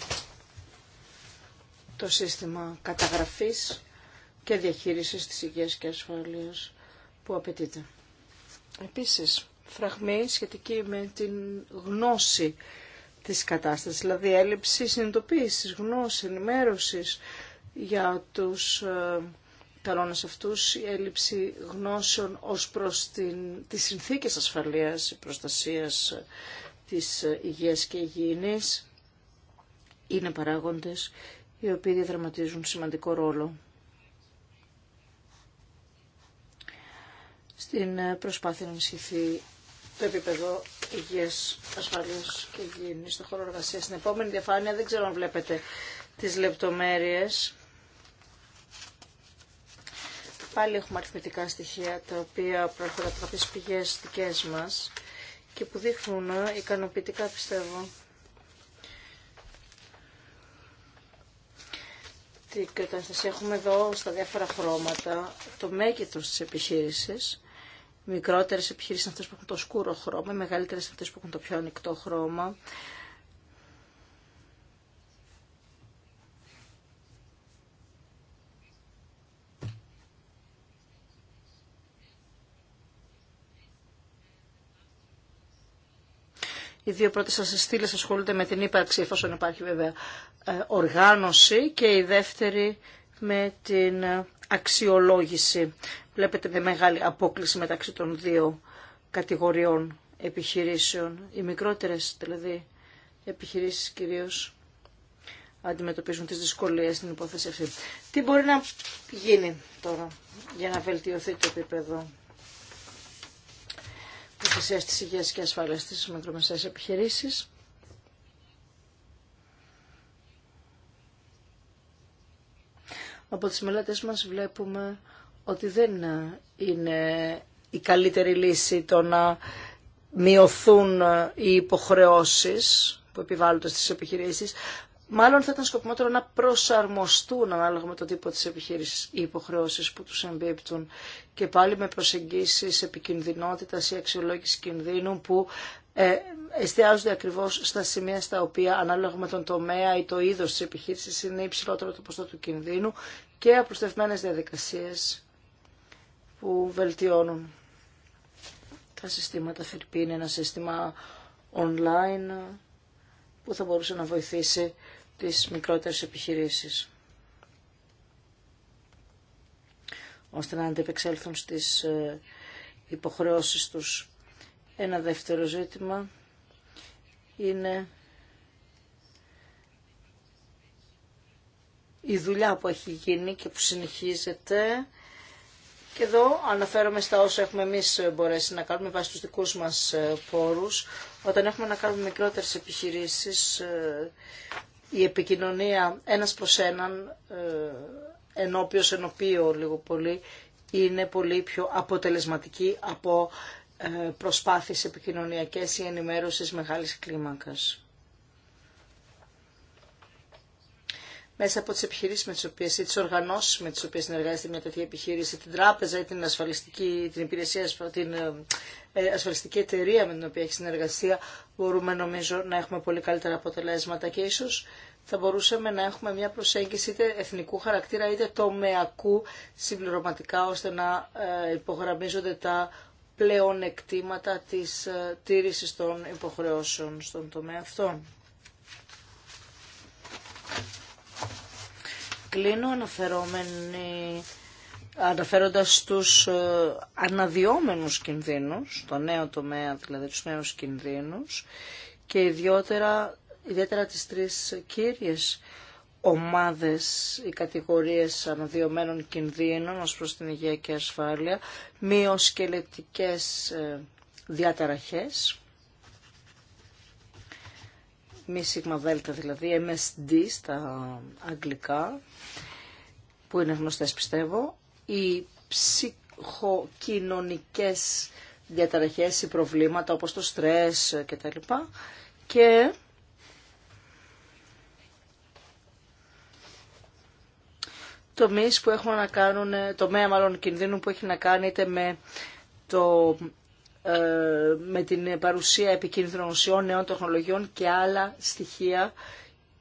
το σύστημα καταγραφής και διαχείρισης της υγείας και ασφάλειας που απαιτείται. Επίσης, φραγμή σχετική με την γνώση της κατάστασης, δηλαδή έλλειψη συνειδητοποίησης, γνώση, ενημέρωσης για τους ε, κανόνες αυτούς, η έλλειψη γνώσεων ως προς την, τις συνθήκες ασφαλείας, προστασίας ε, της ε, υγείας και υγιεινής, είναι παράγοντες οι οποίοι διαδραματίζουν σημαντικό ρόλο στην ε, προσπάθεια να ενισχυθεί το επίπεδο υγεία, ασφάλεια και υγιεινή στον χώρο εργασία. Στην επόμενη διαφάνεια δεν ξέρω αν βλέπετε τι λεπτομέρειε. Πάλι έχουμε αριθμητικά στοιχεία τα οποία προέρχονται από κάποιε πηγέ δικέ μα και που δείχνουν ε, ικανοποιητικά πιστεύω την κατάσταση. Έχουμε εδώ στα διάφορα χρώματα το μέγεθος της επιχείρησης Μικρότερε επιχειρήσει είναι αυτέ που έχουν το σκούρο χρώμα, οι μεγαλύτερε αυτέ που έχουν το πιο ανοιχτό χρώμα. Οι δύο πρώτες σας στήλε ασχολούνται με την ύπαρξη, εφόσον υπάρχει βέβαια ε, οργάνωση, και η δεύτερη με την αξιολόγηση. Βλέπετε με μεγάλη απόκληση μεταξύ των δύο κατηγοριών επιχειρήσεων. Οι μικρότερες δηλαδή επιχειρήσεις κυρίως αντιμετωπίζουν τις δυσκολίες στην υπόθεση αυτή. Τι μπορεί να γίνει τώρα για να βελτιωθεί το επίπεδο της υγείας και ασφάλειας στις μικρομεσαίες επιχειρήσεις. από τις μελέτες μας βλέπουμε ότι δεν είναι η καλύτερη λύση το να μειωθούν οι υποχρεώσεις που επιβάλλονται στις επιχειρήσεις. Μάλλον θα ήταν σκοπιμότερο να προσαρμοστούν ανάλογα με το τύπο της επιχείρησης οι υποχρεώσεις που τους εμπίπτουν και πάλι με προσεγγίσεις επικινδυνότητας ή αξιολόγηση κινδύνου που ε, εστιάζονται ακριβώ στα σημεία στα οποία ανάλογα με τον τομέα ή το είδο τη επιχείρηση είναι υψηλότερο το ποσό του κινδύνου και απλουστευμένε διαδικασίε που βελτιώνουν τα συστήματα Φιρπή είναι ένα σύστημα online που θα μπορούσε να βοηθήσει τις μικρότερες επιχειρήσεις ώστε να αντεπεξέλθουν στις ε, υποχρεώσεις τους. Ένα δεύτερο ζήτημα είναι η δουλειά που έχει γίνει και που συνεχίζεται. Και εδώ αναφέρομαι στα όσα έχουμε εμείς μπορέσει να κάνουμε βάσει τους δικούς μας ε, πόρους. Όταν έχουμε να κάνουμε μικρότερες επιχειρήσεις, ε, η επικοινωνία ένας προς έναν, ε, ενώπιος ενωπίο λίγο πολύ, είναι πολύ πιο αποτελεσματική από ε, προσπάθειες επικοινωνιακές ή ενημέρωσης μεγάλης κλίμακας. Μέσα από τις επιχειρήσεις με τις οποίες ή τις οργανώσεις με τις οποίες συνεργάζεται μια τέτοια επιχείρηση, την τράπεζα ή την ασφαλιστική, την υπηρεσία, την ε, ασφαλιστική εταιρεία με την οποία έχει συνεργασία, μπορούμε νομίζω να έχουμε πολύ καλύτερα αποτελέσματα και ίσως θα μπορούσαμε να έχουμε μια προσέγγιση είτε εθνικού χαρακτήρα είτε τομεακού συμπληρωματικά ώστε να ε, υπογραμμίζονται τα πλεονεκτήματα της ε, τήρησης των υποχρεώσεων στον τομέα αυτών. Κλείνω αναφερόμενοι αναφέροντας τους ε, αναδιόμενους κινδύνους, το νέο τομέα, δηλαδή τους νέους κινδύνους και ιδιότερα, ιδιαίτερα τις τρεις κύριες ομάδες ή κατηγορίες αναδειωμένων κινδύνων ως προς την υγεία και ασφάλεια, μειοσκελετικές ε, διαταραχές, μη σίγμα δέλτα δηλαδή, MSD στα αγγλικά, που είναι γνωστές πιστεύω, οι ψυχοκοινωνικές διαταραχές ή προβλήματα όπως το στρες κτλ. Και, και τομεί που έχουν να κάνουν, ε, τομέα μάλλον κινδύνου που έχει να κάνει είτε με, το, ε, με την παρουσία επικίνδυνων ουσιών, νέων τεχνολογιών και άλλα στοιχεία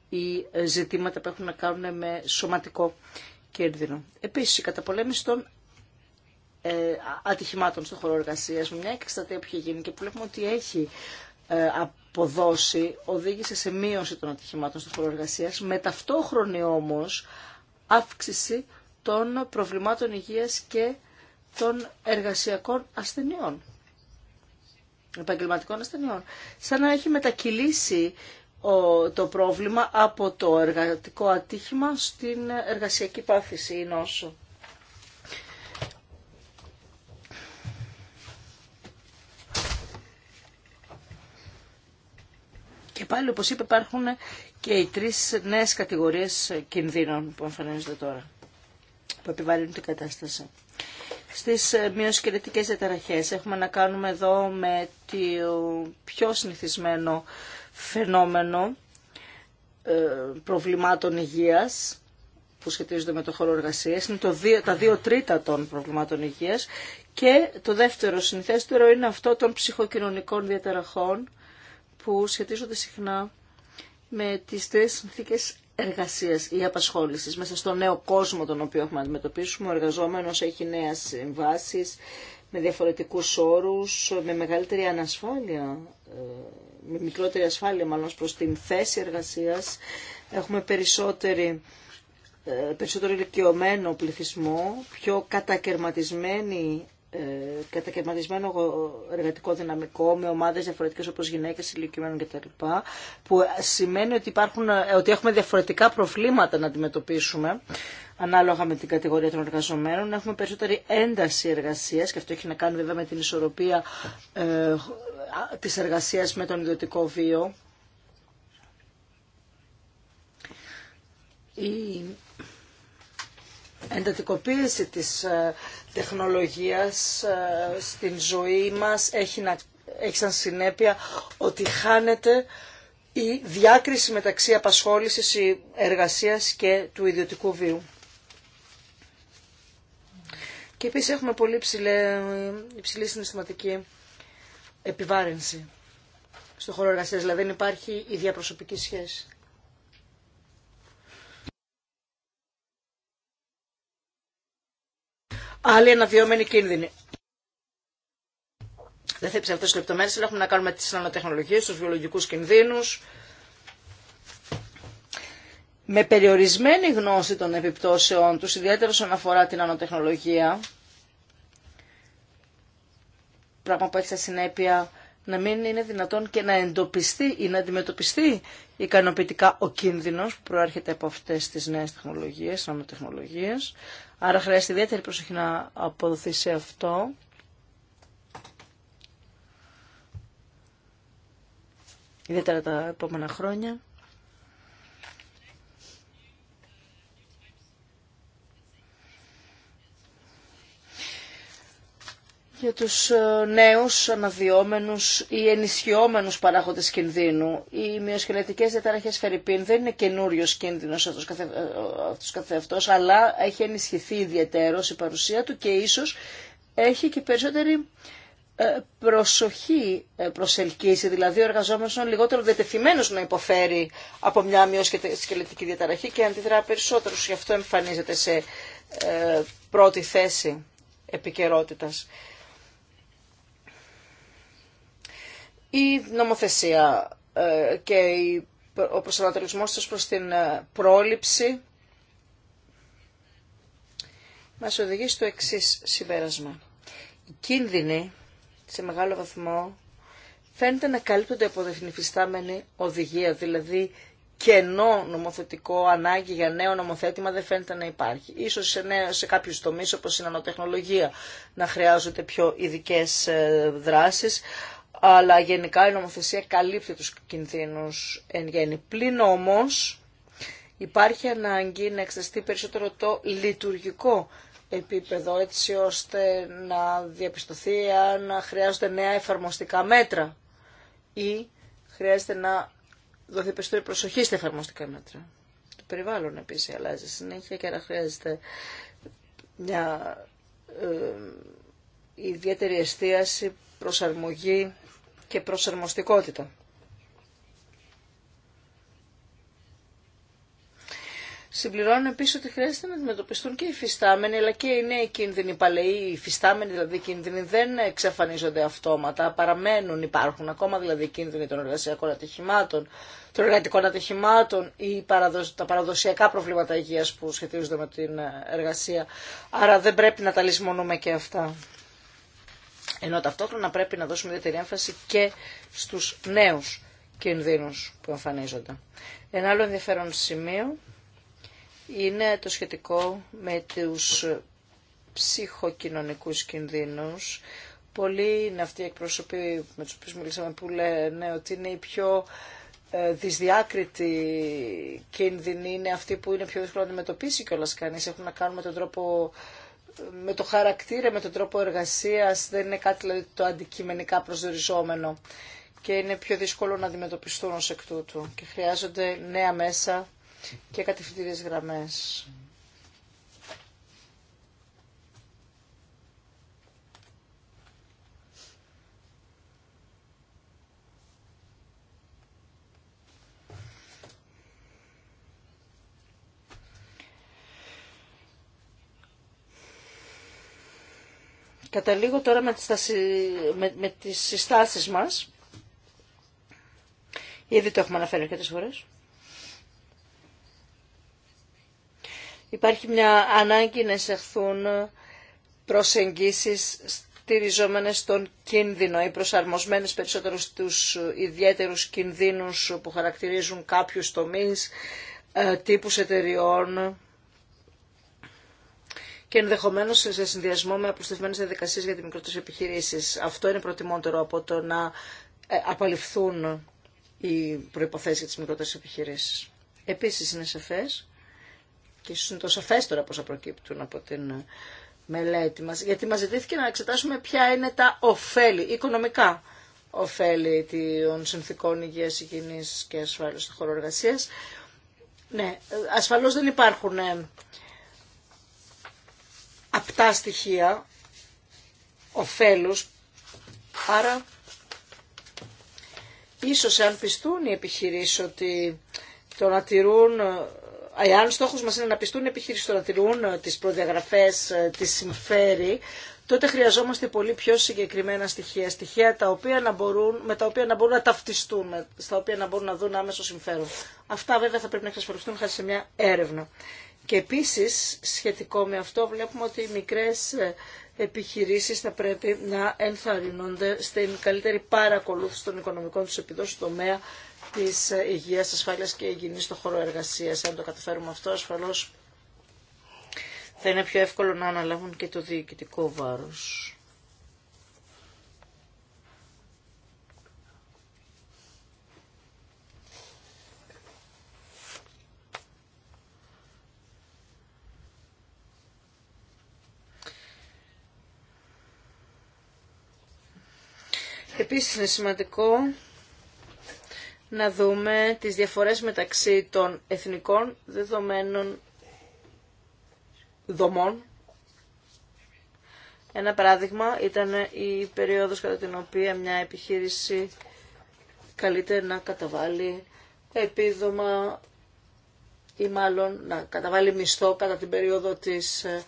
ή ε, ζητήματα που έχουν να κάνουν με σωματικό κίνδυνο. Επίσης, η ζητηματα που εχουν να κανουν με σωματικο κινδυνο Επίση, η καταπολεμηση των ε, ατυχημάτων στον χώρο εργασία μια εκστατεία που είχε γίνει και που βλέπουμε ότι έχει αποδώσει, οδήγησε σε μείωση των ατυχημάτων στον χώρο εργασία, με ταυτόχρονη όμω αύξηση των προβλημάτων υγείας και των εργασιακών ασθενειών, επαγγελματικών ασθενειών. Σαν να έχει μετακυλήσει το πρόβλημα από το εργατικό ατύχημα στην εργασιακή πάθηση ή νόσο. Και πάλι, όπως είπε, υπάρχουν και οι τρεις νέες κατηγορίες κινδύνων που εμφανίζονται τώρα, που επιβαρύνουν την κατάσταση. Στις ε, μειοσκελετικές διαταραχές έχουμε να κάνουμε εδώ με το πιο συνηθισμένο φαινόμενο ε, προβλημάτων υγείας, που σχετίζονται με το χώρο εργασίας, είναι το τα δύο τρίτα των προβλημάτων υγείας και το δεύτερο συνηθέστερο είναι αυτό των ψυχοκοινωνικών διαταραχών που σχετίζονται συχνά με τις τρεις συνθήκες εργασίας ή απασχόλησης μέσα στον νέο κόσμο τον οποίο έχουμε αντιμετωπίσουμε. Ο εργαζόμενος έχει νέες συμβάσει με διαφορετικούς όρους, με μεγαλύτερη ανασφάλεια, ε, με μικρότερη ασφάλεια μάλλον προς την θέση εργασίας. Έχουμε περισσότερη ε, περισσότερο ηλικιωμένο πληθυσμό, πιο κατακαιρματισμένη ε, κατακαιρματισμένο εργατικό δυναμικό με ομάδες διαφορετικές όπως γυναίκες, ηλικιωμένων κτλ. που σημαίνει ότι, υπάρχουν, ε, ότι έχουμε διαφορετικά προβλήματα να αντιμετωπίσουμε ανάλογα με την κατηγορία των εργαζομένων. Έχουμε περισσότερη ένταση εργασίας και αυτό έχει να κάνει βέβαια με την ισορροπία ε, της εργασίας με τον ιδιωτικό βίο. Η εντατικοποίηση της ε, τεχνολογίας ε, στην ζωή μας έχει, να, έχει σαν συνέπεια ότι χάνεται η διάκριση μεταξύ απασχόλησης, η εργασίας και του ιδιωτικού βίου. Και επίσης έχουμε πολύ υψηλή συναισθηματική επιβάρυνση στον χώρο εργασίας, δηλαδή δεν υπάρχει η διαπροσωπική σχέση. άλλοι αναβιώμενοι κίνδυνοι. Δεν θα αυτέ στι λεπτομέρειε, αλλά έχουμε να κάνουμε τι νανοτεχνολογίε, του βιολογικού κινδύνου. Με περιορισμένη γνώση των επιπτώσεών του, ιδιαίτερα όσον αφορά την νανοτεχνολογία, πράγμα που έχει σαν συνέπεια να μην είναι δυνατόν και να εντοπιστεί ή να αντιμετωπιστεί ικανοποιητικά ο κίνδυνος που προέρχεται από αυτές τις νέες τεχνολογίες, νανοτεχνολογίες. Άρα χρειάζεται ιδιαίτερη προσοχή να αποδοθεί σε αυτό. Ιδιαίτερα τα επόμενα χρόνια. για τους ε, νέους αναδυόμενους ή ενισχυόμενους παράγοντες κινδύνου. Οι μειοσκελετικές διαταραχές Φερρυπίν δεν είναι καινούριο κίνδυνος αυτός, καθε, ε, αυτός καθεαυτός, αλλά έχει ενισχυθεί ιδιαίτερος η ενισχυομενους παραγοντες κινδυνου οι μειοσκελετικες διαταραχες φερρυπιν δεν ειναι καινουριο κινδυνος αυτος καθεαυτος αλλα εχει ενισχυθει ιδιαιτερο η παρουσια του και ίσως έχει και περισσότερη ε, προσοχή προσελκύσει, δηλαδή ο εργαζόμενος είναι λιγότερο διατεθειμένος να υποφέρει από μια μειοσκελετική διαταραχή και αντιδρά περισσότερους, γι' αυτό εμφανίζεται σε πρώτη θέση επικαιρότητα. Η νομοθεσία ε, και ο προσανατολισμός τους προς την ε, πρόληψη μας οδηγεί στο εξής συμπέρασμα. Οι κίνδυνοι σε μεγάλο βαθμό φαίνεται να καλύπτονται από την υφιστάμενη οδηγία, δηλαδή κενό νομοθετικό, ανάγκη για νέο νομοθέτημα δεν φαίνεται να υπάρχει. Ίσως σε, νέο, σε κάποιους τομείς όπως η νανοτεχνολογία να χρειάζονται πιο ειδικέ ε, δράσεις, αλλά γενικά η νομοθεσία καλύπτει τους κινδύνους εν γέννη. Πλην όμως υπάρχει ανάγκη να εξεταστεί περισσότερο το λειτουργικό επίπεδο έτσι ώστε να διαπιστωθεί αν χρειάζονται νέα εφαρμοστικά μέτρα ή χρειάζεται να δοθεί περισσότερη προσοχή στα εφαρμοστικά μέτρα. Το περιβάλλον επίσης αλλάζει συνέχεια και να χρειάζεται μια ε, ιδιαίτερη εστίαση, προσαρμογή και προσαρμοστικότητα. Συμπληρώνω επίση ότι χρειάζεται να αντιμετωπιστούν και οι φυστάμενοι, αλλά και οι νέοι κίνδυνοι παλαιοί. Οι φυστάμενοι δηλαδή κίνδυνοι δεν εξαφανίζονται αυτόματα, παραμένουν, υπάρχουν ακόμα δηλαδή κίνδυνοι των εργασιακών ατυχημάτων, των εργατικών ατυχημάτων ή τα παραδοσιακά προβλήματα υγεία που σχετίζονται με την εργασία. Άρα δεν πρέπει να τα λησμονούμε και αυτά ενώ ταυτόχρονα πρέπει να δώσουμε ιδιαίτερη έμφαση και στους νέους κινδύνους που εμφανίζονται. Ένα άλλο ενδιαφέρον σημείο είναι το σχετικό με τους ψυχοκοινωνικούς κινδύνους. Πολλοί είναι αυτοί οι εκπρόσωποι με τους οποίους μιλήσαμε που λένε ότι είναι οι πιο ε, δυσδιάκριτοι κίνδυνοι, είναι αυτοί που είναι πιο δύσκολο να αντιμετωπίσει κιόλας κανείς, έχουν να κάνουν με τον τρόπο με το χαρακτήρα, με τον τρόπο εργασίας δεν είναι κάτι δηλαδή, το αντικειμενικά προσδιοριζόμενο και είναι πιο δύσκολο να αντιμετωπιστούν ως εκ τούτου και χρειάζονται νέα μέσα και κατευθυντήριες γραμμές. Καταλήγω τώρα με τις, με, με τις συστάσεις μας. Ήδη το έχουμε αναφέρει αρκετές φορές. Υπάρχει μια ανάγκη να εισεχθούν προσεγγίσεις στηριζόμενες στον κίνδυνο ή προσαρμοσμένες περισσότερο στους ιδιαίτερους κινδύνους που χαρακτηρίζουν κάποιους τομείς, ε, τύπους εταιριών, και ενδεχομένω σε συνδυασμό με απλουστευμένε διαδικασίε για τι μικρότερε επιχειρήσει. Αυτό είναι προτιμότερο από το να ε, απαλληφθούν οι προποθέσει για τι μικρότερε επιχειρήσει. Επίση είναι σαφέ και ίσω είναι το σαφέστερο πώς προκύπτουν από την μελέτη μας, γιατί μας ζητήθηκε να εξετάσουμε ποια είναι τα ωφέλη, οικονομικά ωφέλη των συνθήκων υγεία υγιεινής και ασφάλεια του χώρο Ναι, ε, ασφαλώ δεν υπάρχουν ε, απτά στοιχεία ωφέλους, άρα ίσως εάν πιστούν οι επιχειρήσεις ότι το να τηρούν ε, εάν στόχος μας είναι να πιστούν οι επιχειρήσεις το να τηρούν ε, τις προδιαγραφές ε, τις συμφέρει, τότε χρειαζόμαστε πολύ πιο συγκεκριμένα στοιχεία. Στοιχεία τα οποία να μπορούν, με τα οποία να μπορούν να ταυτιστούν, στα οποία να μπορούν να δουν άμεσο συμφέρον. Αυτά βέβαια θα πρέπει να εξασφαλιστούν χάρη σε μια έρευνα. Και επίσης σχετικό με αυτό βλέπουμε ότι οι μικρές ε, επιχειρήσεις θα πρέπει να ενθαρρύνονται στην καλύτερη παρακολούθηση των οικονομικών τους επιδόσεων στο τομέα της ε, υγείας, ασφάλειας και υγιεινής στον χώρο εργασίας. Αν το καταφέρουμε αυτό ασφαλώς θα είναι πιο εύκολο να αναλάβουν και το διοικητικό βάρος. Επίσης είναι σημαντικό να δούμε τις διαφορές μεταξύ των εθνικών δεδομένων δομών. Ένα παράδειγμα ήταν η περίοδος κατά την οποία μια επιχείρηση καλείται να καταβάλει επίδομα ή μάλλον να καταβάλει μισθό κατά την περίοδο της ε,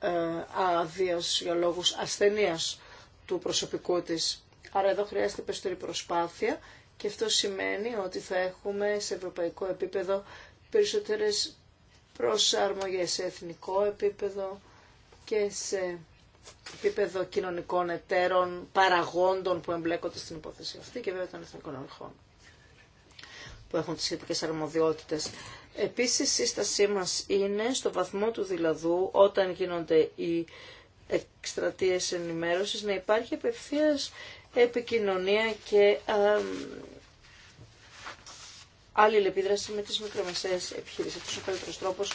ε, άδειας για λόγους ασθενείας του προσωπικού της. Άρα εδώ χρειάζεται περισσότερη προσπάθεια και αυτό σημαίνει ότι θα έχουμε σε ευρωπαϊκό επίπεδο περισσότερες προσαρμογές σε εθνικό επίπεδο και σε επίπεδο κοινωνικών εταίρων, παραγόντων που εμπλέκονται στην υπόθεση αυτή και βέβαια των εθνικών αρχών που έχουν τις σχετικές αρμοδιότητες. Επίσης, η σύστασή μας είναι στο βαθμό του δηλαδή όταν γίνονται οι εκστρατείες ενημέρωσης να υπάρχει απευθείας επικοινωνία και άλλη λεπίδραση με τις μικρομεσαίες επιχειρήσεις. Αυτός είναι ο καλύτερος τρόπος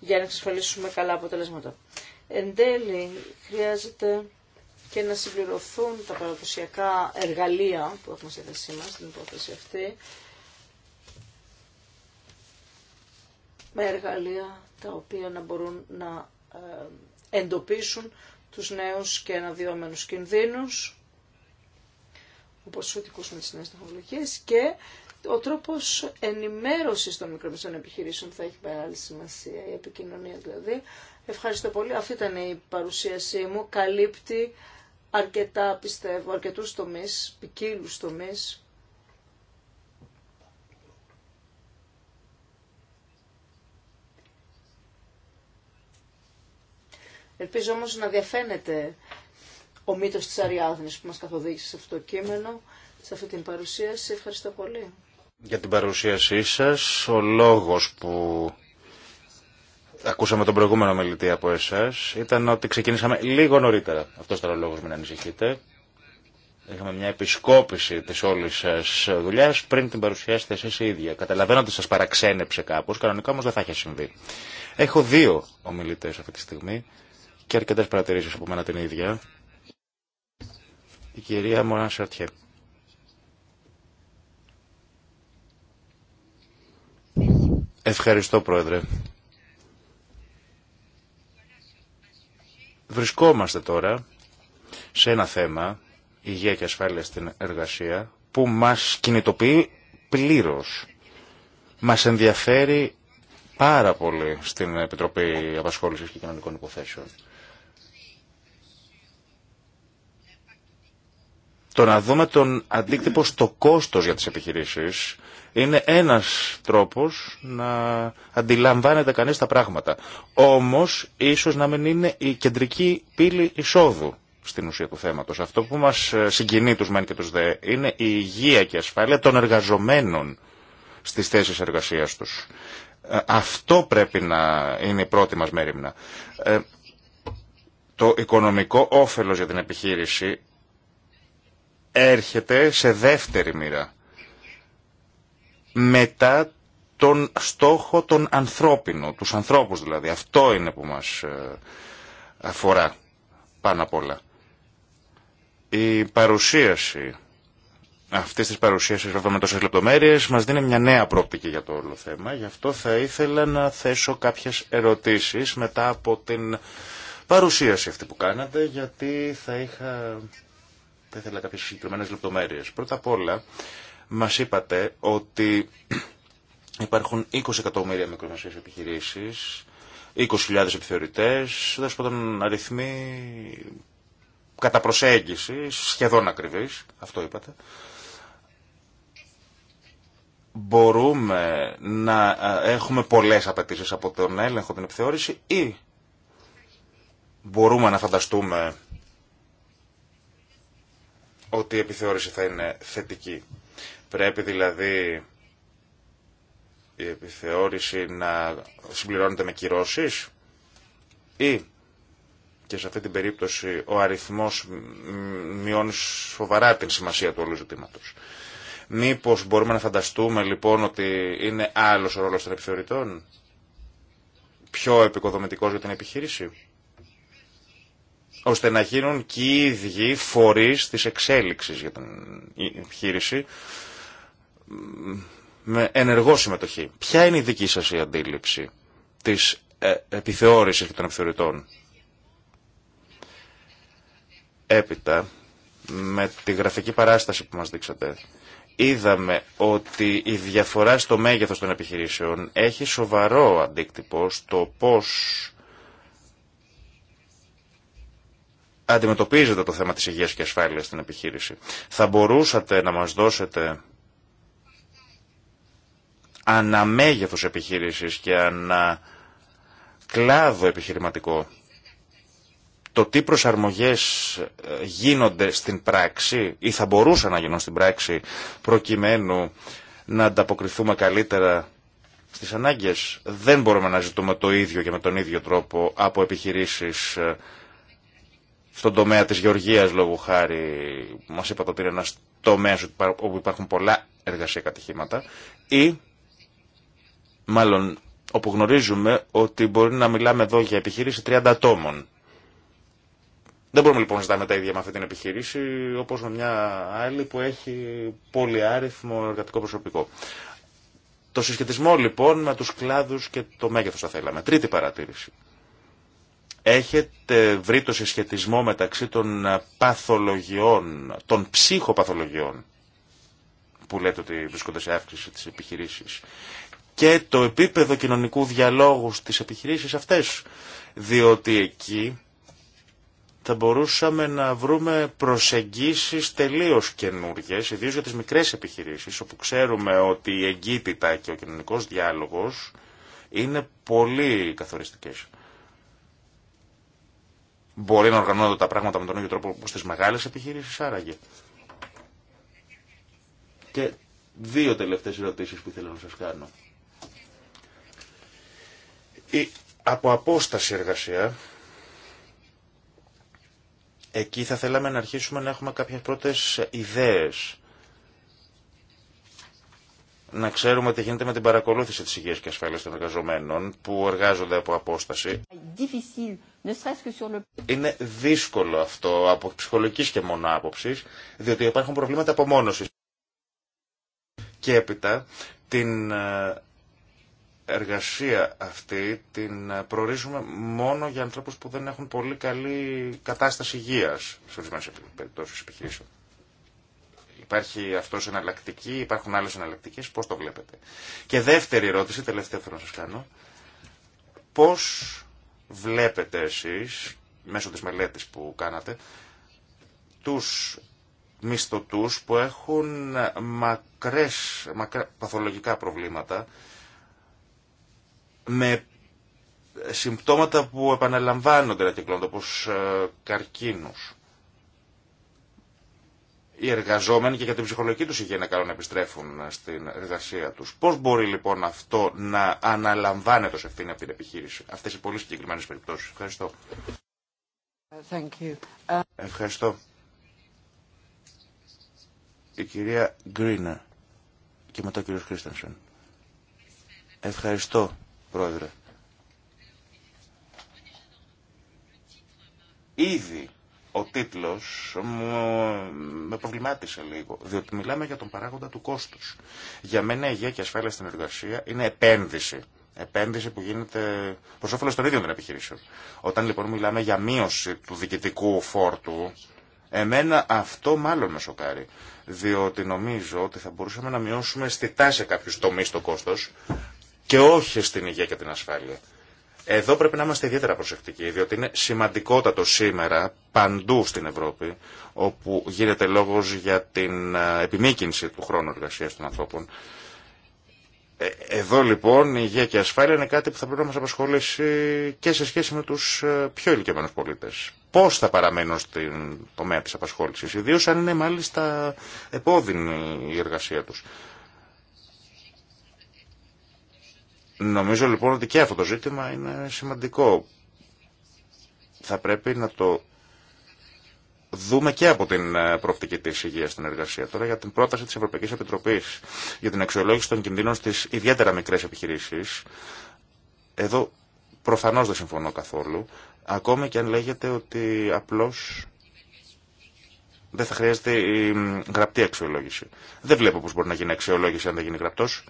για να εξασφαλίσουμε καλά αποτελέσματα. Εν τέλει, χρειάζεται και να συμπληρωθούν τα παραδοσιακά εργαλεία που έχουμε στη θέση μας, την υπόθεση αυτή, με εργαλεία τα οποία να μπορούν να εντοπίσουν τους νέους και αναδυόμενους κινδύνους, όπως με τις νέες τεχνολογίες και ο τρόπος ενημέρωσης των μικρομεσαίων επιχειρήσεων θα έχει μεγάλη σημασία, η επικοινωνία δηλαδή. Ευχαριστώ πολύ. Αυτή ήταν η παρουσίασή μου. Καλύπτει αρκετά, πιστεύω, αρκετούς τομείς, ποικίλου τομείς. Ελπίζω όμως να διαφαίνεται ο μύτος της Αριάδνης που μας καθοδήγησε σε αυτό το κείμενο, σε αυτή την παρουσίαση. Ευχαριστώ πολύ. Για την παρουσίασή σας, ο λόγος που ακούσαμε τον προηγούμενο μελητή από εσάς ήταν ότι ξεκινήσαμε λίγο νωρίτερα. αυτό ήταν ο λόγος, μην ανησυχείτε. Είχαμε μια επισκόπηση τη όλη σα δουλειά πριν την παρουσιάσετε εσεί οι ίδια. Καταλαβαίνω ότι σα παραξένεψε κάπω, κανονικά όμω δεν θα είχε συμβεί. Έχω δύο ομιλητέ αυτή τη στιγμή και αρκετέ παρατηρήσει από μένα την ίδια. Η κυρία Μωράν Σαρτιέ. Ευχαριστώ, Πρόεδρε. Βρισκόμαστε τώρα σε ένα θέμα, υγεία και ασφάλεια στην εργασία, που μας κινητοποιεί πλήρως. Μας ενδιαφέρει πάρα πολύ στην Επιτροπή Απασχόλησης και Κοινωνικών Υποθέσεων. Το να δούμε τον αντίκτυπο στο κόστος για τις επιχειρήσεις είναι ένας τρόπος να αντιλαμβάνεται κανείς τα πράγματα. Όμως, ίσως να μην είναι η κεντρική πύλη εισόδου στην ουσία του θέματος. Αυτό που μας ε, συγκινεί τους μεν και τους δε είναι η υγεία και ασφάλεια των εργαζομένων στις θέσεις εργασίας τους. Ε, αυτό πρέπει να είναι η πρώτη μας μέρημνα. Ε, το οικονομικό όφελος για την επιχείρηση έρχεται σε δεύτερη μοίρα. Μετά τον στόχο τον ανθρώπινο, τους ανθρώπους δηλαδή. Αυτό είναι που μας ε, αφορά πάνω απ' όλα. Η παρουσίαση αυτής της παρουσίασης βέβαια με τόσες λεπτομέρειες μας δίνει μια νέα πρόπτικη για το όλο θέμα. Γι' αυτό θα ήθελα να θέσω κάποιες ερωτήσεις μετά από την παρουσίαση αυτή που κάνατε γιατί θα είχα θα ήθελα κάποιε συγκεκριμένε λεπτομέρειε. Πρώτα απ' όλα, μας είπατε ότι υπάρχουν 20 εκατομμύρια μικρομεσαίε επιχειρήσεις, 20.000 επιθεωρητές, δεν τον αριθμοί κατά προσέγγιση, σχεδόν ακριβής, αυτό είπατε. Μπορούμε να έχουμε πολλές απαιτήσει από τον έλεγχο, την επιθεώρηση ή μπορούμε να φανταστούμε ότι η επιθεώρηση θα είναι θετική. Πρέπει δηλαδή η επιθεώρηση να συμπληρώνεται με κυρώσεις ή και σε αυτή την περίπτωση ο αριθμός μειώνει σοβαρά την σημασία του όλου ζητήματος. Μήπως μπορούμε να φανταστούμε λοιπόν ότι είναι άλλος ο ρόλος των επιθεωρητών, πιο επικοδομητικός για την επιχείρηση ώστε να γίνουν και οι ίδιοι φορείς της εξέλιξης για την επιχείρηση με ενεργό συμμετοχή. Ποια είναι η δική σας η αντίληψη της ε, επιθεώρησης και των επιθεωρητών. Έπειτα, με τη γραφική παράσταση που μας δείξατε, είδαμε ότι η διαφορά στο μέγεθος των επιχειρήσεων έχει σοβαρό αντίκτυπο στο πώς αντιμετωπίζετε το θέμα της υγείας και ασφάλειας στην επιχείρηση. Θα μπορούσατε να μας δώσετε αναμέγεθος επιχείρησης και ανα κλάδο επιχειρηματικό το τι προσαρμογές ε, γίνονται στην πράξη ή θα μπορούσαν να γίνουν στην πράξη προκειμένου να ανταποκριθούμε καλύτερα στις ανάγκες. Δεν μπορούμε να ζητούμε το ίδιο και με τον ίδιο τρόπο από επιχειρήσεις ε, στον τομέα της γεωργίας λόγου χάρη, μας είπατε ότι είναι ένας τομέας όπου υπάρχουν πολλά εργασία κατοχήματα ή μάλλον όπου γνωρίζουμε ότι μπορεί να μιλάμε εδώ για επιχείρηση 30 ατόμων. Δεν μπορούμε λοιπόν να ζητάμε τα ίδια με αυτή την επιχείρηση όπως με μια άλλη που έχει πολύ άριθμο εργατικό προσωπικό. Το συσχετισμό λοιπόν με τους κλάδους και το μέγεθος θα θέλαμε. Τρίτη παρατήρηση. Έχετε βρει το συσχετισμό μεταξύ των παθολογιών, των ψυχοπαθολογιών που λέτε ότι βρίσκονται σε αύξηση της επιχειρήσης και το επίπεδο κοινωνικού διαλόγου στις επιχειρήσεις αυτές. Διότι εκεί θα μπορούσαμε να βρούμε προσεγγίσεις τελείως καινούργιες, ιδίως για τις μικρές επιχειρήσεις, όπου ξέρουμε ότι η εγκύτητα και ο κοινωνικός διάλογος είναι πολύ καθοριστικές. Μπορεί να οργανώνονται τα πράγματα με τον ίδιο τρόπο όπω στι μεγάλες επιχειρήσεις άραγε. Και δύο τελευταίε ερωτήσει που ήθελα να σα κάνω. Η από απόσταση εργασία, εκεί θα θέλαμε να αρχίσουμε να έχουμε κάποιες πρώτες ιδέες να ξέρουμε τι γίνεται με την παρακολούθηση της υγείας και ασφάλειας των εργαζομένων που εργάζονται από απόσταση. Είναι δύσκολο αυτό από ψυχολογικής και μόνο άποψης, διότι υπάρχουν προβλήματα απομόνωσης. Και έπειτα την ε, εργασία αυτή την ε, προορίζουμε μόνο για ανθρώπους που δεν έχουν πολύ καλή κατάσταση υγείας σε ορισμένες περιπτώσεις επιχειρήσεων. Υπάρχει αυτό εναλλακτική, υπάρχουν άλλε εναλλακτικέ, πώ το βλέπετε. Και δεύτερη ερώτηση, τελευταία θέλω να σα κάνω. Πώ βλέπετε εσεί, μέσω τη μελέτη που κάνατε, του μισθωτού που έχουν μακρές, μακρά, παθολογικά προβλήματα με συμπτώματα που επαναλαμβάνονται να κυκλώνονται, όπως ε, καρκίνους οι εργαζόμενοι και για την ψυχολογική τους υγεία να καλό να επιστρέφουν στην εργασία τους. Πώς μπορεί λοιπόν αυτό να αναλαμβάνεται ως ευθύνη από την επιχείρηση, αυτές οι πολύ συγκεκριμένε περιπτώσεις. Ευχαριστώ. Ευχαριστώ. Η κυρία Γκρίνα και μετά ο κύριος Κρίστανσον. Ευχαριστώ, Πρόεδρε. Ήδη ο τίτλος μου, με προβλημάτισε λίγο, διότι μιλάμε για τον παράγοντα του κόστους. Για μένα η υγεία και η ασφάλεια στην εργασία είναι επένδυση. Επένδυση που γίνεται προ όφελο των ίδιων των επιχειρήσεων. Όταν λοιπόν μιλάμε για μείωση του διοικητικού φόρτου, εμένα αυτό μάλλον με σοκάρει. Διότι νομίζω ότι θα μπορούσαμε να μειώσουμε αισθητά σε κάποιου τομεί το κόστο και όχι στην υγεία και την ασφάλεια. Εδώ πρέπει να είμαστε ιδιαίτερα προσεκτικοί, διότι είναι σημαντικότατο σήμερα παντού στην Ευρώπη, όπου γίνεται λόγος για την ε, επιμήκυνση του χρόνου εργασίας των ανθρώπων. Ε, εδώ λοιπόν η υγεία και η ασφάλεια είναι κάτι που θα πρέπει να μας απασχολήσει και σε σχέση με τους ε, πιο ηλικιωμένους πολίτες. Πώς θα παραμένουν στην τομέα της απασχόλησης, ιδίως αν είναι μάλιστα επώδυνη η εργασία τους. Νομίζω λοιπόν ότι και αυτό το ζήτημα είναι σημαντικό. Θα πρέπει να το δούμε και από την ε, πρόπτικη της υγείας στην εργασία. Τώρα για την πρόταση της Ευρωπαϊκής Επιτροπής για την αξιολόγηση των κινδύνων στις ιδιαίτερα μικρές επιχειρήσεις. Εδώ προφανώς δεν συμφωνώ καθόλου. Ακόμη και αν λέγεται ότι απλώ δεν θα χρειάζεται η γραπτή αξιολόγηση. Δεν βλέπω πώς μπορεί να γίνει αξιολόγηση αν δεν γίνει γραπτός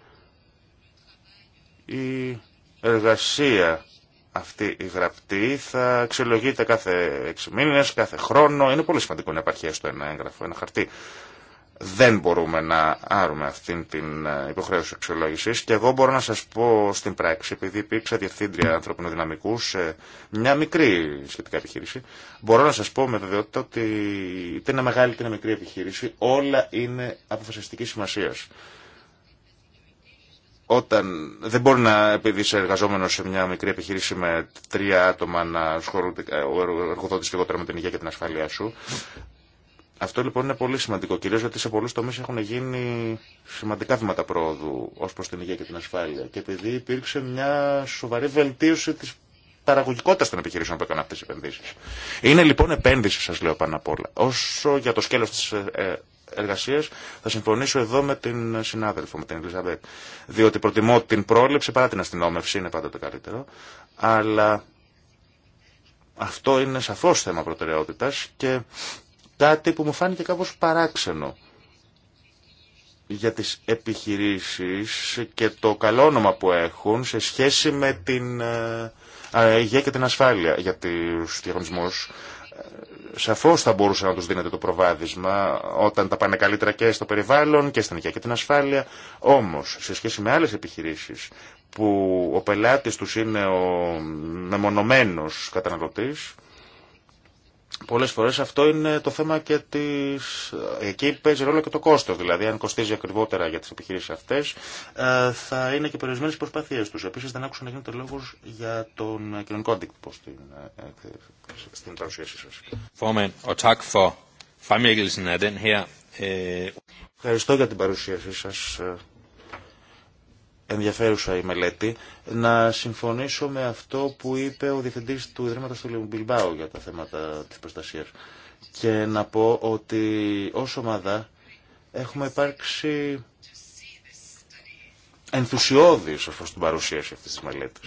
η εργασία αυτή η γραπτή θα αξιολογείται κάθε 6 μήνες, κάθε χρόνο. Είναι πολύ σημαντικό να υπάρχει έστω ένα έγγραφο, ένα χαρτί. Δεν μπορούμε να άρουμε αυτήν την ε, υποχρέωση αξιολόγησης και εγώ μπορώ να σας πω στην πράξη, επειδή υπήρξα διευθύντρια ανθρωπινοδυναμικού δυναμικού σε μια μικρή σχετικά επιχείρηση, μπορώ να σας πω με βεβαιότητα ότι είτε είναι μεγάλη είτε είναι μικρή επιχείρηση, όλα είναι αποφασιστική σημασίας όταν δεν μπορεί να επειδή είσαι εργαζόμενο σε μια μικρή επιχείρηση με τρία άτομα να ασχολούνται ε, ο εργοδότη λιγότερο με την υγεία και την ασφάλειά σου. Αυτό λοιπόν είναι πολύ σημαντικό, κυρίω γιατί σε πολλού τομεί έχουν γίνει σημαντικά βήματα πρόοδου ω προ την υγεία και την ασφάλεια. Και επειδή υπήρξε μια σοβαρή βελτίωση τη παραγωγικότητα των επιχειρήσεων που έκαναν αυτέ τι επενδύσει. Είναι λοιπόν επένδυση, σα λέω πάνω απ' όλα. Όσο για το σκέλο τη ε, θα συμφωνήσω εδώ με την συνάδελφο, με την Μπέκ. Διότι προτιμώ την πρόληψη παρά την αστυνόμευση, είναι πάντα το καλύτερο. Αλλά αυτό είναι σαφώ θέμα προτεραιότητα και κάτι που μου φάνηκε κάπω παράξενο για τις επιχειρήσεις και το καλό όνομα που έχουν σε σχέση με την ε, ε, υγεία και την ασφάλεια για τους διαγωνισμού σαφώς θα μπορούσε να τους δίνεται το προβάδισμα όταν τα πάνε καλύτερα και στο περιβάλλον και στην υγεία και την ασφάλεια. Όμως, σε σχέση με άλλες επιχειρήσεις που ο πελάτης τους είναι ο μεμονωμένος καταναλωτής, Πολλέ φορέ αυτό είναι το θέμα και τη. Εκεί παίζει ρόλο και το κόστο. Δηλαδή, αν κοστίζει ακριβότερα για τι επιχειρήσει αυτέ, ε, θα είναι και περιορισμένε προσπαθίε του. Επίση, δεν άκουσα να γίνεται λόγο για τον κοινωνικό αντίκτυπο στην, ε, ε, στην παρουσίασή σα. Øh, Ευχαριστώ για την παρουσίασή σα ενδιαφέρουσα η μελέτη. Να συμφωνήσω με αυτό που είπε ο Διευθυντής του ιδρύματο του Λιμπιλμπάου για τα θέματα της προστασία. Και να πω ότι ω ομάδα έχουμε υπάρξει ενθουσιώδης ω προ την παρουσίαση αυτή τη μελέτη.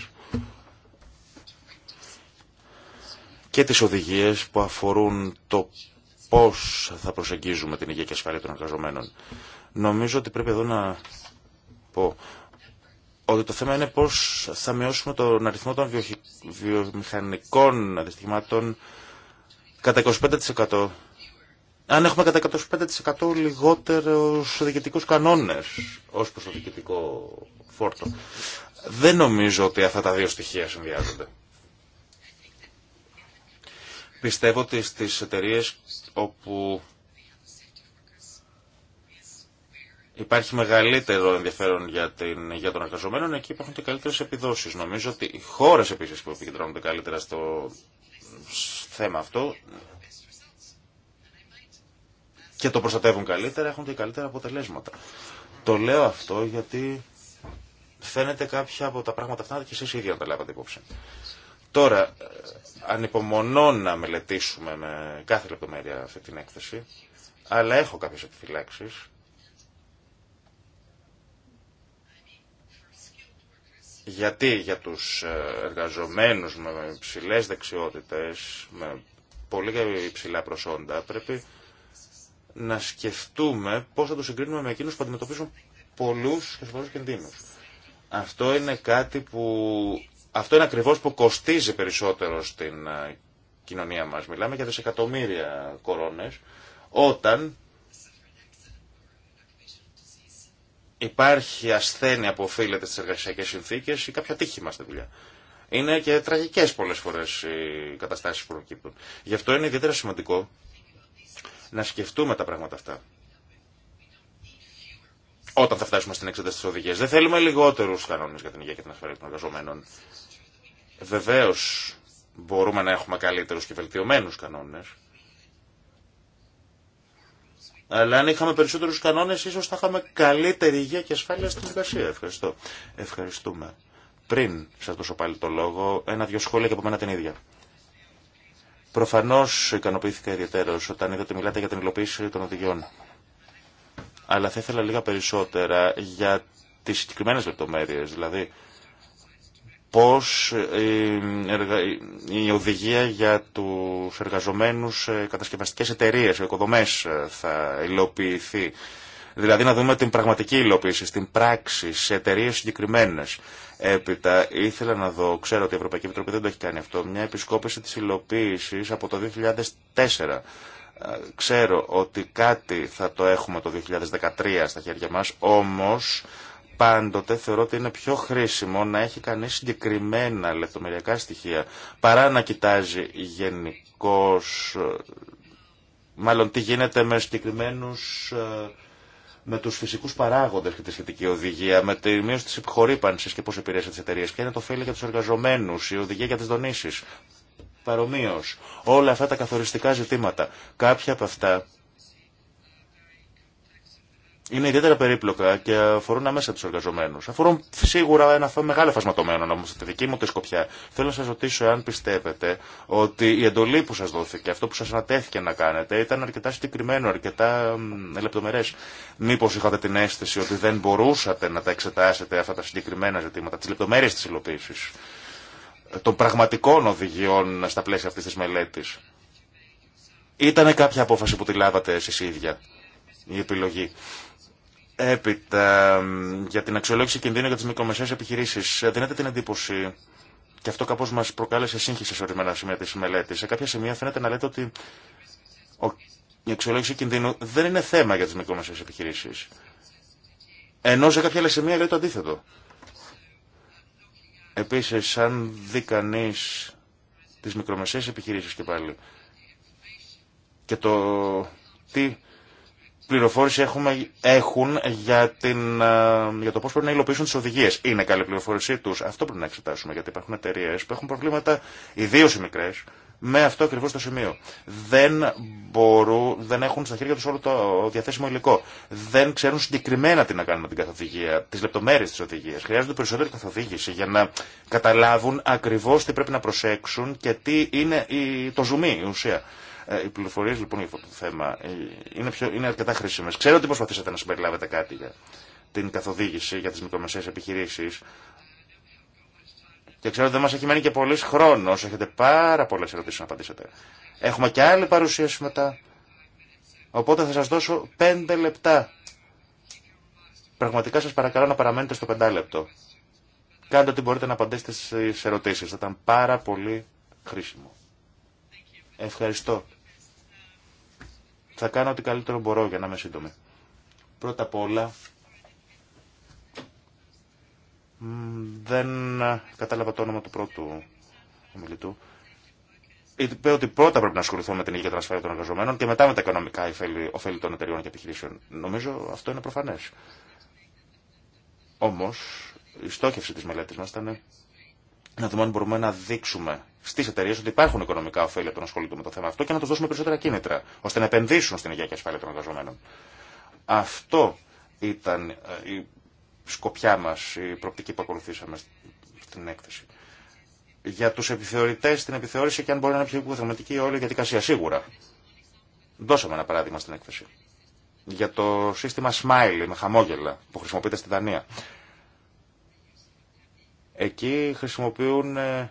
Και τις οδηγίες που αφορούν το πώς θα προσεγγίζουμε την υγεία και ασφάλεια των εργαζομένων. Νομίζω ότι πρέπει εδώ να πω ότι το θέμα είναι πώς θα μειώσουμε τον αριθμό των βιομηχανικών αντιστοιχημάτων κατά 25%. Αν έχουμε κατά 25% λιγότερους διοικητικούς κανόνες ως προς το διοικητικό φόρτο. Δεν νομίζω ότι αυτά τα δύο στοιχεία συνδυάζονται. Πιστεύω ότι στις εταιρείες όπου υπάρχει μεγαλύτερο ενδιαφέρον για, την, για τον εργαζομένο, εκεί υπάρχουν και καλύτερε επιδόσει. Νομίζω ότι οι χώρε επίση που επικεντρώνονται καλύτερα στο θέμα αυτό και το προστατεύουν καλύτερα έχουν και καλύτερα αποτελέσματα. Το λέω αυτό γιατί φαίνεται κάποια από τα πράγματα αυτά και εσείς ίδιοι να τα λάβατε υπόψη. Τώρα, ε, ανυπομονώ να μελετήσουμε με κάθε λεπτομέρεια αυτή την έκθεση, αλλά έχω κάποιες επιφυλάξεις Γιατί για τους ε, εργαζομένους με υψηλές δεξιότητες, με πολύ υψηλά προσόντα, πρέπει να σκεφτούμε πώς θα τους συγκρίνουμε με εκείνους που αντιμετωπίζουν πολλούς και σοβαρούς κινδύνους. Αυτό είναι κάτι που... Αυτό είναι ακριβώς που κοστίζει περισσότερο στην ε, κοινωνία μας. Μιλάμε για δισεκατομμύρια κορώνες, όταν υπάρχει ασθένεια που οφείλεται στι εργασιακέ συνθήκες ή κάποια μας στη δουλειά. Είναι και τραγικές πολλές φορές οι καταστάσει που προκύπτουν. Γι' αυτό είναι ιδιαίτερα σημαντικό να σκεφτούμε τα πράγματα αυτά. Όταν θα φτάσουμε στην εξέταση τη οδηγία, δεν θέλουμε λιγότερου κανόνε για την υγεία και την ασφαλεία των εργαζομένων. Βεβαίω μπορούμε να έχουμε καλύτερου και βελτιωμένου κανόνε. Αλλά αν είχαμε περισσότερου κανόνε ίσω θα είχαμε καλύτερη υγεία και ασφάλεια στην εργασία. Ευχαριστώ. Ευχαριστούμε. Πριν σα δώσω πάλι το λόγο, ένα-δυο σχόλια και από μένα την ίδια. Προφανώ ικανοποιήθηκα ιδιαίτερω όταν είδα ότι μιλάτε για την υλοποίηση των οδηγιών. Αλλά θα ήθελα λίγα περισσότερα για τι συγκεκριμένε λεπτομέρειε, δηλαδή πώς ε, η οδηγία για τους εργαζομένους σε κατασκευαστικές εταιρείες, οικοδομές ε, θα υλοποιηθεί. Δηλαδή να δούμε την πραγματική υλοποίηση, στην πράξη, σε εταιρείε συγκεκριμένε. Έπειτα ήθελα να δω, ξέρω ότι η Ευρωπαϊκή Επιτροπή δεν το έχει κάνει αυτό, μια επισκόπηση της υλοποίηση από το 2004. Ε, ξέρω ότι κάτι θα το έχουμε το 2013 στα χέρια μας, όμως πάντοτε θεωρώ ότι είναι πιο χρήσιμο να έχει κανείς συγκεκριμένα λεπτομεριακά στοιχεία παρά να κοιτάζει γενικώ ε, μάλλον τι γίνεται με συγκεκριμένους ε, με τους φυσικούς παράγοντες και τη σχετική οδηγία, με τη μείωση της επιχορύπανσης και πώς επηρέασε τις εταιρείες, ποια είναι το φέλη για τους εργαζομένους, η οδηγία για τις δονήσεις, παρομοίως, όλα αυτά τα καθοριστικά ζητήματα. Κάποια από αυτά είναι ιδιαίτερα περίπλοκα και αφορούν αμέσα του εργαζομένου. Αφορούν σίγουρα ένα μεγάλο φασματωμένο όμω τη δική μου τη σκοπιά. Θέλω να σα ρωτήσω αν πιστεύετε ότι η εντολή που σα δόθηκε, αυτό που σα ανατέθηκε να κάνετε, ήταν αρκετά συγκεκριμένο, αρκετά λεπτομερέ. Μήπω είχατε την αίσθηση ότι δεν μπορούσατε να τα εξετάσετε αυτά τα συγκεκριμένα ζητήματα, τι λεπτομέρειε τη υλοποίηση των πραγματικών οδηγιών στα πλαίσια αυτή τη μελέτη. Ήτανε κάποια απόφαση που τη λάβατε ίδια, η επιλογή. Έπειτα, για την αξιολόγηση κινδύνου για τις μικρομεσαίες επιχειρήσεις, ε, δίνεται την εντύπωση, και αυτό κάπως μας προκάλεσε σύγχυση σε ορισμένα σημεία της μελέτης, σε κάποια σημεία φαίνεται να λέτε ότι η αξιολόγηση κινδύνου δεν είναι θέμα για τι μικρομεσαίες επιχειρήσει. Ενώ σε κάποια άλλα σημεία λέει το αντίθετο. Επίση, αν δει κανεί τι μικρομεσαίες επιχειρήσει και πάλι και το τι πληροφόρηση έχουμε, έχουν για, την, ε, για το πώ πρέπει να υλοποιήσουν τι οδηγίε. Είναι καλή πληροφόρησή του. Αυτό πρέπει να εξετάσουμε, γιατί υπάρχουν εταιρείε που έχουν προβλήματα, ιδίω οι μικρέ, με αυτό ακριβώ το σημείο. Δεν μπορούν, δεν έχουν στα χέρια του όλο το διαθέσιμο υλικό. Δεν ξέρουν συγκεκριμένα τι να κάνουν με την καθοδηγία, τι λεπτομέρειε τη οδηγία. Χρειάζονται περισσότερη καθοδήγηση για να καταλάβουν ακριβώ τι πρέπει να προσέξουν και τι είναι το ζουμί, η ουσία. Ε, οι πληροφορίε λοιπόν για αυτό το θέμα ε, είναι, είναι αρκετά χρήσιμε. Ξέρω ότι προσπαθήσατε να συμπεριλάβετε κάτι για την καθοδήγηση για τι μικρομεσαίε επιχειρήσει. Και ξέρω ότι δεν μα έχει μένει και πολλή χρόνο. Έχετε πάρα πολλέ ερωτήσει να απαντήσετε. Έχουμε και άλλη παρουσίαση μετά. Οπότε θα σα δώσω πέντε λεπτά. Πραγματικά σα παρακαλώ να παραμένετε στο πεντάλεπτο. Κάντε ό,τι μπορείτε να απαντήσετε στι ερωτήσει. Θα ήταν πάρα πολύ χρήσιμο. Ευχαριστώ. Θα κάνω ό,τι καλύτερο μπορώ για να είμαι σύντομη. Πρώτα απ' όλα, δεν κατάλαβα το όνομα του πρώτου ομιλητού. Είπε ότι πρώτα πρέπει να ασχοληθούμε με την υγεία ασφάλεια των εργαζομένων και μετά με τα οικονομικά ωφέλη των εταιριών και επιχειρήσεων. Νομίζω αυτό είναι προφανέ. Όμω, η στόχευση τη μελέτη μα ήταν να δούμε αν μπορούμε να δείξουμε στι εταιρείε ότι υπάρχουν οικονομικά ωφέλη από το να ασχολούνται με το θέμα αυτό και να του δώσουμε περισσότερα κίνητρα, ώστε να επενδύσουν στην υγεία και ασφάλεια των εργαζομένων. Αυτό ήταν ε, η σκοπιά μα, η προοπτική που ακολουθήσαμε στην έκθεση. Για του επιθεωρητέ, την επιθεώρηση και αν μπορεί να είναι πιο η όλη η διαδικασία, σίγουρα. Δώσαμε ένα παράδειγμα στην έκθεση. Για το σύστημα smile με χαμόγελα που χρησιμοποιείται στη Δανία. Εκεί χρησιμοποιούν ε,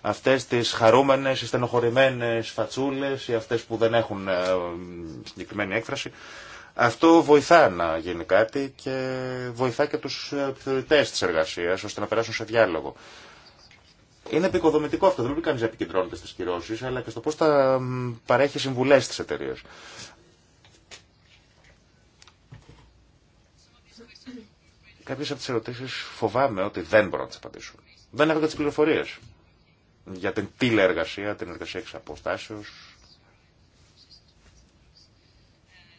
αυτές τις χαρούμενες, ή στενοχωρημένες φατσούλες ή αυτές που δεν έχουν ε, συγκεκριμένη έκφραση. Αυτό βοηθά να γίνει κάτι και βοηθά και τους επιθεωρητές της εργασίας ώστε να περάσουν σε διάλογο. Είναι επικοδομητικό αυτό. Δεν πρέπει κανεί να επικεντρώνεται στι κυρώσει, αλλά και στο πώ θα παρέχει συμβουλέ στι εταιρείε. Κάποιε από τι ερωτήσει φοβάμαι ότι δεν μπορώ να τι απαντήσω. Δεν έχω τι πληροφορίε. για την τηλεεργασία, την εργασία εξ αποστάσεω.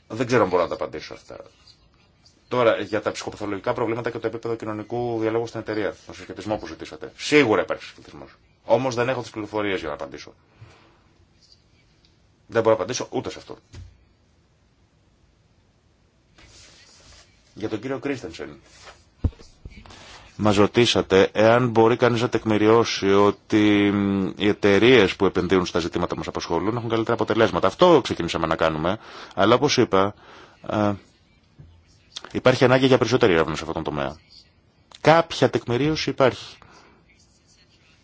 Δεν ξέρω αν μπορώ να τα απαντήσω αυτά. Τώρα, για τα ψυχοπαθολογικά προβλήματα και το επίπεδο κοινωνικού διαλόγου στην εταιρεία, τον συσχετισμό που ζητήσατε. Σίγουρα υπάρχει συσχετισμό. Όμω δεν έχω τι πληροφορίε για να απαντήσω. Δεν μπορώ να απαντήσω ούτε σε αυτό. Για τον κύριο Κρίστενσεν. Μα ρωτήσατε εάν μπορεί κανεί να τεκμηριώσει ότι οι εταιρείε που επενδύουν στα ζητήματα που μα απασχολούν έχουν καλύτερα αποτελέσματα. Αυτό ξεκινήσαμε να κάνουμε, αλλά όπω είπα, ε, υπάρχει ανάγκη για περισσότερη έρευνα σε αυτόν τον τομέα. Κάποια τεκμηρίωση υπάρχει.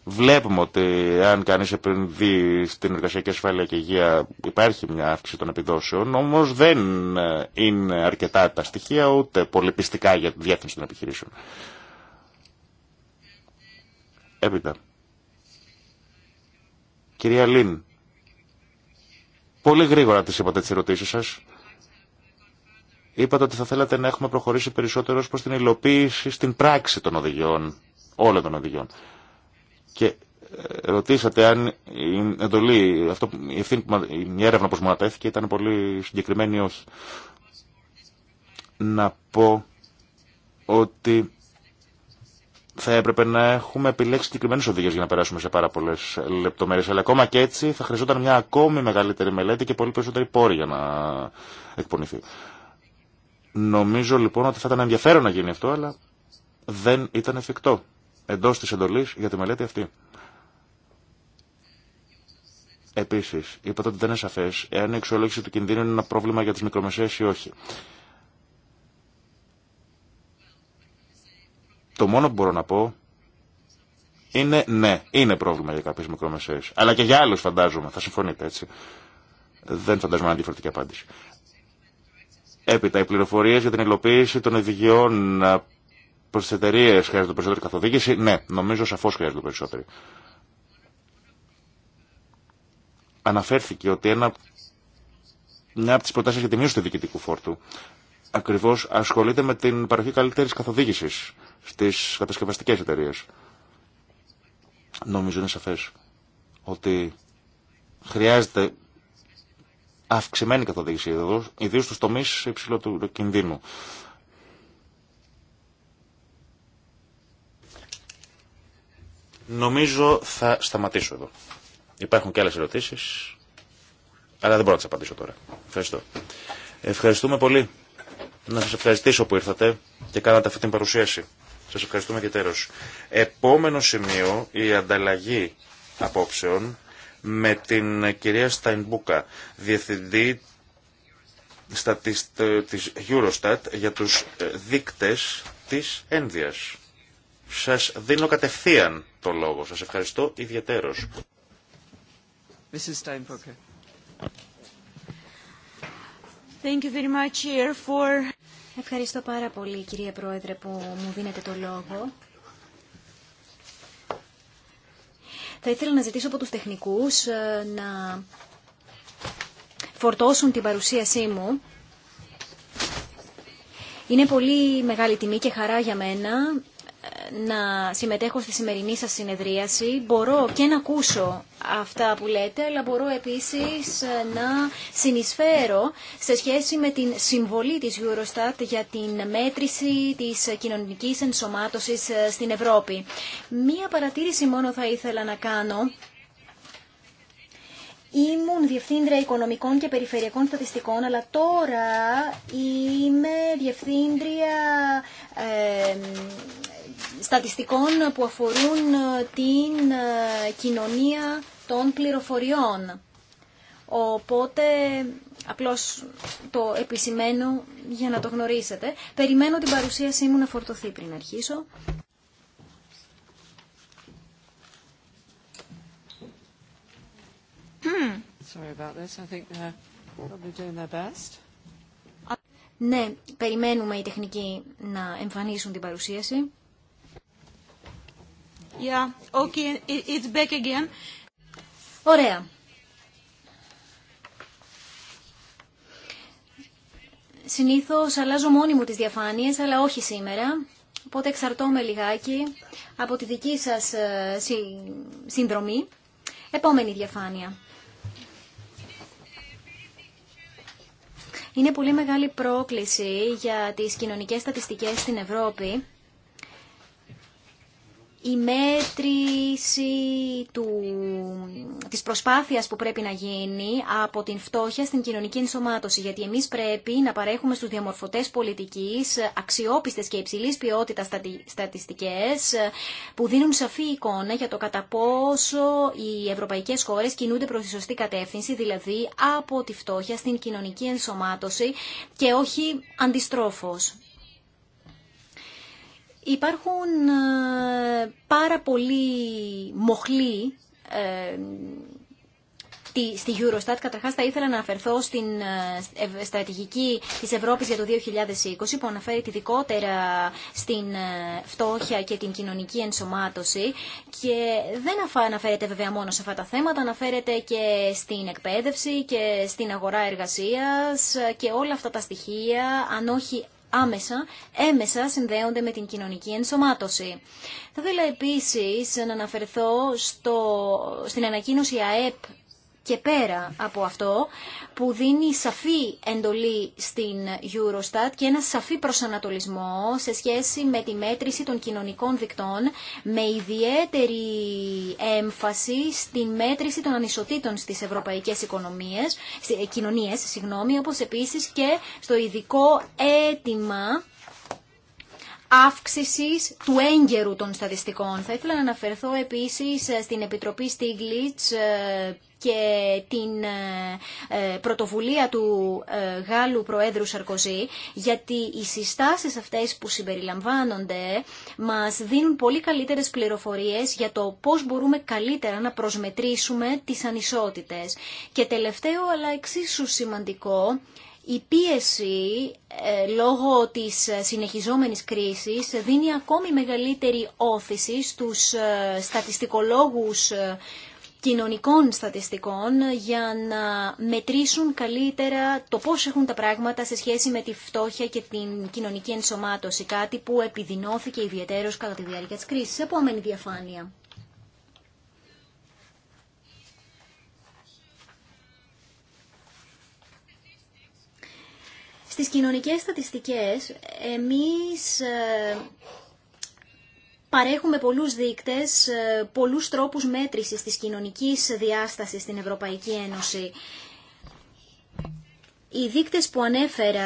Βλέπουμε ότι αν κανείς επενδύει στην εργασιακή ασφάλεια και υγεία υπάρχει μια αύξηση των επιδόσεων, όμως δεν ε, είναι αρκετά τα στοιχεία ούτε πολυπιστικά για τη διεύθυνση των επιχειρήσεων. Έπειτα. Κυρία Λίν, πολύ γρήγορα τις είπατε τις ερωτήσεις σας. Είπατε ότι θα θέλατε να έχουμε προχωρήσει περισσότερο προς την υλοποίηση στην πράξη των οδηγιών, όλων των οδηγιών. Και ε, ρωτήσατε αν η εντολή, αυτό, η, ευθύνη, η έρευνα που ανατέθηκε ήταν πολύ συγκεκριμένη ή όχι. Να πω ότι θα έπρεπε να έχουμε επιλέξει συγκεκριμένε οδηγίε για να περάσουμε σε πάρα πολλέ λεπτομέρειε. Αλλά ακόμα και έτσι θα χρειαζόταν μια ακόμη μεγαλύτερη μελέτη και πολύ περισσότερη πόρη για να εκπονηθεί. Νομίζω λοιπόν ότι θα ήταν ενδιαφέρον να γίνει αυτό, αλλά δεν ήταν εφικτό εντό τη εντολή για τη μελέτη αυτή. Επίση, είπατε ότι δεν είναι σαφέ εάν η εξολόγηση του κινδύνου είναι ένα πρόβλημα για τι μικρομεσαίε ή όχι. Το μόνο που μπορώ να πω είναι ναι, είναι πρόβλημα για κάποιε μικρομεσαίε. Αλλά και για άλλου φαντάζομαι, θα συμφωνείτε έτσι. Δεν φαντάζομαι να διαφορετική απάντηση. Έπειτα, οι πληροφορίε για την υλοποίηση των οδηγιών προ τι εταιρείε χρειάζονται περισσότερη καθοδήγηση. Ναι, νομίζω σαφώ χρειάζονται περισσότερη. Αναφέρθηκε ότι ένα, μια από τι προτάσει για τη μείωση του διοικητικού φόρτου ακριβώ ασχολείται με την παροχή καλύτερη καθοδήγηση στις κατασκευαστικές εταιρείες. Νομίζω είναι σαφές ότι χρειάζεται αυξημένη καθοδήγηση εδώ, ιδίως στους τομείς του κινδύνου. Νομίζω θα σταματήσω εδώ. Υπάρχουν και άλλες ερωτήσεις, αλλά δεν μπορώ να τις απαντήσω τώρα. Ευχαριστώ. Ευχαριστούμε πολύ. Να σας ευχαριστήσω που ήρθατε και κάνατε αυτή την παρουσίαση. Σα ευχαριστούμε ιδιαίτερως. Επόμενο σημείο, η ανταλλαγή απόψεων με την κυρία Σταϊνμπούκα, διευθυντή της Eurostat για τους ε, δείκτες της ένδυας. Σας δίνω κατευθείαν το λόγο. Σας ευχαριστώ ιδιαίτερος. Thank you very much, for... Ευχαριστώ πάρα πολύ κυρία Πρόεδρε που μου δίνετε το λόγο. Θα ήθελα να ζητήσω από τους τεχνικούς ε, να φορτώσουν την παρουσίασή μου. Είναι πολύ μεγάλη τιμή και χαρά για μένα να συμμετέχω στη σημερινή σας συνεδρίαση. Μπορώ και να ακούσω αυτά που λέτε, αλλά μπορώ επίσης ε, να συνεισφέρω σε σχέση με την συμβολή της Eurostat για την μέτρηση της κοινωνικής ενσωμάτωσης ε, στην Ευρώπη. Μία παρατήρηση μόνο θα ήθελα να κάνω. Ήμουν διευθύντρια οικονομικών και περιφερειακών στατιστικών, αλλά τώρα είμαι διευθύντρια ε, στατιστικών που αφορούν ε, την ε, κοινωνία των πληροφοριών. Οπότε, απλώς το επισημαίνω για να το γνωρίσετε. Περιμένω την παρουσίασή μου να φορτωθεί πριν αρχίσω. Ναι, περιμένουμε οι τεχνικοί να εμφανίσουν την παρουσίαση. Yeah, okay, it's back again. Ωραία. Συνήθως αλλάζω μόνη μου τις διαφάνειες, αλλά όχι σήμερα. Οπότε με λιγάκι από τη δική σας ε, συνδρομή. Επόμενη διαφάνεια. Είναι πολύ μεγάλη πρόκληση για τις κοινωνικές στατιστικές στην Ευρώπη η μέτρηση του, της προσπάθειας που πρέπει να γίνει από την φτώχεια στην κοινωνική ενσωμάτωση. Γιατί εμείς πρέπει να παρέχουμε στους διαμορφωτές πολιτικής αξιόπιστες και υψηλής ποιότητας στατιστικές που δίνουν σαφή εικόνα για το κατά πόσο οι ευρωπαϊκές χώρες κινούνται προς τη σωστή κατεύθυνση, δηλαδή από τη φτώχεια στην κοινωνική ενσωμάτωση και όχι αντιστρόφως. Υπάρχουν ε, πάρα πολλοί μοχλοί ε, στη Eurostat. Καταρχάς θα ήθελα να αναφερθώ στην ε, στρατηγική της Ευρώπης για το 2020 που αναφέρει ειδικότερα στην φτώχεια και την κοινωνική ενσωμάτωση και δεν αναφέρεται βέβαια μόνο σε αυτά τα θέματα, αναφέρεται και στην εκπαίδευση και στην αγορά εργασίας και όλα αυτά τα στοιχεία, αν όχι άμεσα, έμεσα συνδέονται με την κοινωνική ενσωμάτωση. Θα ήθελα επίσης να αναφερθώ στο, στην ανακοίνωση ΑΕΠ και πέρα από αυτό που δίνει σαφή εντολή στην Eurostat και ένα σαφή προσανατολισμό σε σχέση με τη μέτρηση των κοινωνικών δικτών με ιδιαίτερη έμφαση στη μέτρηση των ανισοτήτων στις ευρωπαϊκές οικονομίες, κοινωνίες, συγγνώμη, όπως επίσης και στο ειδικό αίτημα αύξησης του έγκαιρου των στατιστικών. Θα ήθελα να αναφερθώ επίσης ε, στην Επιτροπή Stiglitz ε, και την ε, πρωτοβουλία του Γάλλου Προέδρου Σαρκοζή, γιατί οι συστάσεις αυτές που συμπεριλαμβάνονται μας δίνουν πολύ καλύτερες πληροφορίες για το πώς μπορούμε καλύτερα να προσμετρήσουμε τις ανισότητες. Και τελευταίο, αλλά εξίσου σημαντικό, η πίεση ε, λόγω της ε, συνεχιζόμενης κρίσης δίνει ακόμη μεγαλύτερη όθηση στους ε, στατιστικολόγους κοινωνικών στατιστικών για να μετρήσουν καλύτερα το πώς έχουν τα πράγματα σε σχέση με τη φτώχεια και την κοινωνική ενσωμάτωση, κάτι που επιδεινώθηκε ιδιαίτερως κατά τη διάρκεια της κρίσης. Επόμενη διαφάνεια. Στις κοινωνικές στατιστικές εμείς ε, παρέχουμε πολλούς δείκτες, ε, πολλούς τρόπους μέτρησης της κοινωνικής διάστασης στην Ευρωπαϊκή Ένωση. Οι δείκτες που ανέφερα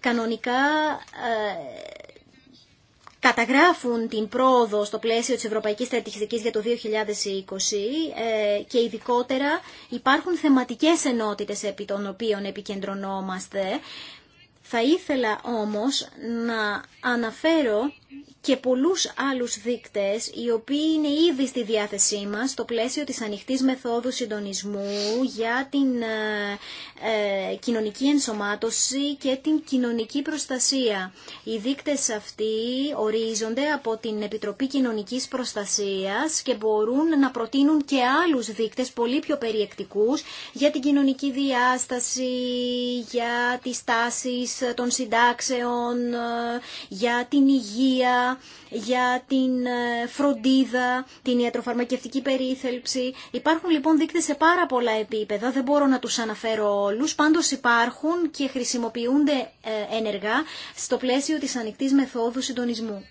κανονικά ε, καταγράφουν την πρόοδο στο πλαίσιο της Ευρωπαϊκής Στρατηγικής για το 2020 ε, και ειδικότερα υπάρχουν θεματικές ενότητες επί των οποίων επικεντρωνόμαστε. Θα ήθελα όμως να αναφέρω και πολλούς άλλους δείκτες οι οποίοι είναι ήδη στη διάθεσή μας στο πλαίσιο της ανοιχτής μεθόδου συντονισμού για την ε, ε, κοινωνική ενσωμάτωση και την κοινωνική προστασία. Οι δείκτες αυτοί ορίζονται από την Επιτροπή Κοινωνικής Προστασίας και μπορούν να προτείνουν και άλλους δείκτες πολύ πιο περιεκτικούς για την κοινωνική διάσταση, για τις τάσεις των συντάξεων, ε, για την υγεία για την ε, φροντίδα, την ιατροφαρμακευτική περίθελψη. Υπάρχουν λοιπόν δείκτες σε πάρα πολλά επίπεδα, δεν μπορώ να τους αναφέρω όλους, πάντως υπάρχουν και χρησιμοποιούνται ε, ενεργά στο πλαίσιο της ανοιχτής μεθόδου συντονισμού.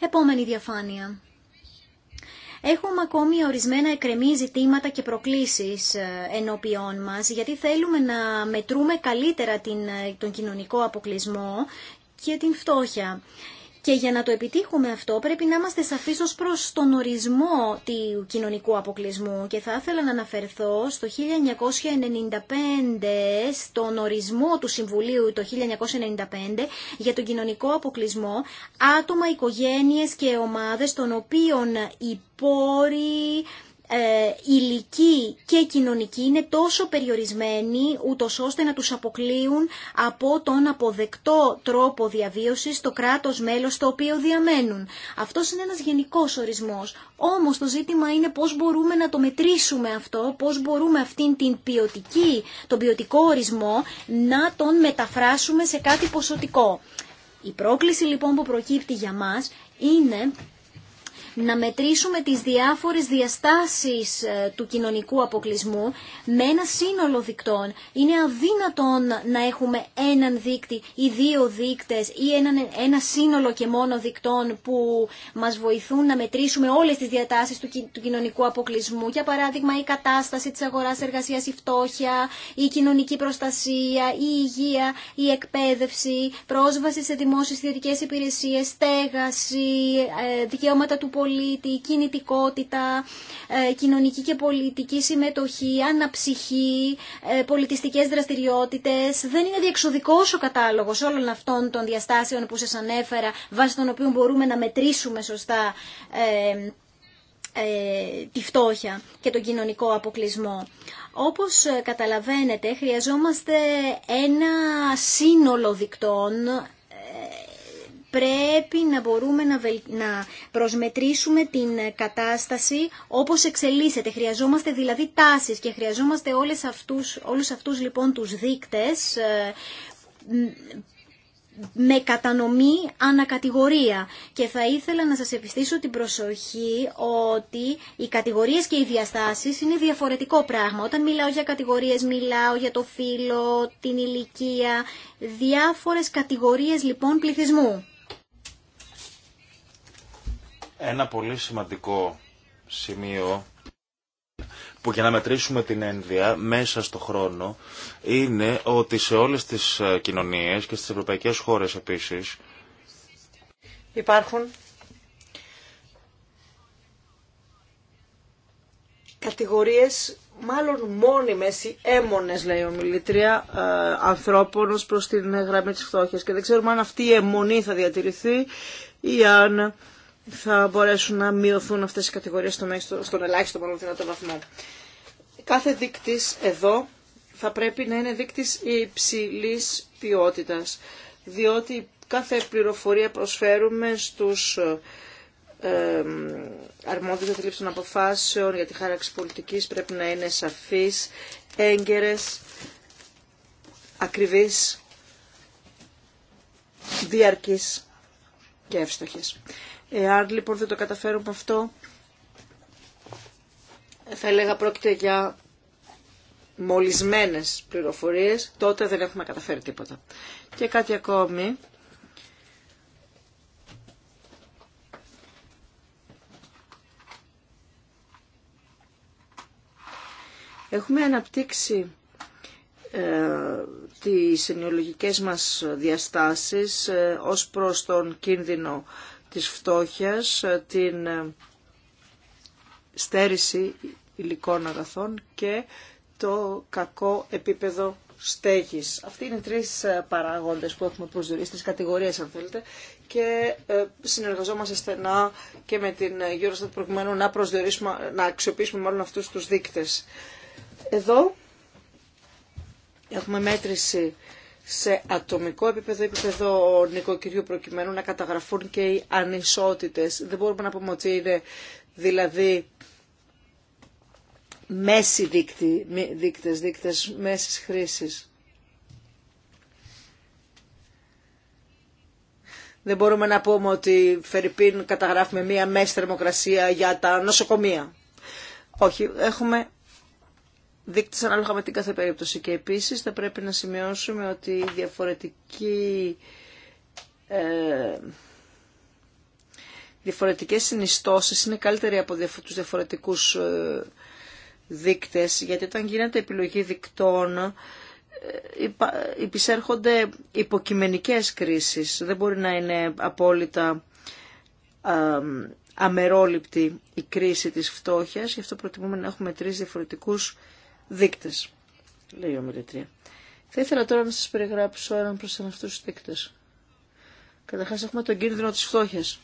Επόμενη διαφάνεια. Έχουμε ακόμη ορισμένα εκρεμή ζητήματα και προκλήσεις ε, ενώπιών μας, γιατί θέλουμε να μετρούμε καλύτερα την, ε, τον κοινωνικό αποκλεισμό και την φτώχεια. Και για να το επιτύχουμε αυτό πρέπει να είμαστε σαφείς ως προς τον ορισμό του κοινωνικού αποκλεισμού. Και θα ήθελα να αναφερθώ στο 1995, στον ορισμό του Συμβουλίου το 1995 για τον κοινωνικό αποκλεισμό, άτομα, οικογένειες και ομάδες των οποίων οι πόροι ε, ηλική και κοινωνική είναι τόσο περιορισμένοι ούτως ώστε να τους αποκλείουν από τον αποδεκτό τρόπο διαβίωσης το κράτος μέλος το οποίο διαμένουν. Αυτός είναι ένας γενικός ορισμός. Όμως το ζήτημα είναι πώς μπορούμε να το μετρήσουμε αυτό, πώς μπορούμε αυτήν την ποιοτική, τον ποιοτικό ορισμό να τον μεταφράσουμε σε κάτι ποσοτικό. Η πρόκληση λοιπόν που προκύπτει για μας είναι να μετρήσουμε τις διάφορες διαστάσεις ε, του κοινωνικού αποκλεισμού με ένα σύνολο δικτών. Είναι αδύνατον να έχουμε έναν δείκτη ή δύο δείκτες ή ένα, ένα σύνολο και μόνο δικτών που μας βοηθούν να μετρήσουμε όλες τις διατάσεις του, κοινωνικού αποκλεισμού. Για παράδειγμα η κατάσταση της αγοράς εργασίας, η φτώχεια, η κοινωνική προστασία, η υγεία, η εκπαίδευση, πρόσβαση σε δημόσιες ιδιωτικές υπηρεσίες, στέγαση, ε, δικαιώματα του πολίτη, κινητικότητα, ε, κοινωνική και πολιτική συμμετοχή, αναψυχή, ε, πολιτιστικές δραστηριότητες. Δεν είναι διεξοδικός ο κατάλογος όλων αυτών των διαστάσεων που σας ανέφερα, βάσει των οποίων μπορούμε να μετρήσουμε σωστά ε, τη φτώχεια και τον κοινωνικό αποκλεισμό. Όπως καταλαβαίνετε, χρειαζόμαστε ένα σύνολο δικτών πρέπει να μπορούμε να προσμετρήσουμε την κατάσταση όπως εξελίσσεται. Χρειαζόμαστε δηλαδή τάσεις και χρειαζόμαστε όλες αυτούς, όλους αυτούς λοιπόν τους δείκτες ε, με κατανομή ανακατηγορία. Και θα ήθελα να σας επιστήσω την προσοχή ότι οι κατηγορίες και οι διαστάσεις είναι διαφορετικό πράγμα. Όταν μιλάω για κατηγορίες, μιλάω για το φύλλο, την ηλικία, διάφορες κατηγορίες λοιπόν πληθυσμού. Ένα πολύ σημαντικό σημείο που για να μετρήσουμε την ένδυα μέσα στο χρόνο είναι ότι σε όλες τις ε, κοινωνίες και στις ευρωπαϊκές χώρες επίσης υπάρχουν κατηγορίες μάλλον μόνιμες ή έμονες λέει ο Μιλήτρια ε, ανθρώπων ως προς την γραμμή της φτώχειας και δεν ξέρουμε αν αυτή η αιμονή θα διατηρηθεί ή αν θα μπορέσουν να μειωθούν αυτές οι κατηγορίες στο στον ελάχιστο μόνο δυνατό βαθμό. Κάθε δείκτης εδώ θα πρέπει να είναι δείκτης υψηλής ποιότητας, διότι κάθε πληροφορία προσφέρουμε στους ε, αρμόδιους για των αποφάσεων, για τη χάραξη πολιτικής πρέπει να είναι σαφής, έγκαιρες, ακριβής, διαρκής και εύστοχες. Εάν λοιπόν δεν το καταφέρουμε αυτό, θα έλεγα πρόκειται για μολυσμένες πληροφορίες, τότε δεν έχουμε καταφέρει τίποτα. Και κάτι ακόμη. Έχουμε αναπτύξει ε, τις ενοιολογικές μας διαστάσεις ε, ως προς τον κίνδυνο της φτώχειας, την ε, στέρηση υλικών αγαθών και το κακό επίπεδο στέγης. Αυτοί είναι οι τρεις ε, παράγοντες που έχουμε προσδιορίσει, τρεις κατηγορίες αν θέλετε και ε, συνεργαζόμαστε στενά και με την Eurostat προκειμένου να, προσδιορίσουμε, να αξιοποιήσουμε μάλλον αυτούς τους δείκτες. Εδώ έχουμε μέτρηση σε ατομικό επίπεδο, επίπεδο νοικοκυριού προκειμένου να καταγραφούν και οι ανισότητες. Δεν μπορούμε να πούμε ότι είναι δηλαδή μέση δείκτη, δείκτες, δείκτες μέσης χρήσης. Δεν μπορούμε να πούμε ότι Φερρυπίν καταγράφουμε μία μέση θερμοκρασία για τα νοσοκομεία. Όχι, έχουμε δείκτες ανάλογα με την κάθε περίπτωση. Και επίσης θα πρέπει να σημειώσουμε ότι η διαφορετική... Ε, διαφορετικές συνιστώσεις είναι καλύτερη από τους διαφορετικούς ε, δείκτες, γιατί όταν γίνεται επιλογή δικτών ε, υπησέρχονται υποκειμενικές κρίσεις. Δεν μπορεί να είναι απόλυτα ε, αμερόληπτη η κρίση της φτώχειας, γι' αυτό προτιμούμε να έχουμε τρεις διαφορετικούς δείκτες, λέει η ομιλητρία. Θα ήθελα τώρα να σας περιγράψω έναν προς έναν αυτούς τους δείκτες. Καταρχάς έχουμε τον κίνδυνο της φτώχειας.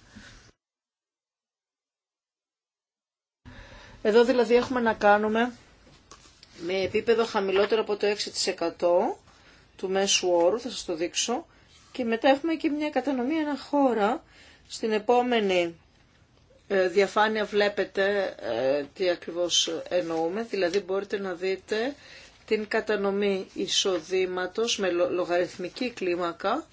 Εδώ δηλαδή έχουμε να κάνουμε με επίπεδο χαμηλότερο από το 6% του μέσου όρου, θα σας το δείξω, και μετά έχουμε και μια κατανομή ένα χώρα στην επόμενη ε, διαφάνεια βλέπετε ε, τι ακριβώς εννοούμε, δηλαδή μπορείτε να δείτε την κατανομή εισοδήματος με λογαριθμική κλίμακα,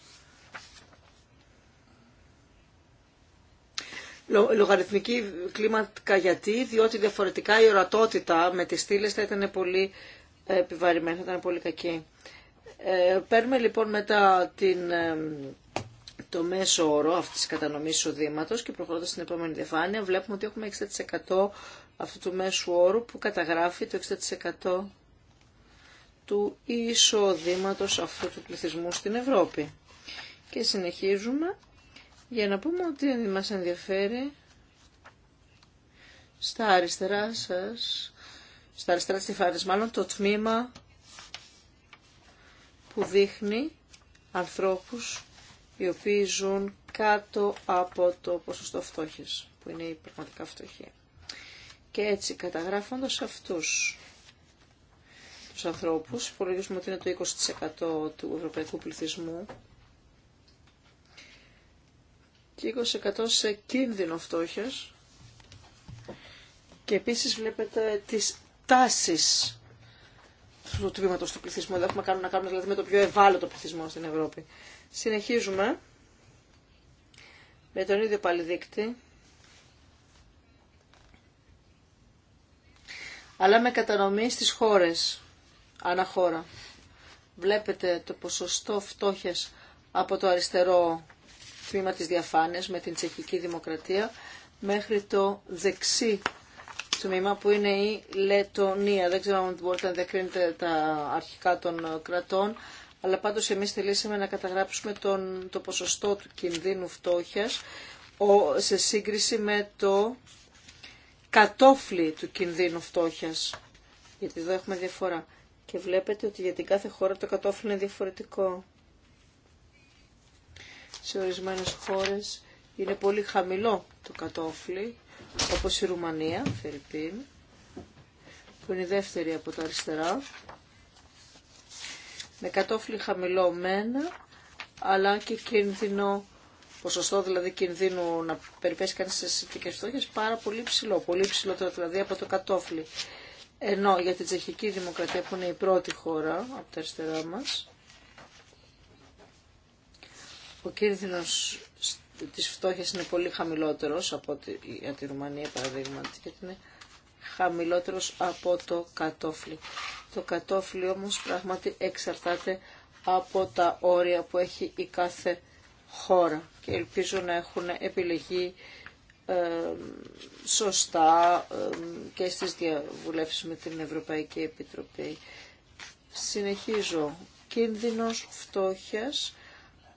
λογαριθμική κλίμακα γιατί, διότι διαφορετικά η ορατότητα με τις στήλες θα ήταν πολύ ε, επιβαρημένη, θα ήταν πολύ κακή. παίρνουμε λοιπόν μετά την το μέσο όρο αυτής της κατανομής εισοδήματος και προχωρώντας στην επόμενη διαφάνεια βλέπουμε ότι έχουμε 60% αυτού του μέσου όρου που καταγράφει το 60% του εισοδήματος αυτού του πληθυσμού στην Ευρώπη. Και συνεχίζουμε για να πούμε ότι μας ενδιαφέρει στα αριστερά σας, στα αριστερά της διαφάνειας μάλλον το τμήμα που δείχνει ανθρώπους οι οποίοι ζουν κάτω από το ποσοστό φτώχειας, που είναι η πραγματικά φτωχή. Και έτσι καταγράφοντας αυτούς τους ανθρώπους, υπολογίζουμε ότι είναι το 20% του ευρωπαϊκού πληθυσμού και 20% σε κίνδυνο φτώχειας. Και επίσης βλέπετε τις τάσεις του τμήματος του πληθυσμού. δεν έχουμε να κάνουμε δηλαδή με το πιο ευάλωτο πληθυσμό στην Ευρώπη. Συνεχίζουμε με τον ίδιο πάλι αλλά με κατανομή στις χώρες, αναχώρα. Βλέπετε το ποσοστό φτώχειας από το αριστερό τμήμα της διαφάνειας με την τσεχική δημοκρατία μέχρι το δεξί τμήμα που είναι η Λετωνία. Δεν ξέρω αν μπορείτε να τα αρχικά των κρατών αλλά πάντως εμείς θελήσαμε να καταγράψουμε τον, το ποσοστό του κινδύνου φτώχειας σε σύγκριση με το κατόφλι του κινδύνου φτώχειας. Γιατί εδώ έχουμε διαφορά. Και βλέπετε ότι για την κάθε χώρα το κατόφλι είναι διαφορετικό. Σε ορισμένες χώρες είναι πολύ χαμηλό το κατόφλι, όπως η Ρουμανία, Φερρυπίν, που είναι η δεύτερη από τα αριστερά, με κατόφλι χαμηλό μένα, αλλά και κίνδυνο, ποσοστό δηλαδή κινδύνου να περιπέσει κανείς σε συνθήκες φτώχειας, πάρα πολύ ψηλό, πολύ ψηλότερο δηλαδή από το κατόφλι. Ενώ για την Τσεχική Δημοκρατία που είναι η πρώτη χώρα από τα αριστερά μας, ο κίνδυνος της φτώχειας είναι πολύ χαμηλότερος από τη, για τη Ρουμανία παραδείγματι, γιατί είναι χαμηλότερος από το κατόφλι. Το κατόφλι όμως πράγματι εξαρτάται από τα όρια που έχει η κάθε χώρα και ελπίζω να έχουν επιλεγεί ε, σωστά ε, και στις διαβουλεύσεις με την Ευρωπαϊκή Επιτροπή. Συνεχίζω. Κίνδυνος φτώχειας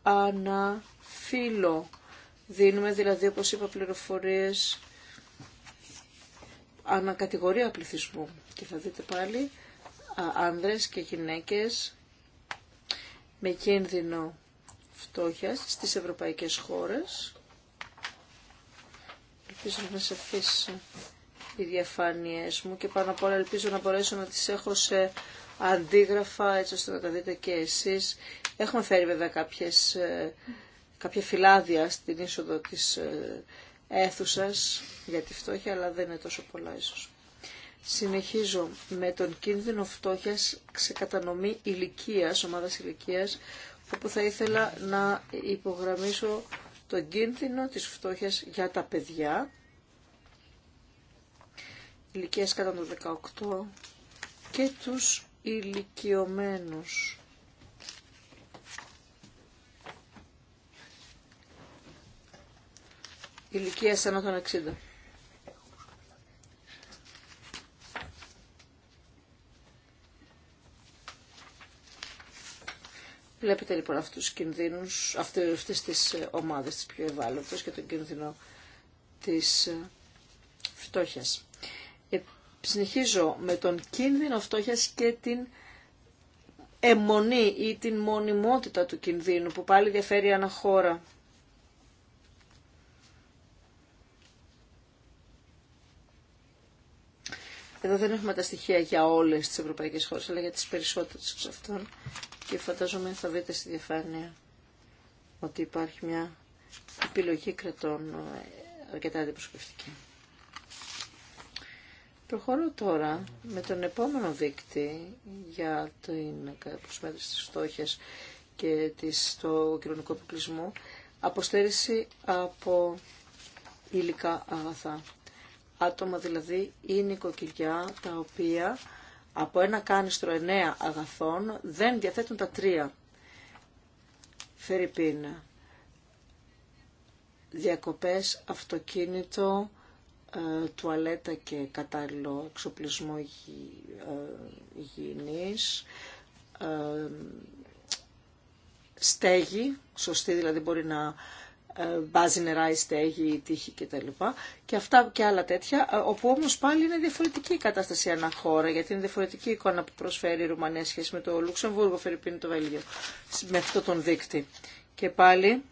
αναφύλλω. Δίνουμε δηλαδή, όπως είπα, πληροφορίες ανακατηγορία πληθυσμού. Και θα δείτε πάλι άνδρες και γυναίκες με κίνδυνο φτώχειας στις ευρωπαϊκές χώρες. Ελπίζω να σε αφήσει οι διαφάνειές μου και πάνω απ' όλα ελπίζω να μπορέσω να τις έχω σε αντίγραφα έτσι ώστε να τα δείτε και εσείς. Έχουμε φέρει βέβαια κάποιες, ε, κάποια φυλάδια στην είσοδο της ε, αίθουσας για τη φτώχεια αλλά δεν είναι τόσο πολλά ίσως. Συνεχίζω με τον κίνδυνο φτώχειας σε κατανομή ηλικίας, ομάδας ηλικίας, όπου θα ήθελα να υπογραμμίσω τον κίνδυνο της φτώχειας για τα παιδιά, ηλικίας κατά το 18 και τους ηλικιωμένους. Ηλικία ανά των 60. Βλέπετε λοιπόν αυτούς τους κινδύνους, αυτές τις ε, ομάδες τις πιο ευάλωτες και τον κίνδυνο της ε, φτώχειας. Ε, συνεχίζω με τον κίνδυνο φτώχειας και την αιμονή ή την μονιμότητα του κινδύνου που πάλι διαφέρει αναχώρα. χώρα. Εδώ δεν έχουμε τα στοιχεία για όλες τις ευρωπαϊκές χώρες, αλλά για τις περισσότερες εξ αυτών. Και φαντάζομαι θα βρείτε στη διαφάνεια ότι υπάρχει μια επιλογή κρατών ε, αρκετά αντιπροσωπευτική. Προχωρώ τώρα με τον επόμενο δείκτη για την προσμέτρηση της φτώχειας και της, το κοινωνικό αποστέρηση από υλικά αγαθά άτομα δηλαδή ή νοικοκυριά τα οποία από ένα κάνιστρο εννέα αγαθών δεν διαθέτουν τα τρία. Φερρυπίν, διακοπές, αυτοκίνητο, ε, τουαλέτα και κατάλληλο εξοπλισμό ε, υγιεινής, ε, στέγη, σωστή δηλαδή μπορεί να μπάζει νερά, η στέγη, η τύχη κτλ. Και αυτά και άλλα τέτοια, ε, όπου όμως πάλι είναι διαφορετική η κατάσταση ανά χώρα, γιατί είναι διαφορετική η εικόνα που προσφέρει η Ρουμανία σχέση με το Λουξεμβούργο, Φερρυπίνη, το Βέλγιο, με αυτό τον δείκτη. Και πάλι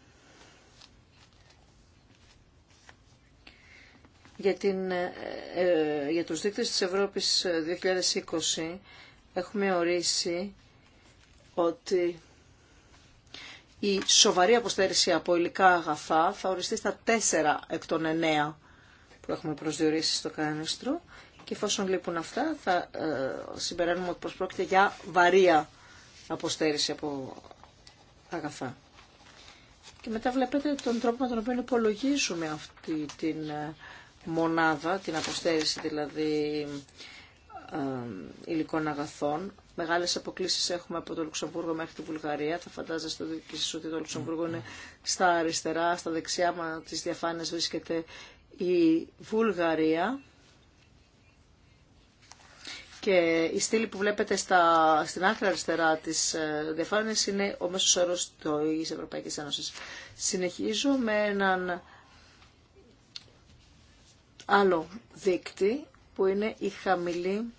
για, την, ε, ε, για τους δείκτες της Ευρώπης 2020 έχουμε ορίσει ότι η σοβαρή αποστέρηση από υλικά αγαθά θα οριστεί στα 4 εκ των 9 που έχουμε προσδιορίσει στο κανέστρο και εφόσον λείπουν αυτά θα ε, συμπεραίνουμε ότι προσπρόκειται για βαρία αποστέρηση από αγαθά. Και μετά βλέπετε τον τρόπο με τον οποίο υπολογίζουμε αυτή την ε, μονάδα, την αποστέρηση δηλαδή ε, υλικών αγαθών μεγάλες αποκλήσεις έχουμε από το Λουξεμβούργο μέχρι τη Βουλγαρία. Θα φαντάζεστε και εσείς ότι το Λουξεμβούργο είναι στα αριστερά, στα δεξιά μα της διαφάνειας βρίσκεται η Βουλγαρία. Και η στήλη που βλέπετε στα, στην άκρη αριστερά της ε, διαφάνειας είναι ο μέσος όρος της Ευρωπαϊκής Ένωσης. Συνεχίζω με έναν άλλο δείκτη που είναι η χαμηλή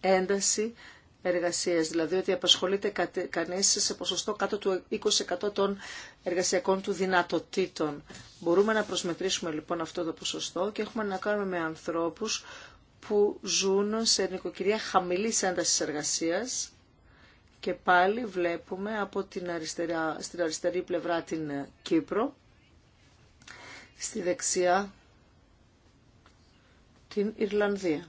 ένταση εργασίας, δηλαδή ότι απασχολείται κανείς σε ποσοστό κάτω του 20% των εργασιακών του δυνατοτήτων. Μπορούμε να προσμετρήσουμε λοιπόν αυτό το ποσοστό και έχουμε να κάνουμε με ανθρώπους που ζουν σε νοικοκυρία χαμηλής έντασης εργασίας και πάλι βλέπουμε από την αριστερά, στην αριστερή πλευρά την Κύπρο, στη δεξιά την Ιρλανδία.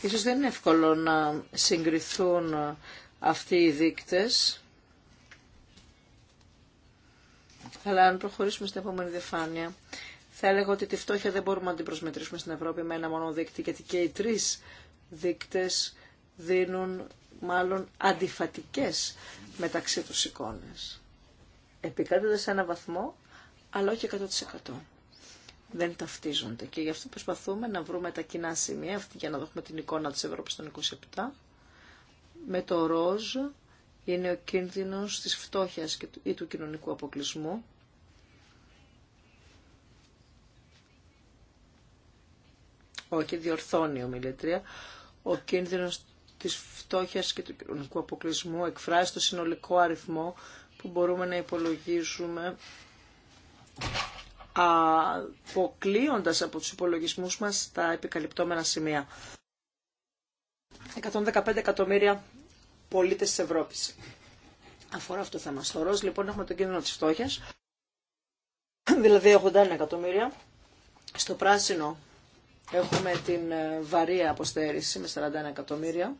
Ίσως δεν είναι εύκολο να συγκριθούν αυτοί οι δείκτες. Αλλά αν προχωρήσουμε στην επόμενη διαφάνεια, θα έλεγα ότι τη φτώχεια δεν μπορούμε να την προσμετρήσουμε στην Ευρώπη με ένα μόνο δείκτη, γιατί και οι τρεις δείκτες δίνουν μάλλον αντιφατικές μεταξύ τους εικόνες. Επικράτονται σε ένα βαθμό, αλλά όχι 100% δεν ταυτίζονται. Και γι' αυτό προσπαθούμε να βρούμε τα κοινά σημεία, αυτή για να δούμε την εικόνα της Ευρώπης των 27. Με το ροζ είναι ο κίνδυνος της φτώχειας ή του κοινωνικού αποκλεισμού. Όχι, διορθώνει ο Μιλήτρια. Ο κίνδυνος της φτώχειας και του κοινωνικού αποκλεισμού εκφράζει το συνολικό αριθμό που μπορούμε να υπολογίζουμε αποκλείοντας από τους υπολογισμούς μας τα επικαλυπτόμενα σημεία. 115 εκατομμύρια πολίτες της Ευρώπης. Αφορά αυτό το θέμα. Στο ροζ, λοιπόν, έχουμε τον κίνδυνο της φτώχειας, δηλαδή 81 εκατομμύρια. Στο πράσινο έχουμε την ε, βαρία αποστέρηση με 41 εκατομμύρια.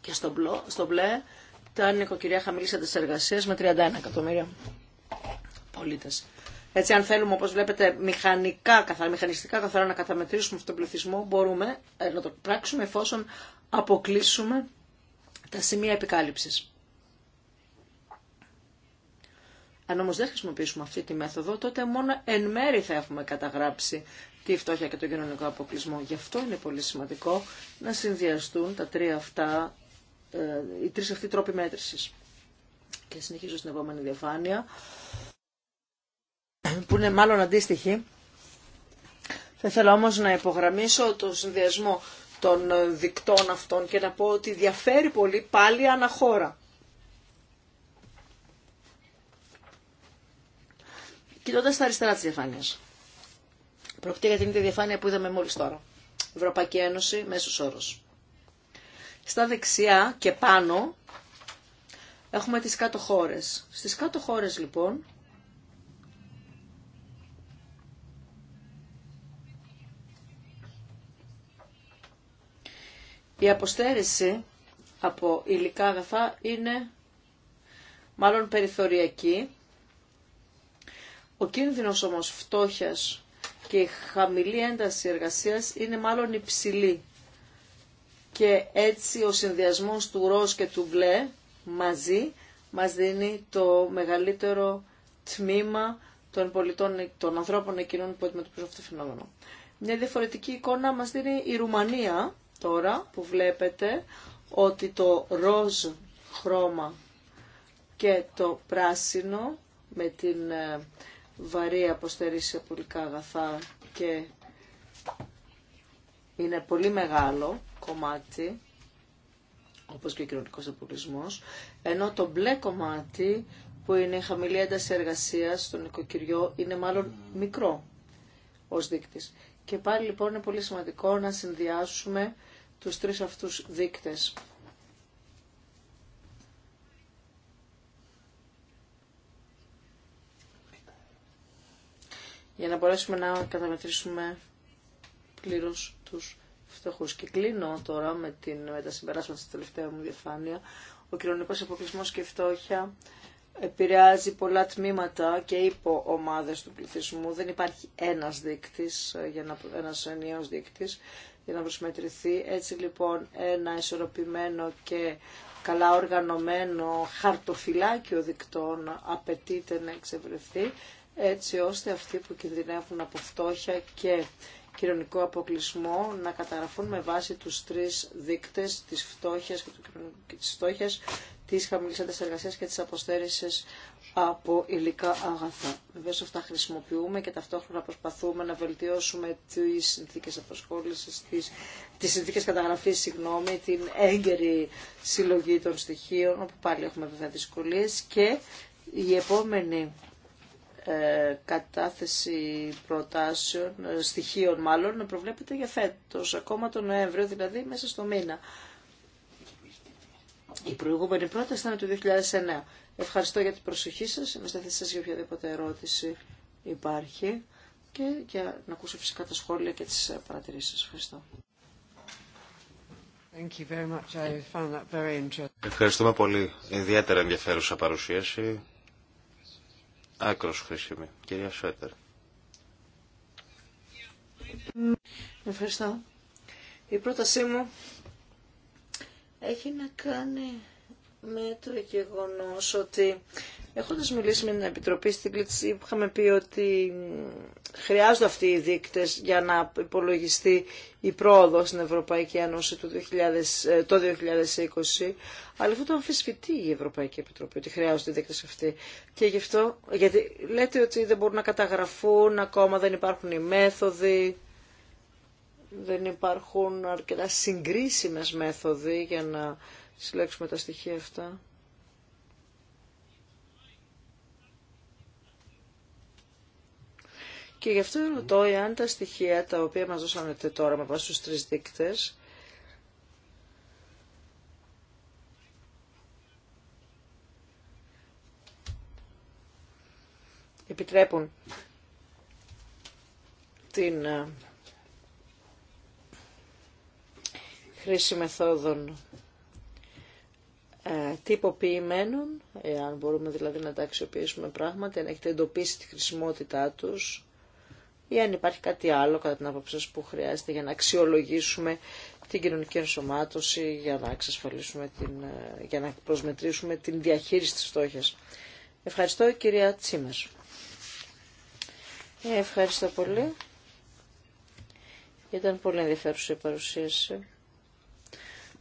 Και στο, μπλε τα νοικοκυριά τι εργασίε με 31 εκατομμύρια πολίτε. Έτσι, αν θέλουμε, όπω βλέπετε, μηχανικά, καθαρά, μηχανιστικά καθαρά να καταμετρήσουμε αυτόν τον πληθυσμό, μπορούμε ε, να το πράξουμε εφόσον αποκλείσουμε τα σημεία επικάλυψης. Αν όμω δεν χρησιμοποιήσουμε αυτή τη μέθοδο, τότε μόνο εν μέρη θα έχουμε καταγράψει τη φτώχεια και τον κοινωνικό αποκλεισμό. Γι' αυτό είναι πολύ σημαντικό να συνδυαστούν τα τρία αυτά ε, οι τρεις αυτοί τρόποι μέτρησης. Και συνεχίζω στην επόμενη διαφάνεια, που είναι μάλλον αντίστοιχη. Θα ήθελα όμως να υπογραμμίσω τον συνδυασμό των δικτών αυτών και να πω ότι διαφέρει πολύ πάλι αναχώρα. Κοιτώντας τα αριστερά της διαφάνειας. Προκτήρια για την ίδια διαφάνεια που είδαμε μόλις τώρα. Ευρωπαϊκή Ένωση, μέσος όρος. Στα δεξιά και πάνω έχουμε τις κάτω χώρες. Στις κάτω χώρες λοιπόν η αποστέρηση από υλικά αγαθά είναι μάλλον περιθωριακή. Ο κίνδυνος όμως φτώχειας και η χαμηλή ένταση εργασίας είναι μάλλον υψηλή και έτσι ο συνδυασμός του ροζ και του μπλε μαζί μας δίνει το μεγαλύτερο τμήμα των, πολιτών, των ανθρώπων εκείνων που αντιμετωπίζουν αυτό το φαινόμενο. Μια διαφορετική εικόνα μας δίνει η Ρουμανία τώρα που βλέπετε ότι το ροζ χρώμα και το πράσινο με την ε, βαρύ αποστερήση από αγαθά και είναι πολύ μεγάλο κομμάτι, όπως και ο κοινωνικός αποκλεισμός, ενώ το μπλε κομμάτι που είναι η χαμηλή ένταση εργασίας στο νοικοκυριό είναι μάλλον μικρό ως δείκτης. Και πάλι λοιπόν είναι πολύ σημαντικό να συνδυάσουμε τους τρεις αυτούς δείκτες. για να μπορέσουμε να καταμετρήσουμε Πλήρω του φτωχού. Και κλείνω τώρα με, την, με τα συμπεράσματα στη τελευταία μου διαφάνεια. Ο κοινωνικό αποκλεισμό και φτώχεια επηρεάζει πολλά τμήματα και υπό του πληθυσμού. Δεν υπάρχει ένας δείκτης, ε, για να, ένας για να προσμετρηθεί. Έτσι λοιπόν ένα ισορροπημένο και καλά οργανωμένο χαρτοφυλάκιο δικτών απαιτείται να εξευρεθεί έτσι ώστε αυτοί που κινδυνεύουν από φτώχεια και κοινωνικό αποκλεισμό να καταγραφούν με βάση τους τρεις δείκτες της φτώχειας και, του, και της φτώχειας, της και της αποστέρησης από υλικά αγαθά. Βεβαίω αυτά χρησιμοποιούμε και ταυτόχρονα προσπαθούμε να βελτιώσουμε τι συνθήκε τις τις συνθήκες καταγραφή, συγγνώμη, την έγκαιρη συλλογή των στοιχείων, όπου πάλι έχουμε βέβαια δυσκολίε και η επόμενη ε, κατάθεση προτάσεων, ε, στοιχείων μάλλον, να προβλέπεται για φέτος, ακόμα τον Νοέμβριο, δηλαδή μέσα στο μήνα. Η προηγούμενη πρόταση ήταν του 2009. Ευχαριστώ για την προσοχή σας. Είμαστε θέση σας για οποιαδήποτε ερώτηση υπάρχει και για να ακούσω φυσικά τα σχόλια και τις παρατηρήσεις σας. Ευχαριστώ. Thank you very much. I found that very Ευχαριστούμε πολύ. Ιδιαίτερα ενδιαφέρουσα παρουσίαση άκρος χρήσιμη. Κυρία Σουέτερ. Ευχαριστώ. Η πρότασή μου έχει να κάνει με το γεγονό ότι Έχοντα μιλήσει με την Επιτροπή στην Κλίτση, είχαμε πει ότι χρειάζονται αυτοί οι δείκτε για να υπολογιστεί η πρόοδο στην Ευρωπαϊκή Ένωση ε, το 2020. Αλλά αυτό το αμφισβητεί η Ευρωπαϊκή Επιτροπή, ότι χρειάζονται οι δείκτε αυτοί. Και γι' αυτό, γιατί λέτε ότι δεν μπορούν να καταγραφούν ακόμα, δεν υπάρχουν οι μέθοδοι. Δεν υπάρχουν αρκετά συγκρίσιμες μέθοδοι για να συλλέξουμε τα στοιχεία αυτά. Και γι' αυτό ρωτώ εάν τα στοιχεία τα οποία μας δώσανε τώρα με βάση τους τρεις δείκτες επιτρέπουν την ε, χρήση μεθόδων ε, τυποποιημένων, εάν μπορούμε δηλαδή να τα αξιοποιήσουμε πράγματι, αν έχετε εντοπίσει τη χρησιμότητά τους, ή αν υπάρχει κάτι άλλο κατά την άποψη σας που χρειάζεται για να αξιολογήσουμε την κοινωνική ενσωμάτωση, για να εξασφαλίσουμε την, ε, για να προσμετρήσουμε την διαχείριση της φτώχειας. Ευχαριστώ κυρία Τσίμερ. Ε, ευχαριστώ πολύ. Ήταν πολύ ενδιαφέρουσα η παρουσίαση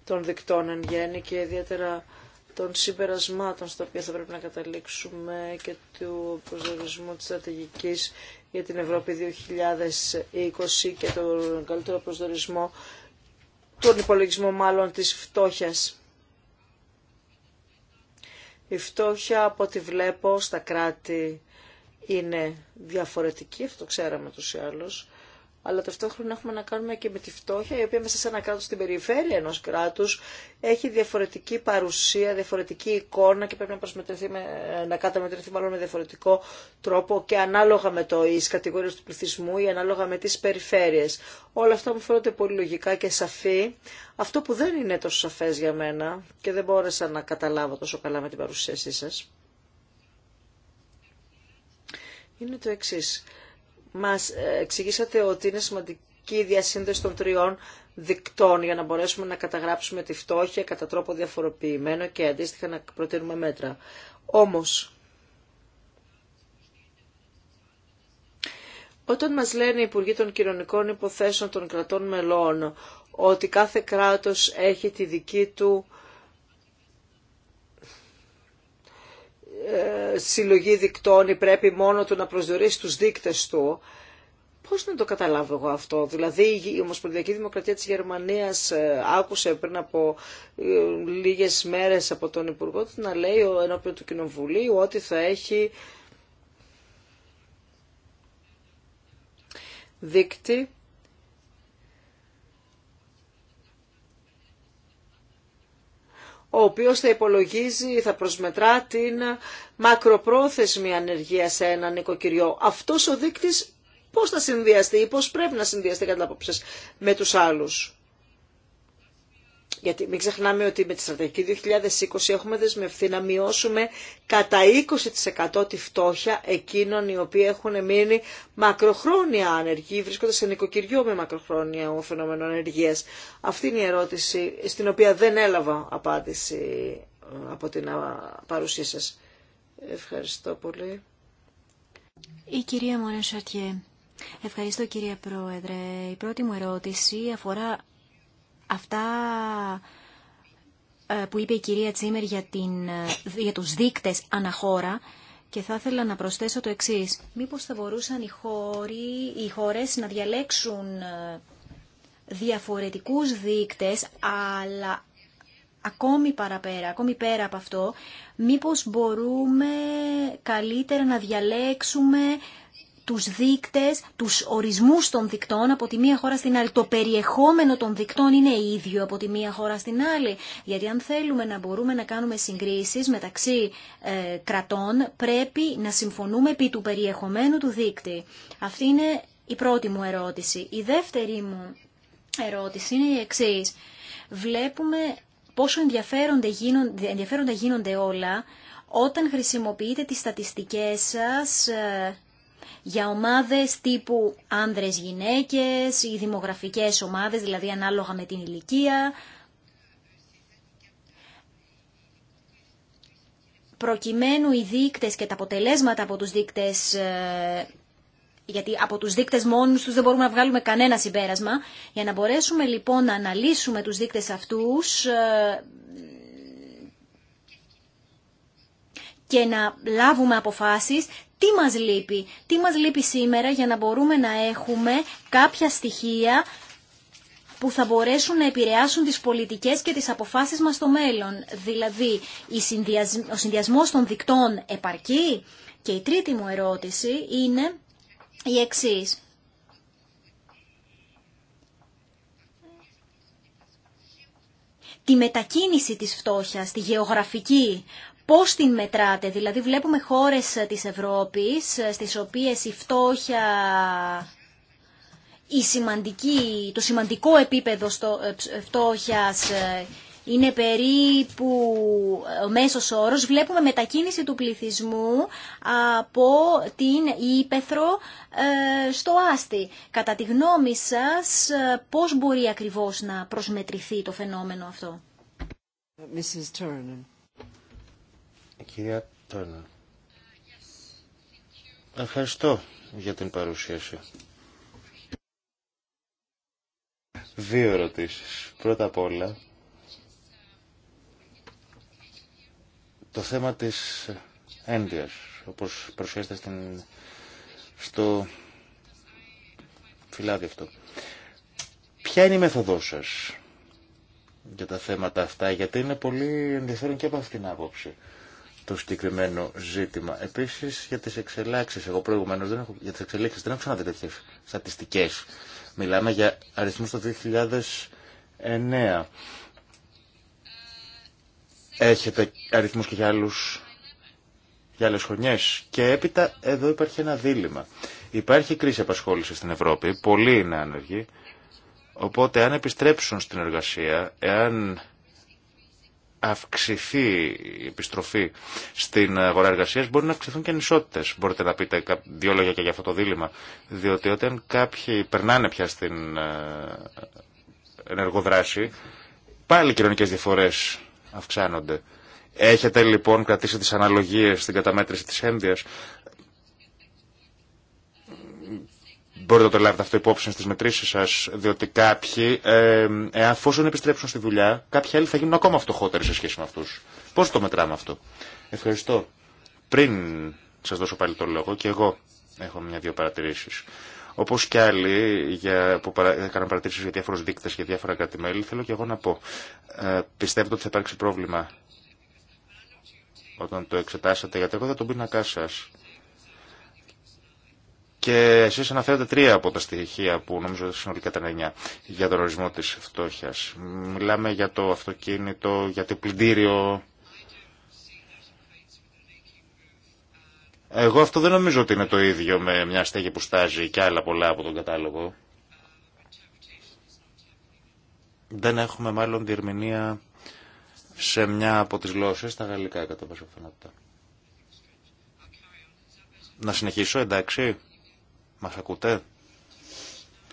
των δικτών εν γέννη και ιδιαίτερα των συμπερασμάτων στα οποία θα πρέπει να καταλήξουμε και του προσδιορισμού της στρατηγικής για την Ευρώπη 2020 και τον καλύτερο προσδορισμό, τον υπολογισμό μάλλον της φτώχειας. Η φτώχεια από ό,τι βλέπω στα κράτη είναι διαφορετική, αυτό το ξέραμε τους ή άλλους αλλά ταυτόχρονα έχουμε να κάνουμε και με τη φτώχεια, η οποία μέσα σε ένα κράτο στην περιφέρεια ενό κράτου έχει διαφορετική παρουσία, διαφορετική εικόνα και πρέπει να, με, να καταμετρηθεί μάλλον με διαφορετικό τρόπο και ανάλογα με το ει κατηγορίε του πληθυσμού ή ανάλογα με τι περιφέρειε. Όλα αυτά μου φαίνονται πολύ λογικά και σαφή. Αυτό που δεν είναι τόσο σαφέ για μένα και δεν μπόρεσα να καταλάβω τόσο καλά με την παρουσίασή σα. Είναι το εξής μας εξηγήσατε ότι είναι σημαντική η διασύνδεση των τριών δικτών για να μπορέσουμε να καταγράψουμε τη φτώχεια κατά τρόπο διαφοροποιημένο και αντίστοιχα να προτείνουμε μέτρα. Όμως, Όταν μας λένε οι Υπουργοί των Κοινωνικών Υποθέσεων των κρατών μελών ότι κάθε κράτος έχει τη δική του Ε, συλλογή δικτών ή πρέπει μόνο του να προσδιορίσει τους δείκτες του. Πώς να το καταλάβω εγώ αυτό. Δηλαδή η Ομοσπονδιακή Δημοκρατία της Γερμανίας ε, άκουσε πριν από ε, λίγες μέρες από τον Υπουργό του να λέει ενώπιον του Κοινοβουλίου ότι θα έχει δείκτη ο οποίος θα υπολογίζει, θα προσμετρά την μακροπρόθεσμη ανεργία σε έναν οικοκυριό. Αυτός ο δείκτης πώς θα συνδυαστεί ή πώς πρέπει να συνδυαστεί κατά την με τους άλλους γιατί μην ξεχνάμε ότι με τη στρατηγική 2020 έχουμε δεσμευθεί να μειώσουμε κατά 20% τη φτώχεια εκείνων οι οποίοι έχουν μείνει μακροχρόνια άνεργοι, βρίσκονται σε νοικοκυριό με μακροχρόνια φαινόμενο ανεργία. Αυτή είναι η ερώτηση στην οποία δεν έλαβα απάντηση ε, από την παρουσία σας. Ευχαριστώ πολύ. Η κυρία Μωρέ Σαρτιέ. Ευχαριστώ κυρία Πρόεδρε. Η πρώτη μου ερώτηση αφορά Αυτά ε, που είπε η κυρία Τσίμερ για, την, ε, για τους δείκτες αναχώρα και θα ήθελα να προσθέσω το εξής. Μήπως θα μπορούσαν οι, χώροι, οι χώρες να διαλέξουν ε, διαφορετικούς δείκτες, αλλά ακόμη παραπέρα, ακόμη πέρα από αυτό, μήπως μπορούμε καλύτερα να διαλέξουμε τους δείκτες, τους ορισμούς των δικτών από τη μία χώρα στην άλλη. Το περιεχόμενο των δικτών είναι ίδιο από τη μία χώρα στην άλλη. Γιατί αν θέλουμε να μπορούμε να κάνουμε συγκρίσεις μεταξύ ε, κρατών, πρέπει να συμφωνούμε επί του περιεχομένου του δείκτη. Αυτή είναι η πρώτη μου ερώτηση. Η δεύτερη μου ερώτηση είναι η εξής. Βλέπουμε πόσο ενδιαφέροντα γίνονται, γίνονται όλα όταν χρησιμοποιείτε τις στατιστικές σας ε, για ομάδες τύπου άνδρες-γυναίκες ή δημογραφικές ομάδες, δηλαδή ανάλογα με την ηλικία, προκειμένου οι δείκτες και τα αποτελέσματα από τους δείκτες ε, γιατί από τους δείκτες μόνους τους δεν μπορούμε να βγάλουμε κανένα συμπέρασμα. Για να μπορέσουμε λοιπόν να αναλύσουμε τους δείκτες αυτούς ε, και να λάβουμε αποφάσεις τι μας λείπει. Τι μας λείπει σήμερα για να μπορούμε να έχουμε κάποια στοιχεία που θα μπορέσουν να επηρεάσουν τις πολιτικές και τις αποφάσεις μας στο μέλλον. Δηλαδή, ο συνδυασμός των δικτών επαρκεί. Και η τρίτη μου ερώτηση είναι η εξής. τη μετακίνηση της φτώχειας, τη γεωγραφική πώς την μετράτε. Δηλαδή βλέπουμε χώρες ε, της Ευρώπης ε, στις οποίες η φτώχεια η σημαντική, το σημαντικό επίπεδο στο, ε, φτώχειας είναι περίπου ο μέσος όρος. Βλέπουμε μετακίνηση του πληθυσμού από την Ήπεθρο στο Άστι. Κατά τη γνώμη σας, πώς μπορεί ακριβώς να προσμετρηθεί το φαινόμενο αυτό κυρία Τόνα. Ευχαριστώ για την παρουσίαση. Δύο ερωτήσεις. Πρώτα απ' όλα, το θέμα της ένδυας, όπως προσέστε στην, στο φυλάδι αυτό. Ποια είναι η μέθοδό σας για τα θέματα αυτά, γιατί είναι πολύ ενδιαφέρον και από αυτήν την άποψη το συγκεκριμένο ζήτημα. Επίση για τι εξελάξεις, εγώ προηγουμένω δεν έχω, για τις εξελίξεις δεν έχω ξαναδεί τέτοιε στατιστικέ. Μιλάμε για αριθμού το 2009. Έχετε αριθμού και για, άλλους, για άλλες χρονιές. Και έπειτα εδώ υπάρχει ένα δίλημα. Υπάρχει κρίση απασχόληση στην Ευρώπη, πολλοί είναι άνεργοι, οπότε αν επιστρέψουν στην εργασία, εάν αυξηθεί η επιστροφή στην αγορά εργασία, μπορεί να αυξηθούν και ανισότητε. Μπορείτε να πείτε δύο λόγια και για αυτό το δίλημα. Διότι όταν κάποιοι περνάνε πια στην ε, ενεργοδράση, πάλι οι κοινωνικέ διαφορέ αυξάνονται. Έχετε λοιπόν κρατήσει τι αναλογίε στην καταμέτρηση τη ένδυα. Μπορείτε να το λάβετε αυτό υπόψη στις μετρήσεις σας, διότι κάποιοι, ε, φόσον επιστρέψουν στη δουλειά, κάποιοι άλλοι θα γίνουν ακόμα φτωχότεροι σε σχέση με αυτούς. Πώς το μετράμε αυτό. Ευχαριστώ. Πριν σας δώσω πάλι το λόγο, και εγώ έχω μια-δυο παρατηρήσεις. Όπω και άλλοι για, που παρα, έκαναν παρατηρήσει για διάφορου δείκτε και διάφορα θέλω και εγώ να πω. Ε, πιστεύετε ότι θα υπάρξει πρόβλημα όταν το εξετάσατε, γιατί εγώ θα τον πίνακά σα και εσεί αναφέρετε τρία από τα στοιχεία που νομίζω ότι συνολικά ήταν εννιά για τον ορισμό τη φτώχεια. Μιλάμε για το αυτοκίνητο, για το πλυντήριο. Εγώ αυτό δεν νομίζω ότι είναι το ίδιο με μια στέγη που στάζει και άλλα πολλά από τον κατάλογο. Δεν έχουμε μάλλον διερμηνία σε μια από τις γλώσσες, τα γαλλικά κατά πάσα πιθανότητα. Να συνεχίσω, εντάξει. Μας ακούτε?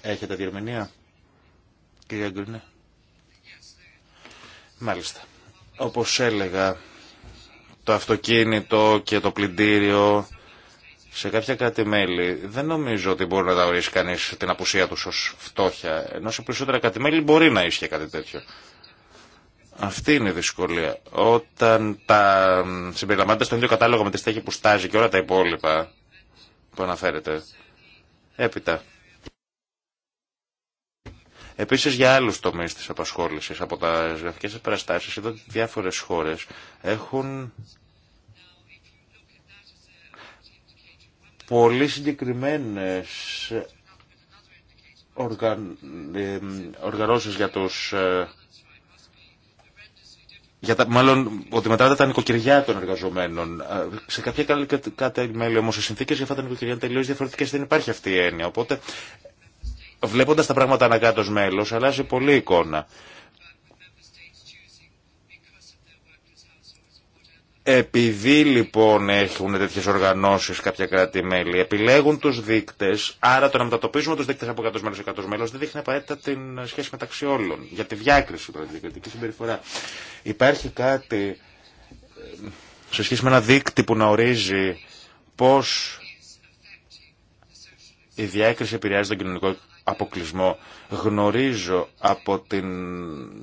Έχετε διερμηνία, κύριε Γκρινέ. Μάλιστα. Όπως έλεγα, το αυτοκίνητο και το πλυντήριο σε κάποια κράτη-μέλη δεν νομίζω ότι μπορεί να τα ορίσει κανείς την απουσία του ως φτώχεια. Ενώ σε περισσότερα κράτη-μέλη μπορεί να ίσχυε κάτι τέτοιο. Αυτή είναι η δυσκολία. Όταν τα συμπεριλαμβάνεται στον ίδιο κατάλογο με τη στέχη που στάζει και όλα τα υπόλοιπα που αναφέρεται, Έπειτα. Επίση για άλλου τομεί τη απασχόληση από τα γραφικέ επαναστάσει, εδώ διάφορε χώρε έχουν πολύ συγκεκριμένε οργαν... Ε, οργανώσει για τους ε, για τα, μάλλον ότι μετράτε τα νοικοκυριά των εργαζομένων. Σε κάποια μέλη όμω οι συνθήκε για αυτά τα νοικοκυριά είναι τελείω διαφορετικέ. Δεν υπάρχει αυτή η έννοια. Οπότε βλέποντα τα πράγματα ανακάτω μέλο αλλάζει πολύ η εικόνα. Επειδή λοιπόν έχουν τέτοιε οργανώσει κάποια κράτη-μέλη, επιλέγουν του δείκτε, άρα το να μετατοπίσουμε του δείκτε από 100 μέλο σε 100 μέλο δεν δείχνει απαραίτητα την σχέση μεταξύ όλων. Για τη διάκριση τώρα, τη κριτική συμπεριφορά. Υπάρχει κάτι ε, σε σχέση με ένα δείκτη που να ορίζει πώ η διάκριση επηρεάζει τον κοινωνικό αποκλεισμό. Γνωρίζω από την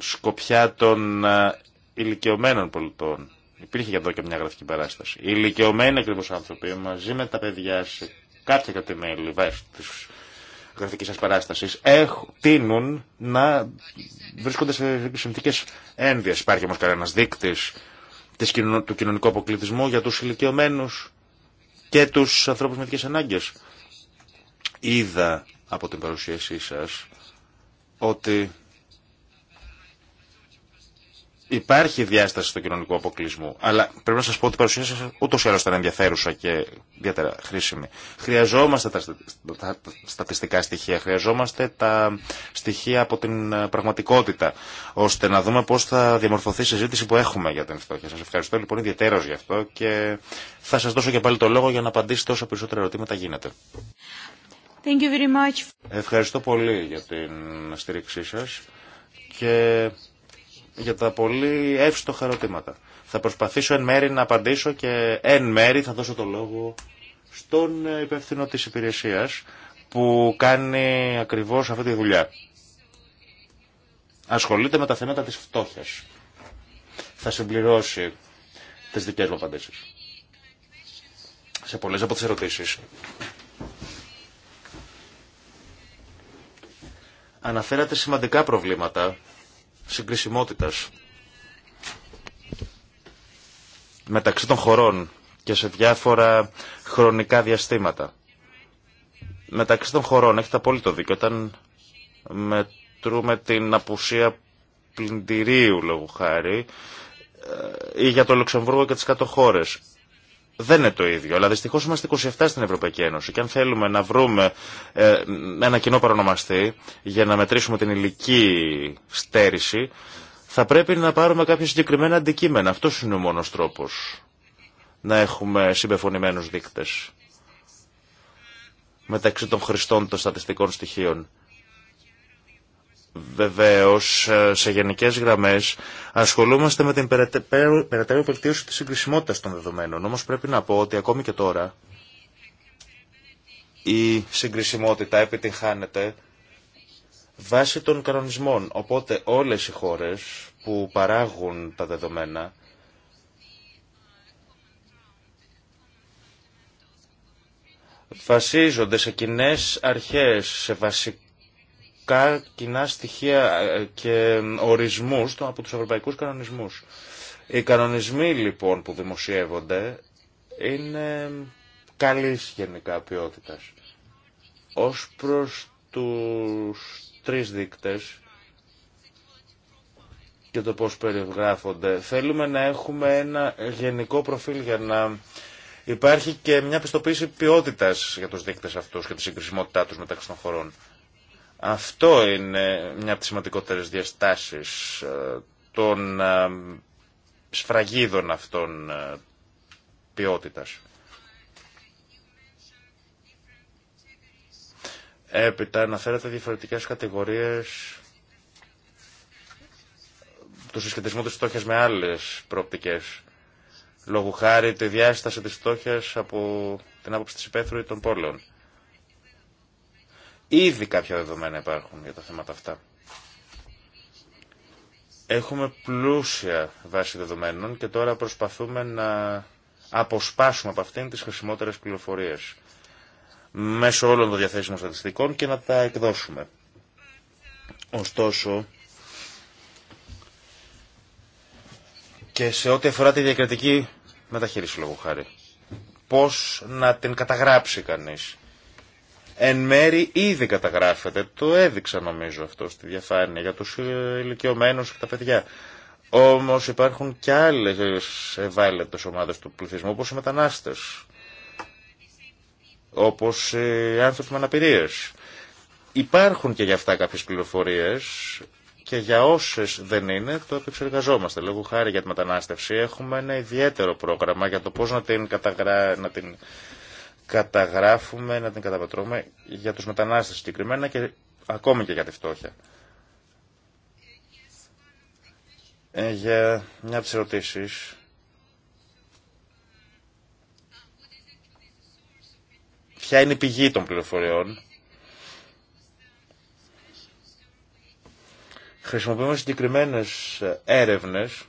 σκοπιά των ε, ηλικιωμένων πολιτών Υπήρχε για εδώ και μια γραφική παράσταση. Οι ηλικιωμένοι ακριβώ άνθρωποι μαζί με τα παιδιά σε κάποια κατημέλη βάσει τη γραφική σα παράσταση τείνουν να βρίσκονται σε συνθήκε ένδυα. Υπάρχει όμω κανένα δείκτη του κοινωνικού αποκλειτισμού για του ηλικιωμένου και του ανθρώπου με ειδικέ ανάγκε. Είδα από την παρουσίασή σα ότι Υπάρχει διάσταση στο κοινωνικό αποκλεισμό, αλλά πρέπει να σα πω ότι η παρουσία σα ούτω ή άλλω ήταν ενδιαφέρουσα και ιδιαίτερα χρήσιμη. Χρειαζόμαστε τα στατιστικά στοιχεία, χρειαζόμαστε τα στοιχεία από την ε, πραγματικότητα, ώστε να δούμε πώ θα διαμορφωθεί η συζήτηση που έχουμε για την φτώχεια. Σα ευχαριστώ λοιπόν ιδιαίτερω γι' αυτό και θα σα δώσω και πάλι το λόγο για να απαντήσετε όσα περισσότερα ερωτήματα γίνεται. Ευχαριστώ πολύ για την στήριξή σα και για τα πολύ εύστοχα ερωτήματα. Θα προσπαθήσω εν μέρη να απαντήσω και εν μέρη θα δώσω το λόγο στον υπεύθυνο της υπηρεσίας που κάνει ακριβώς αυτή τη δουλειά. Ασχολείται με τα θέματα της φτώχειας. Θα συμπληρώσει τις δικές μου απαντήσεις. Σε πολλές από τις ερωτήσεις. Αναφέρατε σημαντικά προβλήματα συγκρισιμότητας μεταξύ των χωρών και σε διάφορα χρονικά διαστήματα. Μεταξύ των χωρών έχετε απόλυτο δίκιο. Όταν μετρούμε την απουσία πλυντηρίου λόγου χάρη ε, ή για το Λουξεμβούργο και τις κάτω χώρες δεν είναι το ίδιο. Αλλά δυστυχώ είμαστε 27 στην Ευρωπαϊκή Ένωση. Και αν θέλουμε να βρούμε ε, ένα κοινό παρονομαστή για να μετρήσουμε την ηλική στέρηση, θα πρέπει να πάρουμε κάποια συγκεκριμένα αντικείμενα. Αυτό είναι ο μόνο τρόπο να έχουμε συμπεφωνημένου δείκτε μεταξύ των χρηστών των στατιστικών στοιχείων. Βεβαίως, ε, σε γενικές γραμμές ασχολούμαστε με την περαιτέρω βελτίωση της συγκρισιμότητας των δεδομένων. Όμως πρέπει να πω ότι ακόμη και τώρα η συγκρισιμότητα επιτυγχάνεται βάσει των κανονισμών. Οπότε όλες οι χώρες που παράγουν τα δεδομένα βασίζονται σε κοινέ αρχές, σε βασικά και κοινά στοιχεία ε, και ορισμούς από τους ευρωπαϊκούς κανονισμούς. Οι κανονισμοί λοιπόν που δημοσιεύονται είναι καλής γενικά ποιότητας. Ως προς τους τρεις δείκτες και το πώς περιγράφονται, θέλουμε να έχουμε ένα γενικό προφίλ για να υπάρχει και μια πιστοποίηση ποιότητας για τους δείκτες αυτούς και τη συγκρισιμότητά τους μεταξύ των χωρών. Αυτό είναι μια από τις σημαντικότερες διαστάσεις ε, των ε, σφραγίδων αυτών ε, ποιότητας. Έπειτα αναφέρατε διαφορετικές κατηγορίες του συσχετισμού της στόχιας με άλλες προοπτικές. Λόγω χάρη τη διάσταση της στόχιας από την άποψη της υπαίθρου ή των πόλεων. Ήδη κάποια δεδομένα υπάρχουν για τα θέματα αυτά. Έχουμε πλούσια βάση δεδομένων και τώρα προσπαθούμε να αποσπάσουμε από αυτήν τις χρησιμότερες πληροφορίες μέσω όλων των διαθέσιμων στατιστικών και να τα εκδώσουμε. Ωστόσο, και σε ό,τι αφορά τη διακριτική μεταχείριση λόγω χάρη, πώς να την καταγράψει κανείς εν μέρη ήδη καταγράφεται. Το έδειξα νομίζω αυτό στη διαφάνεια για τους ε, ηλικιωμένους και τα παιδιά. Όμως υπάρχουν και άλλες ευάλωτες ομάδες του πληθυσμού όπως οι μετανάστες, όπως οι ε, άνθρωποι με αναπηρίες. Υπάρχουν και για αυτά κάποιες πληροφορίες και για όσες δεν είναι, το επεξεργαζόμαστε. Λόγω χάρη για τη μετανάστευση έχουμε ένα ιδιαίτερο πρόγραμμα για το πώ να την, καταγράφουμε. την καταγράφουμε, να την καταπατρώμε για τους μετανάστες συγκεκριμένα και ακόμη και για τη φτώχεια. Ε, για μια από τις ερωτήσεις, ποια είναι η πηγή των πληροφοριών, χρησιμοποιούμε συγκεκριμένες έρευνες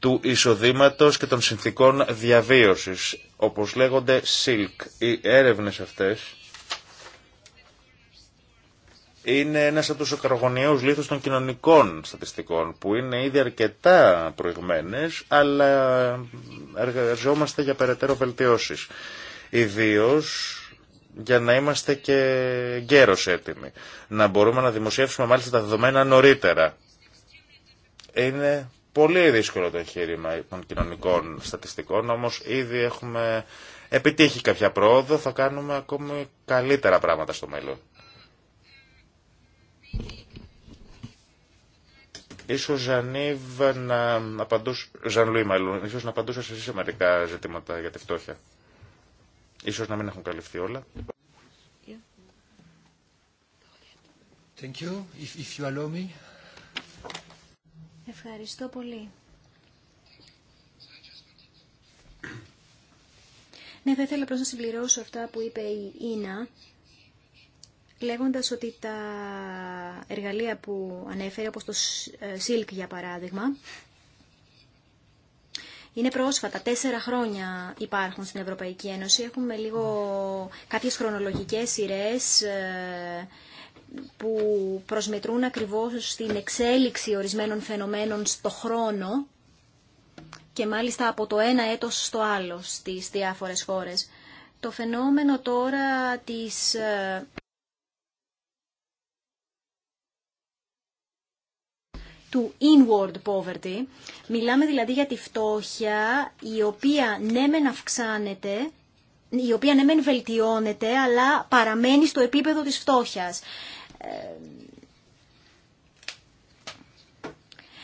του εισοδήματος και των συνθήκων διαβίωσης, όπως λέγονται SILK. Οι έρευνες αυτές είναι ένας από τους ακρογωνιαίους λίθους των κοινωνικών στατιστικών, που είναι ήδη αρκετά προηγμένες, αλλά εργαζόμαστε για περαιτέρω βελτιώσεις. Ιδίω για να είμαστε και γέρος έτοιμοι. Να μπορούμε να δημοσιεύσουμε μάλιστα τα δεδομένα νωρίτερα. Είναι πολύ δύσκολο το εγχείρημα των κοινωνικών στατιστικών, όμως ήδη έχουμε επιτύχει κάποια πρόοδο, θα κάνουμε ακόμη καλύτερα πράγματα στο μέλλον. Ίσως Ζανίβ να απαντούσε, Λουί μάλλον, ίσως να απαντούσε σε μερικά ζητήματα για τη φτώχεια. Ίσως να μην έχουν καλυφθεί όλα. Thank you. If, if Ευχαριστώ πολύ. Ναι, θα ήθελα να συμπληρώσω αυτά που είπε η Ίνα, λέγοντας ότι τα εργαλεία που ανέφερε, όπως το ε, Silk για παράδειγμα, είναι πρόσφατα, τέσσερα χρόνια υπάρχουν στην Ευρωπαϊκή Ένωση. Έχουμε λίγο κάποιες χρονολογικές σειρές, ε, που προσμετρούν ακριβώς στην εξέλιξη ορισμένων φαινομένων στο χρόνο και μάλιστα από το ένα έτος στο άλλο στις διάφορες χώρες. Το φαινόμενο τώρα της... Ε, του inward poverty. Μιλάμε δηλαδή για τη φτώχεια η οποία ναι μεν αυξάνεται, η οποία ναι μεν βελτιώνεται, αλλά παραμένει στο επίπεδο της φτώχειας. Ε,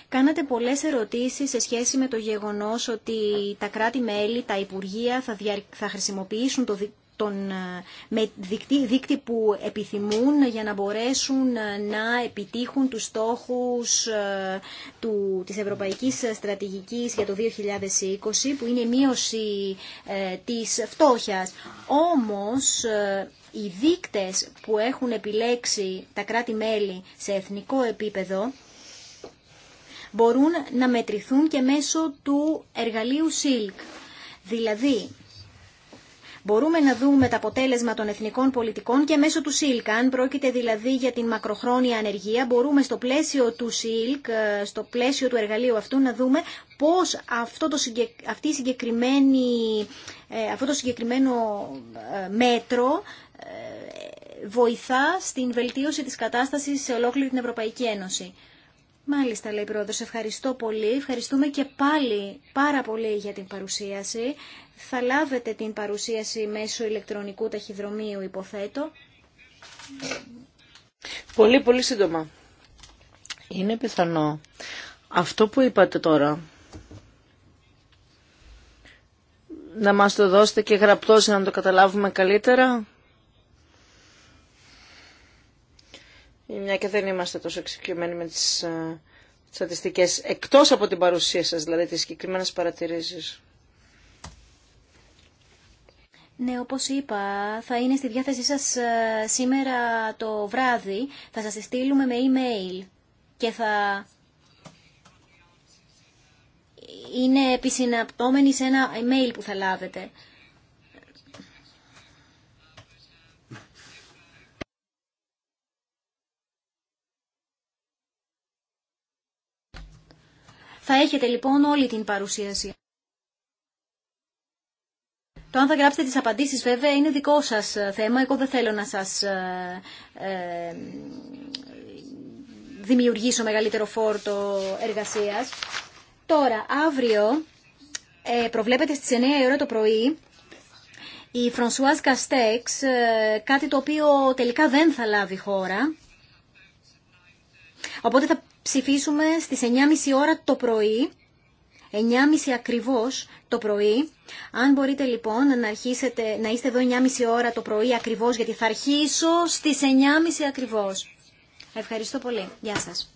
κάνατε πολλές ερωτήσεις σε σχέση με το γεγονός ότι τα κράτη-μέλη, τα Υπουργεία θα, θα χρησιμοποιήσουν το τον ε, με δίκτυ... που επιθυμούν για να μπορέσουν ε, να επιτύχουν τους στόχους του... της Ευρωπαϊκής Στρατηγικής για το 2020 που είναι η μείωση της φτώχειας. Όμως οι δείκτες που έχουν επιλέξει τα κράτη-μέλη σε εθνικό επίπεδο μπορούν να μετρηθούν και μέσω του εργαλείου SILK. Δηλαδή, μπορούμε να δούμε τα αποτέλεσμα των εθνικών πολιτικών και μέσω του SILK. Αν πρόκειται δηλαδή για την μακροχρόνια ανεργία, μπορούμε στο πλαίσιο του SILK, ε, στο πλαίσιο του εργαλείου αυτού, να δούμε πώς αυτό το, αυτή η συγκεκριμένη, ε, αυτό το συγκεκριμένο ε, μέτρο ε, βοηθά στην βελτίωση της κατάστασης σε ολόκληρη την Ευρωπαϊκή Ένωση. Μάλιστα, λέει η Πρόεδρος, ευχαριστώ πολύ. Ευχαριστούμε και πάλι πάρα πολύ για την παρουσίαση. Θα λάβετε την παρουσίαση μέσω ηλεκτρονικού ταχυδρομείου, υποθέτω. Πολύ, πολύ σύντομα. Είναι πιθανό. Αυτό που είπατε τώρα, να μας το δώσετε και γραπτός να το καταλάβουμε καλύτερα. Μια και δεν είμαστε τόσο εξοικειωμένοι με τις ε, στατιστικές, εκτός από την παρουσία σας, δηλαδή τις συγκεκριμένε παρατηρήσεις. Ναι, όπως είπα, θα είναι στη διάθεσή σας ε, σήμερα το βράδυ. Θα σας στείλουμε με email και θα είναι επισυναπτόμενοι σε ένα email που θα λάβετε. Θα έχετε λοιπόν όλη την παρουσίαση. Το αν θα γράψετε τις απαντήσεις βέβαια είναι δικό σας ε, θέμα. Εγώ δεν θέλω να σας ε, ε, δημιουργήσω μεγαλύτερο φόρτο εργασίας. Τώρα, αύριο ε, προβλέπεται στις 9 η ώρα το πρωί η Φρονσουάζ Καστέξ, ε, κάτι το οποίο τελικά δεν θα λάβει χώρα. Οπότε θα ψηφίσουμε στις 9.30 ώρα το πρωί, 9.30 ακριβώς το πρωί. Αν μπορείτε λοιπόν να, αρχίσετε, να είστε εδώ 9.30 ώρα το πρωί ακριβώς, γιατί θα αρχίσω στις 9.30 ακριβώς. Ευχαριστώ πολύ. Γεια σας.